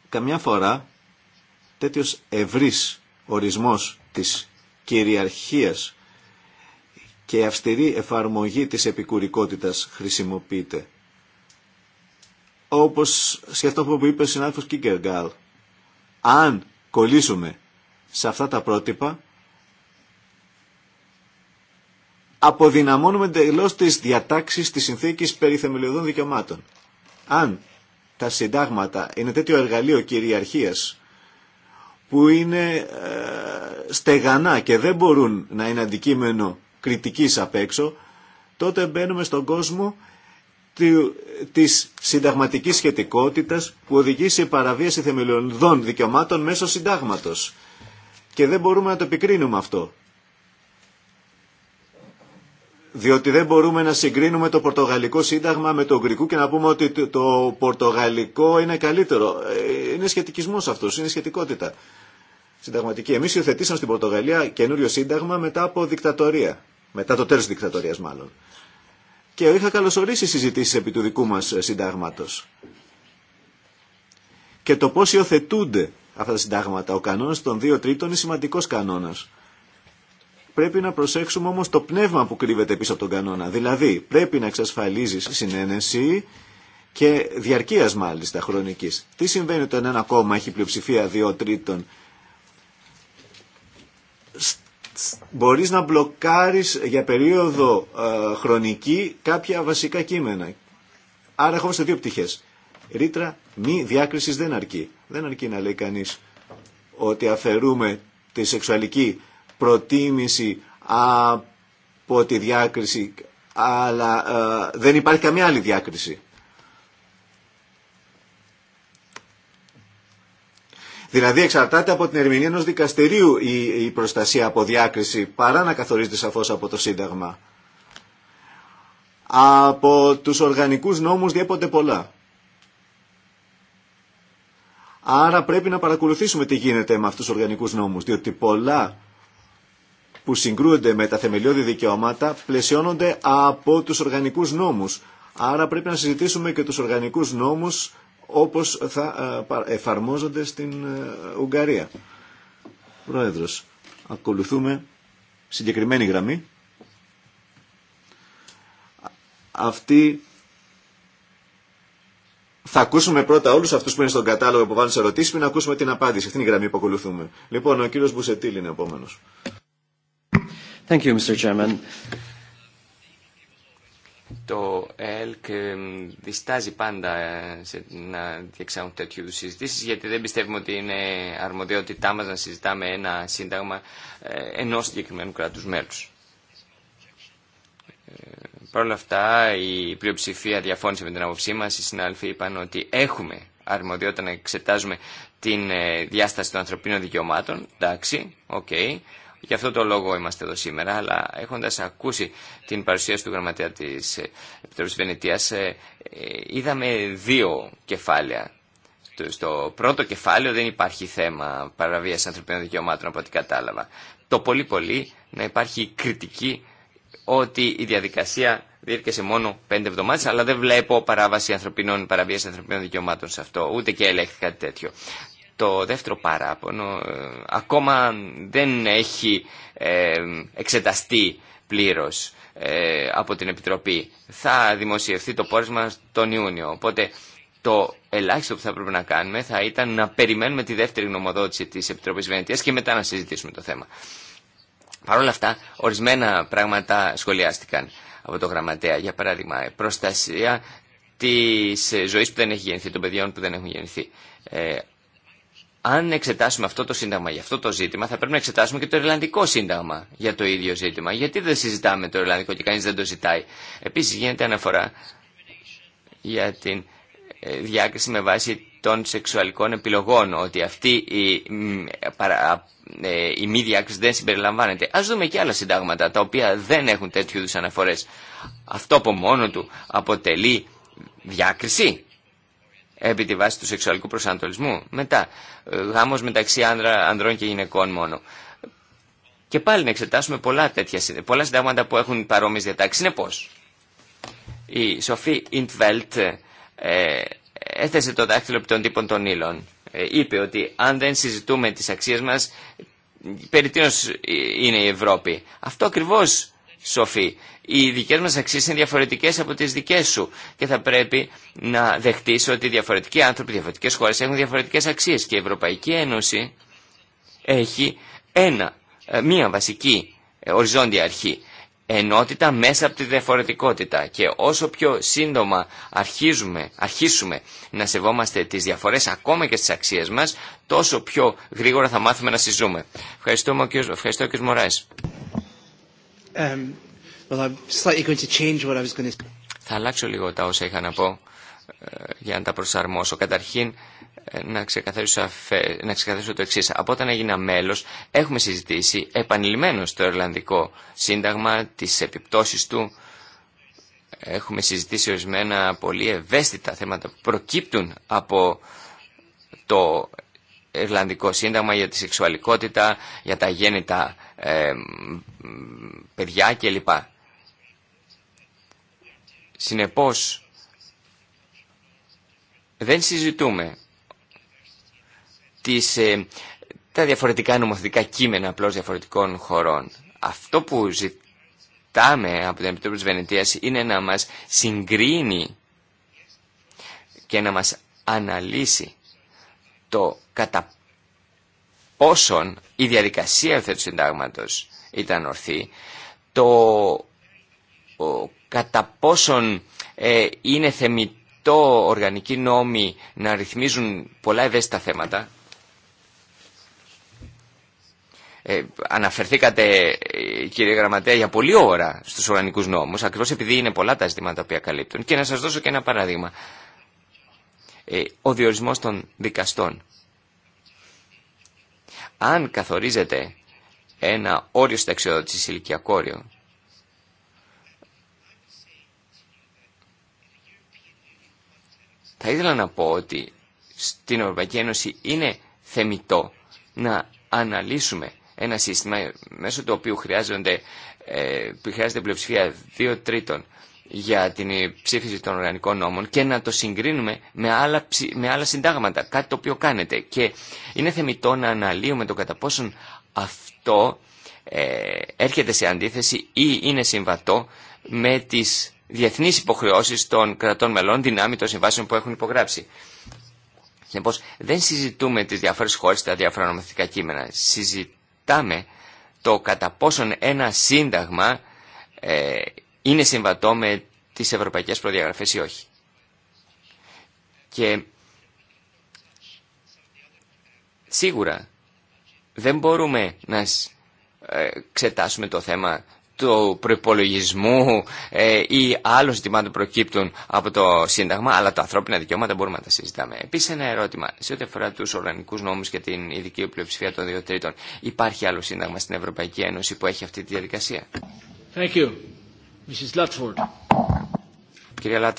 Καμιά φορά τέτοιος ευρύς ορισμός της κυριαρχίας και αυστηρή εφαρμογή της επικουρικότητας χρησιμοποιείται. Όπως αυτό που είπε ο συνάδελφος Κίγκεργάλ, αν κολλήσουμε σε αυτά τα πρότυπα, αποδυναμώνουμε εντελώ τι διατάξει τη συνθήκη περί θεμελιωδών δικαιωμάτων. Αν τα συντάγματα είναι τέτοιο εργαλείο κυριαρχία που είναι ε, στεγανά και δεν μπορούν να είναι αντικείμενο κριτικής απ' έξω, τότε μπαίνουμε στον κόσμο της συνταγματικής σχετικότητας που οδηγεί σε παραβίαση θεμελιωδών δικαιωμάτων μέσω συντάγματος. Και δεν μπορούμε να το επικρίνουμε αυτό. Διότι δεν μπορούμε να συγκρίνουμε το πορτογαλικό σύνταγμα με το Γκρικού και να πούμε ότι το πορτογαλικό είναι καλύτερο. Ε, είναι σχετικισμός αυτός, είναι σχετικότητα συνταγματική. Εμείς υιοθετήσαμε στην Πορτογαλία καινούριο σύνταγμα μετά από δικτατορία. Μετά το τέλος της δικτατορίας μάλλον. Και είχα καλωσορίσει συζητήσεις επί του δικού μας συντάγματος. Και το πώς υιοθετούνται αυτά τα συντάγματα. Ο κανόνας των δύο τρίτων είναι σημαντικό κανόνας. Πρέπει να προσέξουμε όμως το πνεύμα που κρύβεται πίσω από τον κανόνα. Δηλαδή πρέπει να εξασφαλίζει συνένεση και διαρκείας μάλιστα χρονικής. Τι συμβαίνει όταν ένα κόμμα έχει πλειοψηφία δύο τρίτων. Μπορείς να μπλοκάρεις για περίοδο ε, χρονική κάποια βασικά κείμενα. Άρα έχουμε σε δύο πτυχές. Ρήτρα μη διάκρισης δεν αρκεί. Δεν αρκεί να λέει κανείς ότι αφαιρούμε τη σεξουαλική προτίμηση από τη διάκριση, αλλά ε, δεν υπάρχει καμία άλλη διάκριση. Δηλαδή εξαρτάται από την ερμηνεία ενός δικαστηρίου η, η προστασία από διάκριση παρά να καθορίζεται σαφώς από το Σύνταγμα. Από τους οργανικούς νόμους διέπονται πολλά. Άρα πρέπει να παρακολουθήσουμε τι γίνεται με αυτούς τους οργανικούς νόμους, διότι πολλά που συγκρούονται με τα θεμελιώδη δικαιώματα πλαισιώνονται από τους οργανικούς νόμους. Άρα πρέπει να συζητήσουμε και τους οργανικούς νόμους όπως θα ε, εφαρμόζονται στην ε, Ουγγαρία. Πρόεδρος, ακολουθούμε συγκεκριμένη γραμμή. Αυτή θα ακούσουμε πρώτα όλου αυτού που είναι στον κατάλογο που βάλουν σε ερωτήσει πριν να ακούσουμε την απάντηση. Αυτή είναι η γραμμή που ακολουθούμε. Λοιπόν, ο κύριο Μπουσετήλ είναι επόμενο. Το ΕΛΚ ε, διστάζει πάντα ε, σε να διεξάγουν τέτοιου συζητήσει γιατί δεν πιστεύουμε ότι είναι αρμοδιότητά μα να συζητάμε ένα σύνταγμα ε, ενό συγκεκριμένου κράτου μέλου. Παρ' όλα αυτά η πλειοψηφία διαφώνησε με την άποψή μα. Οι συνάδελφοι είπαν ότι έχουμε αρμοδιότητα να εξετάζουμε την διάσταση των ανθρωπίνων δικαιωμάτων. Εντάξει, οκ. Γι' αυτό το λόγο είμαστε εδώ σήμερα, αλλά έχοντας ακούσει την παρουσίαση του γραμματέα της Επιτροπής Βενετίας, ε, ε, είδαμε δύο κεφάλαια. Στο πρώτο κεφάλαιο δεν υπάρχει θέμα παραβίαση ανθρωπίνων δικαιωμάτων από ό,τι κατάλαβα. Το πολύ πολύ να υπάρχει κριτική ότι η διαδικασία διήρκεσε μόνο πέντε εβδομάδε, αλλά δεν βλέπω παράβαση ανθρωπίνων, παραβίαση ανθρωπίνων δικαιωμάτων σε αυτό, ούτε και ελέγχθη κάτι τέτοιο. Το δεύτερο παράπονο ε, ακόμα δεν έχει ε, εξεταστεί πλήρως ε, από την Επιτροπή. Θα δημοσιευθεί το πόρισμα τον Ιούνιο. Οπότε το ελάχιστο που θα πρέπει να κάνουμε θα ήταν να περιμένουμε τη δεύτερη γνωμοδότηση της Επιτροπής Βενετίας και μετά να συζητήσουμε το θέμα. Παρ' όλα αυτά, ορισμένα πράγματα σχολιάστηκαν από το γραμματέα. Για παράδειγμα, προστασία της ζωής που δεν έχει γεννηθεί, των παιδιών που δεν έχουν γεννηθεί αν εξετάσουμε αυτό το σύνταγμα για αυτό το ζήτημα, θα πρέπει να εξετάσουμε και το ελληνικό σύνταγμα για το ίδιο ζήτημα. Γιατί δεν συζητάμε το ελληνικό και κανεί δεν το ζητάει. Επίση γίνεται αναφορά για την ε, διάκριση με βάση των σεξουαλικών επιλογών, ότι αυτή η, ε, η μη διάκριση δεν συμπεριλαμβάνεται. Ας δούμε και άλλα συντάγματα, τα οποία δεν έχουν τέτοιου είδους αναφορές. Αυτό από μόνο του αποτελεί διάκριση επί τη βάση του σεξουαλικού προσανατολισμού. Μετά, ε, γάμος μεταξύ άνδρα, ανδρών και γυναικών μόνο. Και πάλι να εξετάσουμε πολλά, τέτοια, πολλά συντάγματα που έχουν παρόμοιες διατάξεις. Είναι πώς. Η Σοφή Ιντβέλτ ε, έθεσε το δάχτυλο επί των τύπων των Ήλων. Ε, είπε ότι αν δεν συζητούμε τις αξίες μα, περί είναι η Ευρώπη. Αυτό ακριβώ σοφή. Οι δικέ μας αξίες είναι διαφορετικές από τις δικές σου και θα πρέπει να δεχτείς ότι διαφορετικοί άνθρωποι, διαφορετικέ χώρε έχουν διαφορετικέ αξίε. και η Ευρωπαϊκή Ένωση έχει ένα, ε, μία βασική ε, οριζόντια αρχή. Ενότητα μέσα από τη διαφορετικότητα και όσο πιο σύντομα αρχίζουμε, αρχίσουμε να σεβόμαστε τις διαφορές ακόμα και στις αξίες μας τόσο πιο γρήγορα θα μάθουμε να συζούμε. Ευχαριστώ, ευχαριστώ κ. Μωράης. Um, Θα αλλάξω λίγο τα όσα είχα να πω ε, για να τα προσαρμόσω. Καταρχήν, ε, να ξεκαθαρίσω, να ξεκαθαρίσω το εξή. Από όταν έγινα μέλο, έχουμε συζητήσει επανειλημμένω το Ιρλανδικό Σύνταγμα, τι επιπτώσει του. Έχουμε συζητήσει ορισμένα πολύ ευαίσθητα θέματα που προκύπτουν από το Ιρλανδικό Σύνταγμα για τη σεξουαλικότητα, για τα γέννητα ε, παιδιά κλπ. Συνεπώς, δεν συζητούμε τις, ε, τα διαφορετικά νομοθετικά κείμενα απλώς διαφορετικών χωρών. Αυτό που ζητάμε από την Επιτροπή της Βενετίας είναι να μας συγκρίνει και να μας αναλύσει το κατά πόσον η διαδικασία του συντάγματος ήταν ορθή, το κατά πόσον ε, είναι θεμητό οργανικοί νόμοι να ρυθμίζουν πολλά ευαίσθητα θέματα. Ε, αναφερθήκατε, ε, κύριε Γραμματέα, για πολλή ώρα στους οργανικούς νόμους, ακριβώς επειδή είναι πολλά τα ζητήματα που καλύπτουν. Και να σας δώσω και ένα παράδειγμα. Ε, ο διορισμός των δικαστών. Αν καθορίζεται ένα όριο συνταξιοδότησης ηλικιακό όριο, θα ήθελα να πω ότι στην Ευρωπαϊκή Ένωση είναι θεμητό να αναλύσουμε ένα σύστημα μέσω του οποίου χρειάζονται, ε, χρειάζεται πλειοψηφία δύο τρίτων για την ψήφιση των οργανικών νόμων και να το συγκρίνουμε με άλλα, με άλλα συντάγματα, κάτι το οποίο κάνετε. Και είναι θεμητό να αναλύουμε το κατά πόσον αυτό ε, έρχεται σε αντίθεση ή είναι συμβατό με τις διεθνείς υποχρεώσεις των κρατών μελών δυνάμει των συμβάσεων που έχουν υπογράψει. Συνεπώ, δεν συζητούμε τις διάφορες χώρες, τα διάφορα νομοθετικά κείμενα. Συζητάμε το κατά πόσον ένα σύνταγμα ε, είναι συμβατό με τις ευρωπαϊκές προδιαγραφές ή όχι. Και σίγουρα δεν μπορούμε να ε, ξετάσουμε το θέμα του προπολογισμού ε, ή άλλων ζητημάτων προκύπτουν από το Σύνταγμα, αλλά τα ανθρώπινα δικαιώματα μπορούμε να τα συζητάμε. Επίση, ένα ερώτημα σε ό,τι αφορά του οργανικού νόμου και την ειδική πλειοψηφία των δύο τρίτων. Υπάρχει άλλο Σύνταγμα στην Ευρωπαϊκή Ένωση που έχει αυτή τη διαδικασία. Thank Κυρία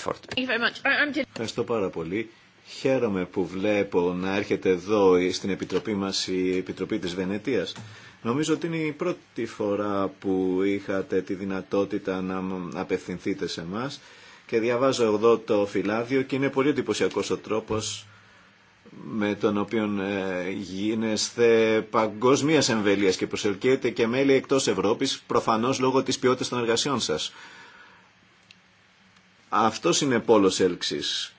Ευχαριστώ πάρα πολύ. Χαίρομαι που βλέπω να έρχεται εδώ στην Επιτροπή μας η Επιτροπή της Βενετίας. Νομίζω ότι είναι η πρώτη φορά που είχατε τη δυνατότητα να απευθυνθείτε σε μας και διαβάζω εδώ το φυλάδιο και είναι πολύ εντυπωσιακό ο τρόπος με τον οποίο ε, γίνεστε παγκόσμια εμβέλεια και προσελκύεται και μέλη εκτός Ευρώπης, προφανώς λόγω της ποιότητας των εργασιών σας. Αυτό είναι πόλος έλξης.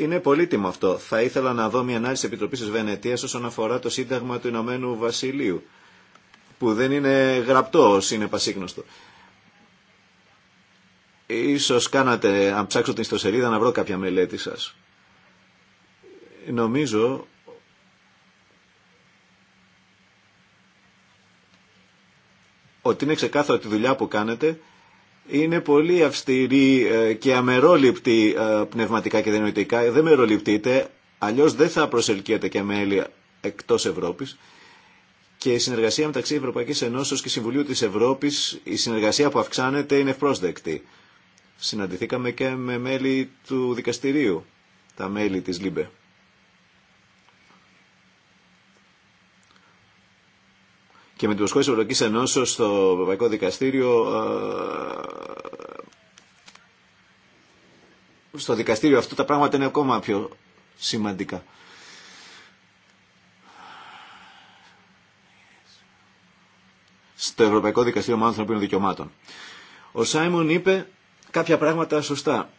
Είναι πολύτιμο αυτό. Θα ήθελα να δω μια ανάλυση της Επιτροπής της Βενετίας όσον αφορά το Σύνταγμα του Ηνωμένου Βασιλείου, που δεν είναι γραπτό, είναι πασίγνωστο. Ίσως κάνατε, αν ψάξω την ιστοσελίδα, να βρω κάποια μελέτη σας. Νομίζω ότι είναι ξεκάθαρο ότι η δουλειά που κάνετε είναι πολύ αυστηρή ε, και αμερόληπτη ε, πνευματικά και δημιουργικά. Δεν μεροληπτείτε, αλλιώς δεν θα προσελκύετε και μέλη εκτός Ευρώπης. Και η συνεργασία μεταξύ Ευρωπαϊκής Ενώσεως και Συμβουλίου της Ευρώπης, η συνεργασία που αυξάνεται είναι ευπρόσδεκτη. Συναντηθήκαμε και με μέλη του δικαστηρίου, τα μέλη της ΛΥΜΠΕ. και με την προσχώρηση της Ευρωπαϊκής στο Ευρωπαϊκό Δικαστήριο ε, στο δικαστήριο αυτό τα πράγματα είναι ακόμα πιο σημαντικά. Στο Ευρωπαϊκό Δικαστήριο Μάλλον Ανθρωπίνων Δικαιωμάτων. Ο Σάιμον είπε κάποια πράγματα σωστά.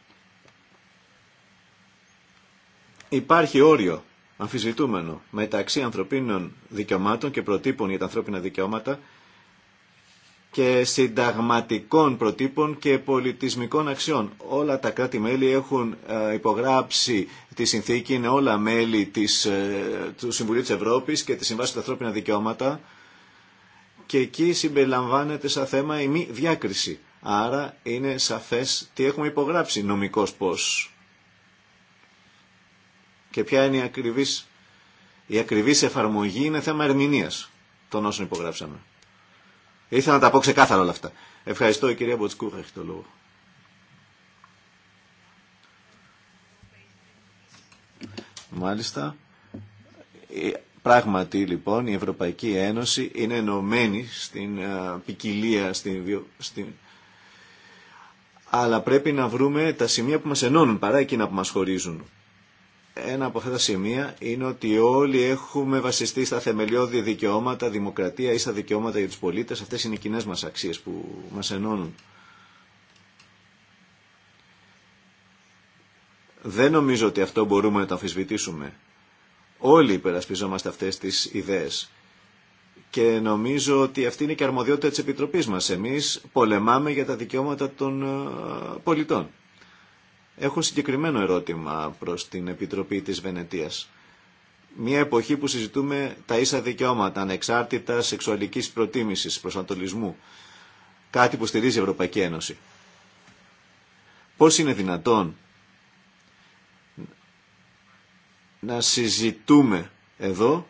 Υπάρχει όριο αμφισβητούμενο μεταξύ ανθρωπίνων δικαιωμάτων και προτύπων για τα ανθρώπινα δικαιώματα και συνταγματικών προτύπων και πολιτισμικών αξιών. Όλα τα κράτη-μέλη έχουν ε, υπογράψει τη συνθήκη, είναι όλα μέλη της, ε, του Συμβουλίου της Ευρώπης και της Συμβάσης τα Ανθρώπινα Δικαιώματα και εκεί συμπεριλαμβάνεται σαν θέμα η μη διάκριση. Άρα είναι σαφές τι έχουμε υπογράψει νομικώς πώς και ποια είναι η ακριβής, η ακριβής εφαρμογή είναι θέμα ερμηνείας των όσων υπογράψαμε. Ήθελα να τα πω ξεκάθαρα όλα αυτά. Ευχαριστώ η κυρία Μποτσκούχα, έχει το λόγο. Μάλιστα. Ε, πράγματι λοιπόν η Ευρωπαϊκή Ένωση είναι ενωμένη στην ε, ποικιλία, στην, στην... αλλά πρέπει να βρούμε τα σημεία που μας ενώνουν παρά εκείνα που μας χωρίζουν. Ένα από αυτά τα σημεία είναι ότι όλοι έχουμε βασιστεί στα θεμελιώδη δικαιώματα, δημοκρατία, ή στα δικαιώματα για τους πολίτες. Αυτές είναι οι κοινέ μας αξίες που μας ενώνουν. Δεν νομίζω ότι αυτό μπορούμε να το αμφισβητήσουμε. Όλοι υπερασπιζόμαστε αυτές τις ιδέες. Και νομίζω ότι αυτή είναι και αρμοδιότητα της Επιτροπής μας. Εμείς πολεμάμε για τα δικαιώματα των ε, πολιτών. Έχω συγκεκριμένο ερώτημα προς την Επιτροπή της Βενετίας. Μια εποχή που συζητούμε τα ίσα δικαιώματα, ανεξάρτητα σεξουαλικής προτίμησης, προσανατολισμού. Κάτι που στηρίζει η Ευρωπαϊκή Ένωση. Πώς είναι δυνατόν να συζητούμε εδώ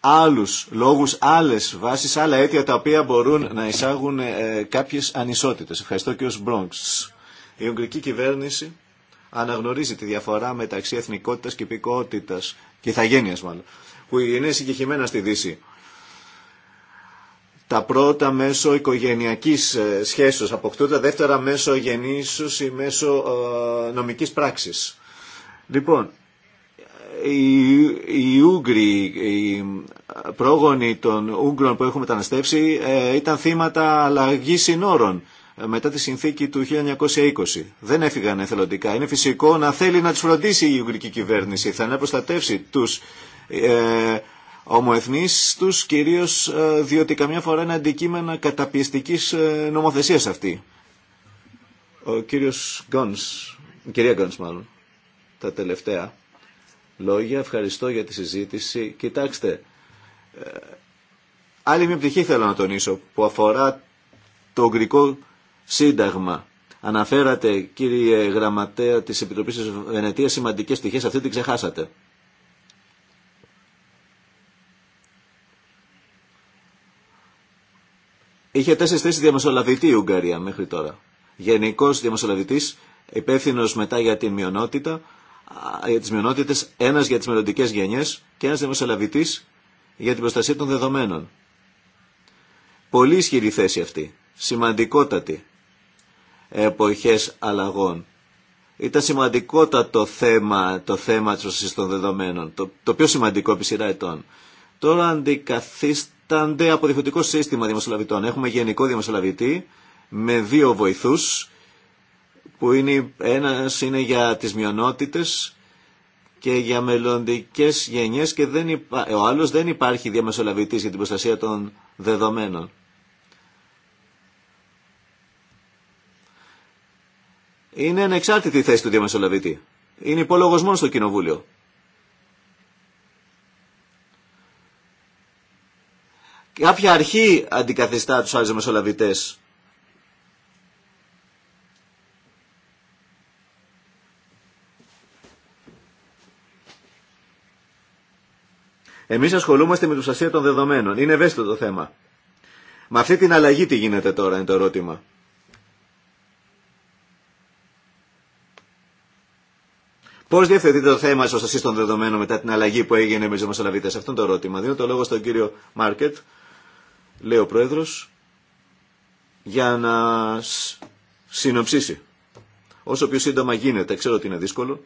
άλλους λόγους, άλλες βάσεις, άλλα αίτια τα οποία μπορούν να εισάγουν ε, κάποιες ανισότητες. Ευχαριστώ ως Μπρόγκς. Η Ουγγρική κυβέρνηση αναγνωρίζει τη διαφορά μεταξύ εθνικότητας και υπηκότητας και ηθαγένειας μάλλον, που είναι συγκεκριμένα στη Δύση. Τα πρώτα μέσω οικογενειακής ε, σχέσεως αποκτούν, τα δεύτερα μέσω γεννήσεως ή μέσω ε, νομικής πράξης. Λοιπόν, οι, οι πρόγονοι των Ούγγρων που έχουν μεταναστεύσει ε, ήταν θύματα αλλαγή συνόρων ε, μετά τη συνθήκη του 1920. Δεν έφυγαν εθελοντικά. Είναι φυσικό να θέλει να τους φροντίσει η Ουγγρική κυβέρνηση. Θα να προστατεύσει τους ε, ομοεθνείς τους, κυρίως ε, διότι καμιά φορά είναι αντικείμενα καταπιεστικής ε, νομοθεσίας αυτή. Ο κύριος Γκόνς, η κυρία Γκόνς μάλλον, τα τελευταία λόγια. Ευχαριστώ για τη συζήτηση. Κοιτάξτε, ε, άλλη μια πτυχή θέλω να τονίσω που αφορά το ογκρικό Σύνταγμα. Αναφέρατε, κύριε Γραμματέα της Επιτροπής τη Βενετία, σημαντικές στοιχείες. Αυτή την ξεχάσατε. Είχε τέσσερι θέσει διαμεσολαβητή η Ουγγαρία μέχρι τώρα. Γενικό διαμεσολαβητή, υπεύθυνο μετά για την μειονότητα, για τι μειονότητε, ένα για τι μελλοντικέ γενιέ και ένα διαμεσολαβητή για την προστασία των δεδομένων. Πολύ ισχυρή θέση αυτή. Σημαντικότατη εποχές αλλαγών. Ήταν σημαντικότατο θέμα, το θέμα της των δεδομένων, το, το πιο σημαντικό επί σειρά ετών. Τώρα αντικαθίστανται από διαφορετικό σύστημα δημοσιολαβητών. Έχουμε γενικό δημοσιολαβητή με δύο βοηθούς, που είναι, ένας είναι για τις μειονότητες και για μελλοντικέ γενιές και δεν ο άλλος δεν υπάρχει διαμεσολαβητής για την προστασία των δεδομένων. είναι ανεξάρτητη η θέση του διαμεσολαβητή. Είναι υπόλογο μόνο στο κοινοβούλιο. Κάποια αρχή αντικαθιστά τους άλλους διαμεσολαβητές. Εμείς ασχολούμαστε με την προστασία των δεδομένων. Είναι ευαίσθητο το θέμα. Με αυτή την αλλαγή τι γίνεται τώρα είναι το ερώτημα. Πώ διευθετείτε το θέμα τη προστασία των δεδομένων μετά την αλλαγή που έγινε με του σε αυτό είναι το ερώτημα. Δίνω το λόγο στον κύριο Μάρκετ, λέει ο πρόεδρο, για να συνοψίσει. Όσο πιο σύντομα γίνεται, ξέρω ότι είναι δύσκολο.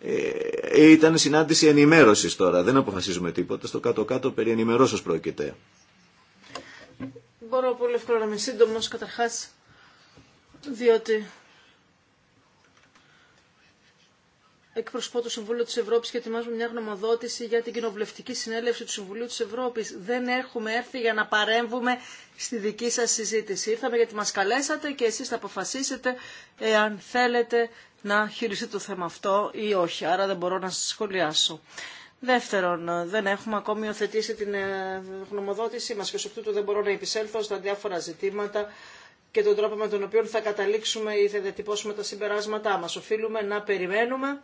Ε, ε ήταν συνάντηση ενημέρωση τώρα. Δεν αποφασίζουμε τίποτα. Στο κάτω-κάτω περί ενημερώσεω πρόκειται. Μπορώ πολύ εύκολα να είμαι σύντομο, καταρχά, διότι εκπροσωπώ το Συμβούλιο της Ευρώπης και ετοιμάζουμε μια γνωμοδότηση για την κοινοβουλευτική συνέλευση του Συμβουλίου της Ευρώπης. Δεν έχουμε έρθει για να παρέμβουμε στη δική σας συζήτηση. Ήρθαμε γιατί μας καλέσατε και εσείς θα αποφασίσετε εάν θέλετε να χειριστεί το θέμα αυτό ή όχι. Άρα δεν μπορώ να σας σχολιάσω. Δεύτερον, δεν έχουμε ακόμη υιοθετήσει την ε, γνωμοδότησή μας και ως εκ δεν μπορώ να επισέλθω στα διάφορα ζητήματα και τον τρόπο με τον οποίο θα καταλήξουμε ή θα διατυπώσουμε τα συμπεράσματά μας. Οφείλουμε να περιμένουμε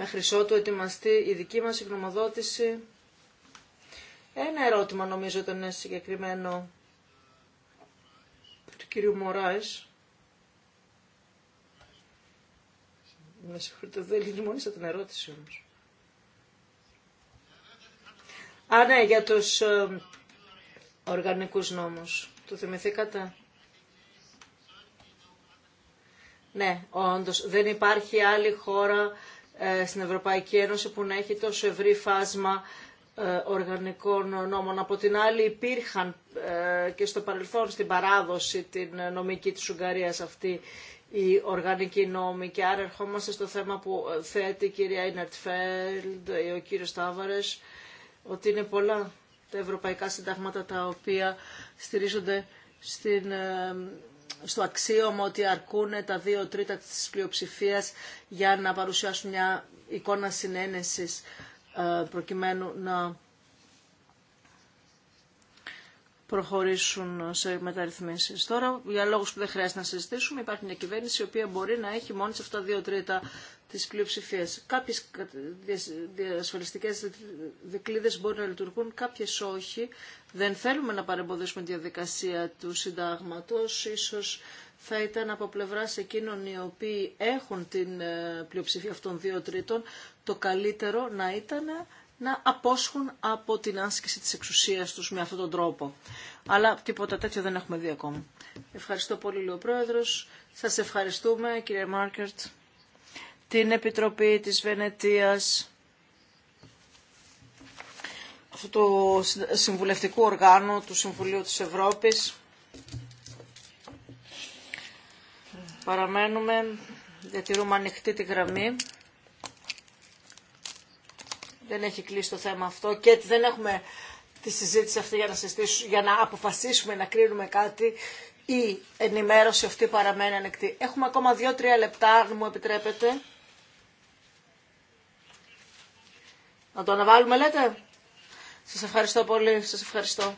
μέχρι ότου ετοιμαστεί η δική μας γνωμοδότηση. Ένα ερώτημα νομίζω ήταν είναι συγκεκριμένο του κυρίου Μωράης. Με συγχωρείτε, δεν λυγιμονήσα την ερώτηση όμως. Α, ναι, για τους ε, οργανικούς νόμους. Το θυμηθήκατε. Ναι, όντως, δεν υπάρχει άλλη χώρα ε, στην Ευρωπαϊκή Ένωση που να έχει τόσο ευρύ φάσμα ε, οργανικών νόμων. Από την άλλη υπήρχαν ε, και στο παρελθόν στην παράδοση την νομική της Ουγγαρίας αυτή η οργανική νόμη και άρα ερχόμαστε στο θέμα που θέτει η κυρία Ινερτφέλντ ή ο κύριος Τάβαρες ότι είναι πολλά τα ευρωπαϊκά συντάγματα τα οποία στηρίζονται στην στο αξίωμα ότι αρκούν τα δύο τρίτα της πλειοψηφία για να παρουσιάσουν μια εικόνα συνένεσης ε, προκειμένου να προχωρήσουν σε μεταρρυθμίσει. Τώρα, για λόγου που δεν χρειάζεται να συζητήσουμε, υπάρχει μια κυβέρνηση η οποία μπορεί να έχει μόνη σε αυτά δύο τρίτα τη πλειοψηφία. Κάποιε διασφαλιστικέ δικλείδε μπορεί να λειτουργούν, κάποιε όχι. Δεν θέλουμε να παρεμποδίσουμε τη διαδικασία του συντάγματος. Ίσως θα ήταν από πλευρά εκείνων οι οποίοι έχουν την ε, πλειοψηφία αυτών δύο τρίτων το καλύτερο να ήταν να απόσχουν από την άσκηση της εξουσίας τους με αυτόν τον τρόπο. Αλλά τίποτα τέτοιο δεν έχουμε δει ακόμα. Ευχαριστώ πολύ, λέει ο Πρόεδρος. Σας ευχαριστούμε, κύριε Μάρκερτ, την Επιτροπή της Βενετίας, αυτού του συμβουλευτικού οργάνου του Συμβουλίου της Ευρώπης. Παραμένουμε, διατηρούμε ανοιχτή τη γραμμή δεν έχει κλείσει το θέμα αυτό και δεν έχουμε τη συζήτηση αυτή για να, για να αποφασίσουμε να κρίνουμε κάτι η ενημέρωση αυτή παραμένει ανοιχτή. Έχουμε ακόμα δύο-τρία λεπτά, αν μου επιτρέπετε. Να το αναβάλουμε, λέτε. Σας ευχαριστώ πολύ, σας ευχαριστώ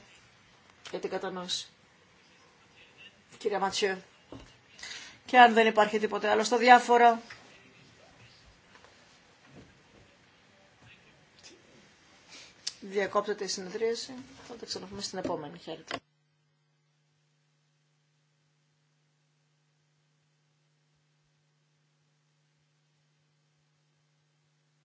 για την κατανόηση. Κύριε Ματσιέ. Και αν δεν υπάρχει τίποτε άλλο στο διάφορο, Διακόπτεται η συνεδρίαση. Θα τα ξαναπούμε στην επόμενη. Χαίρετε.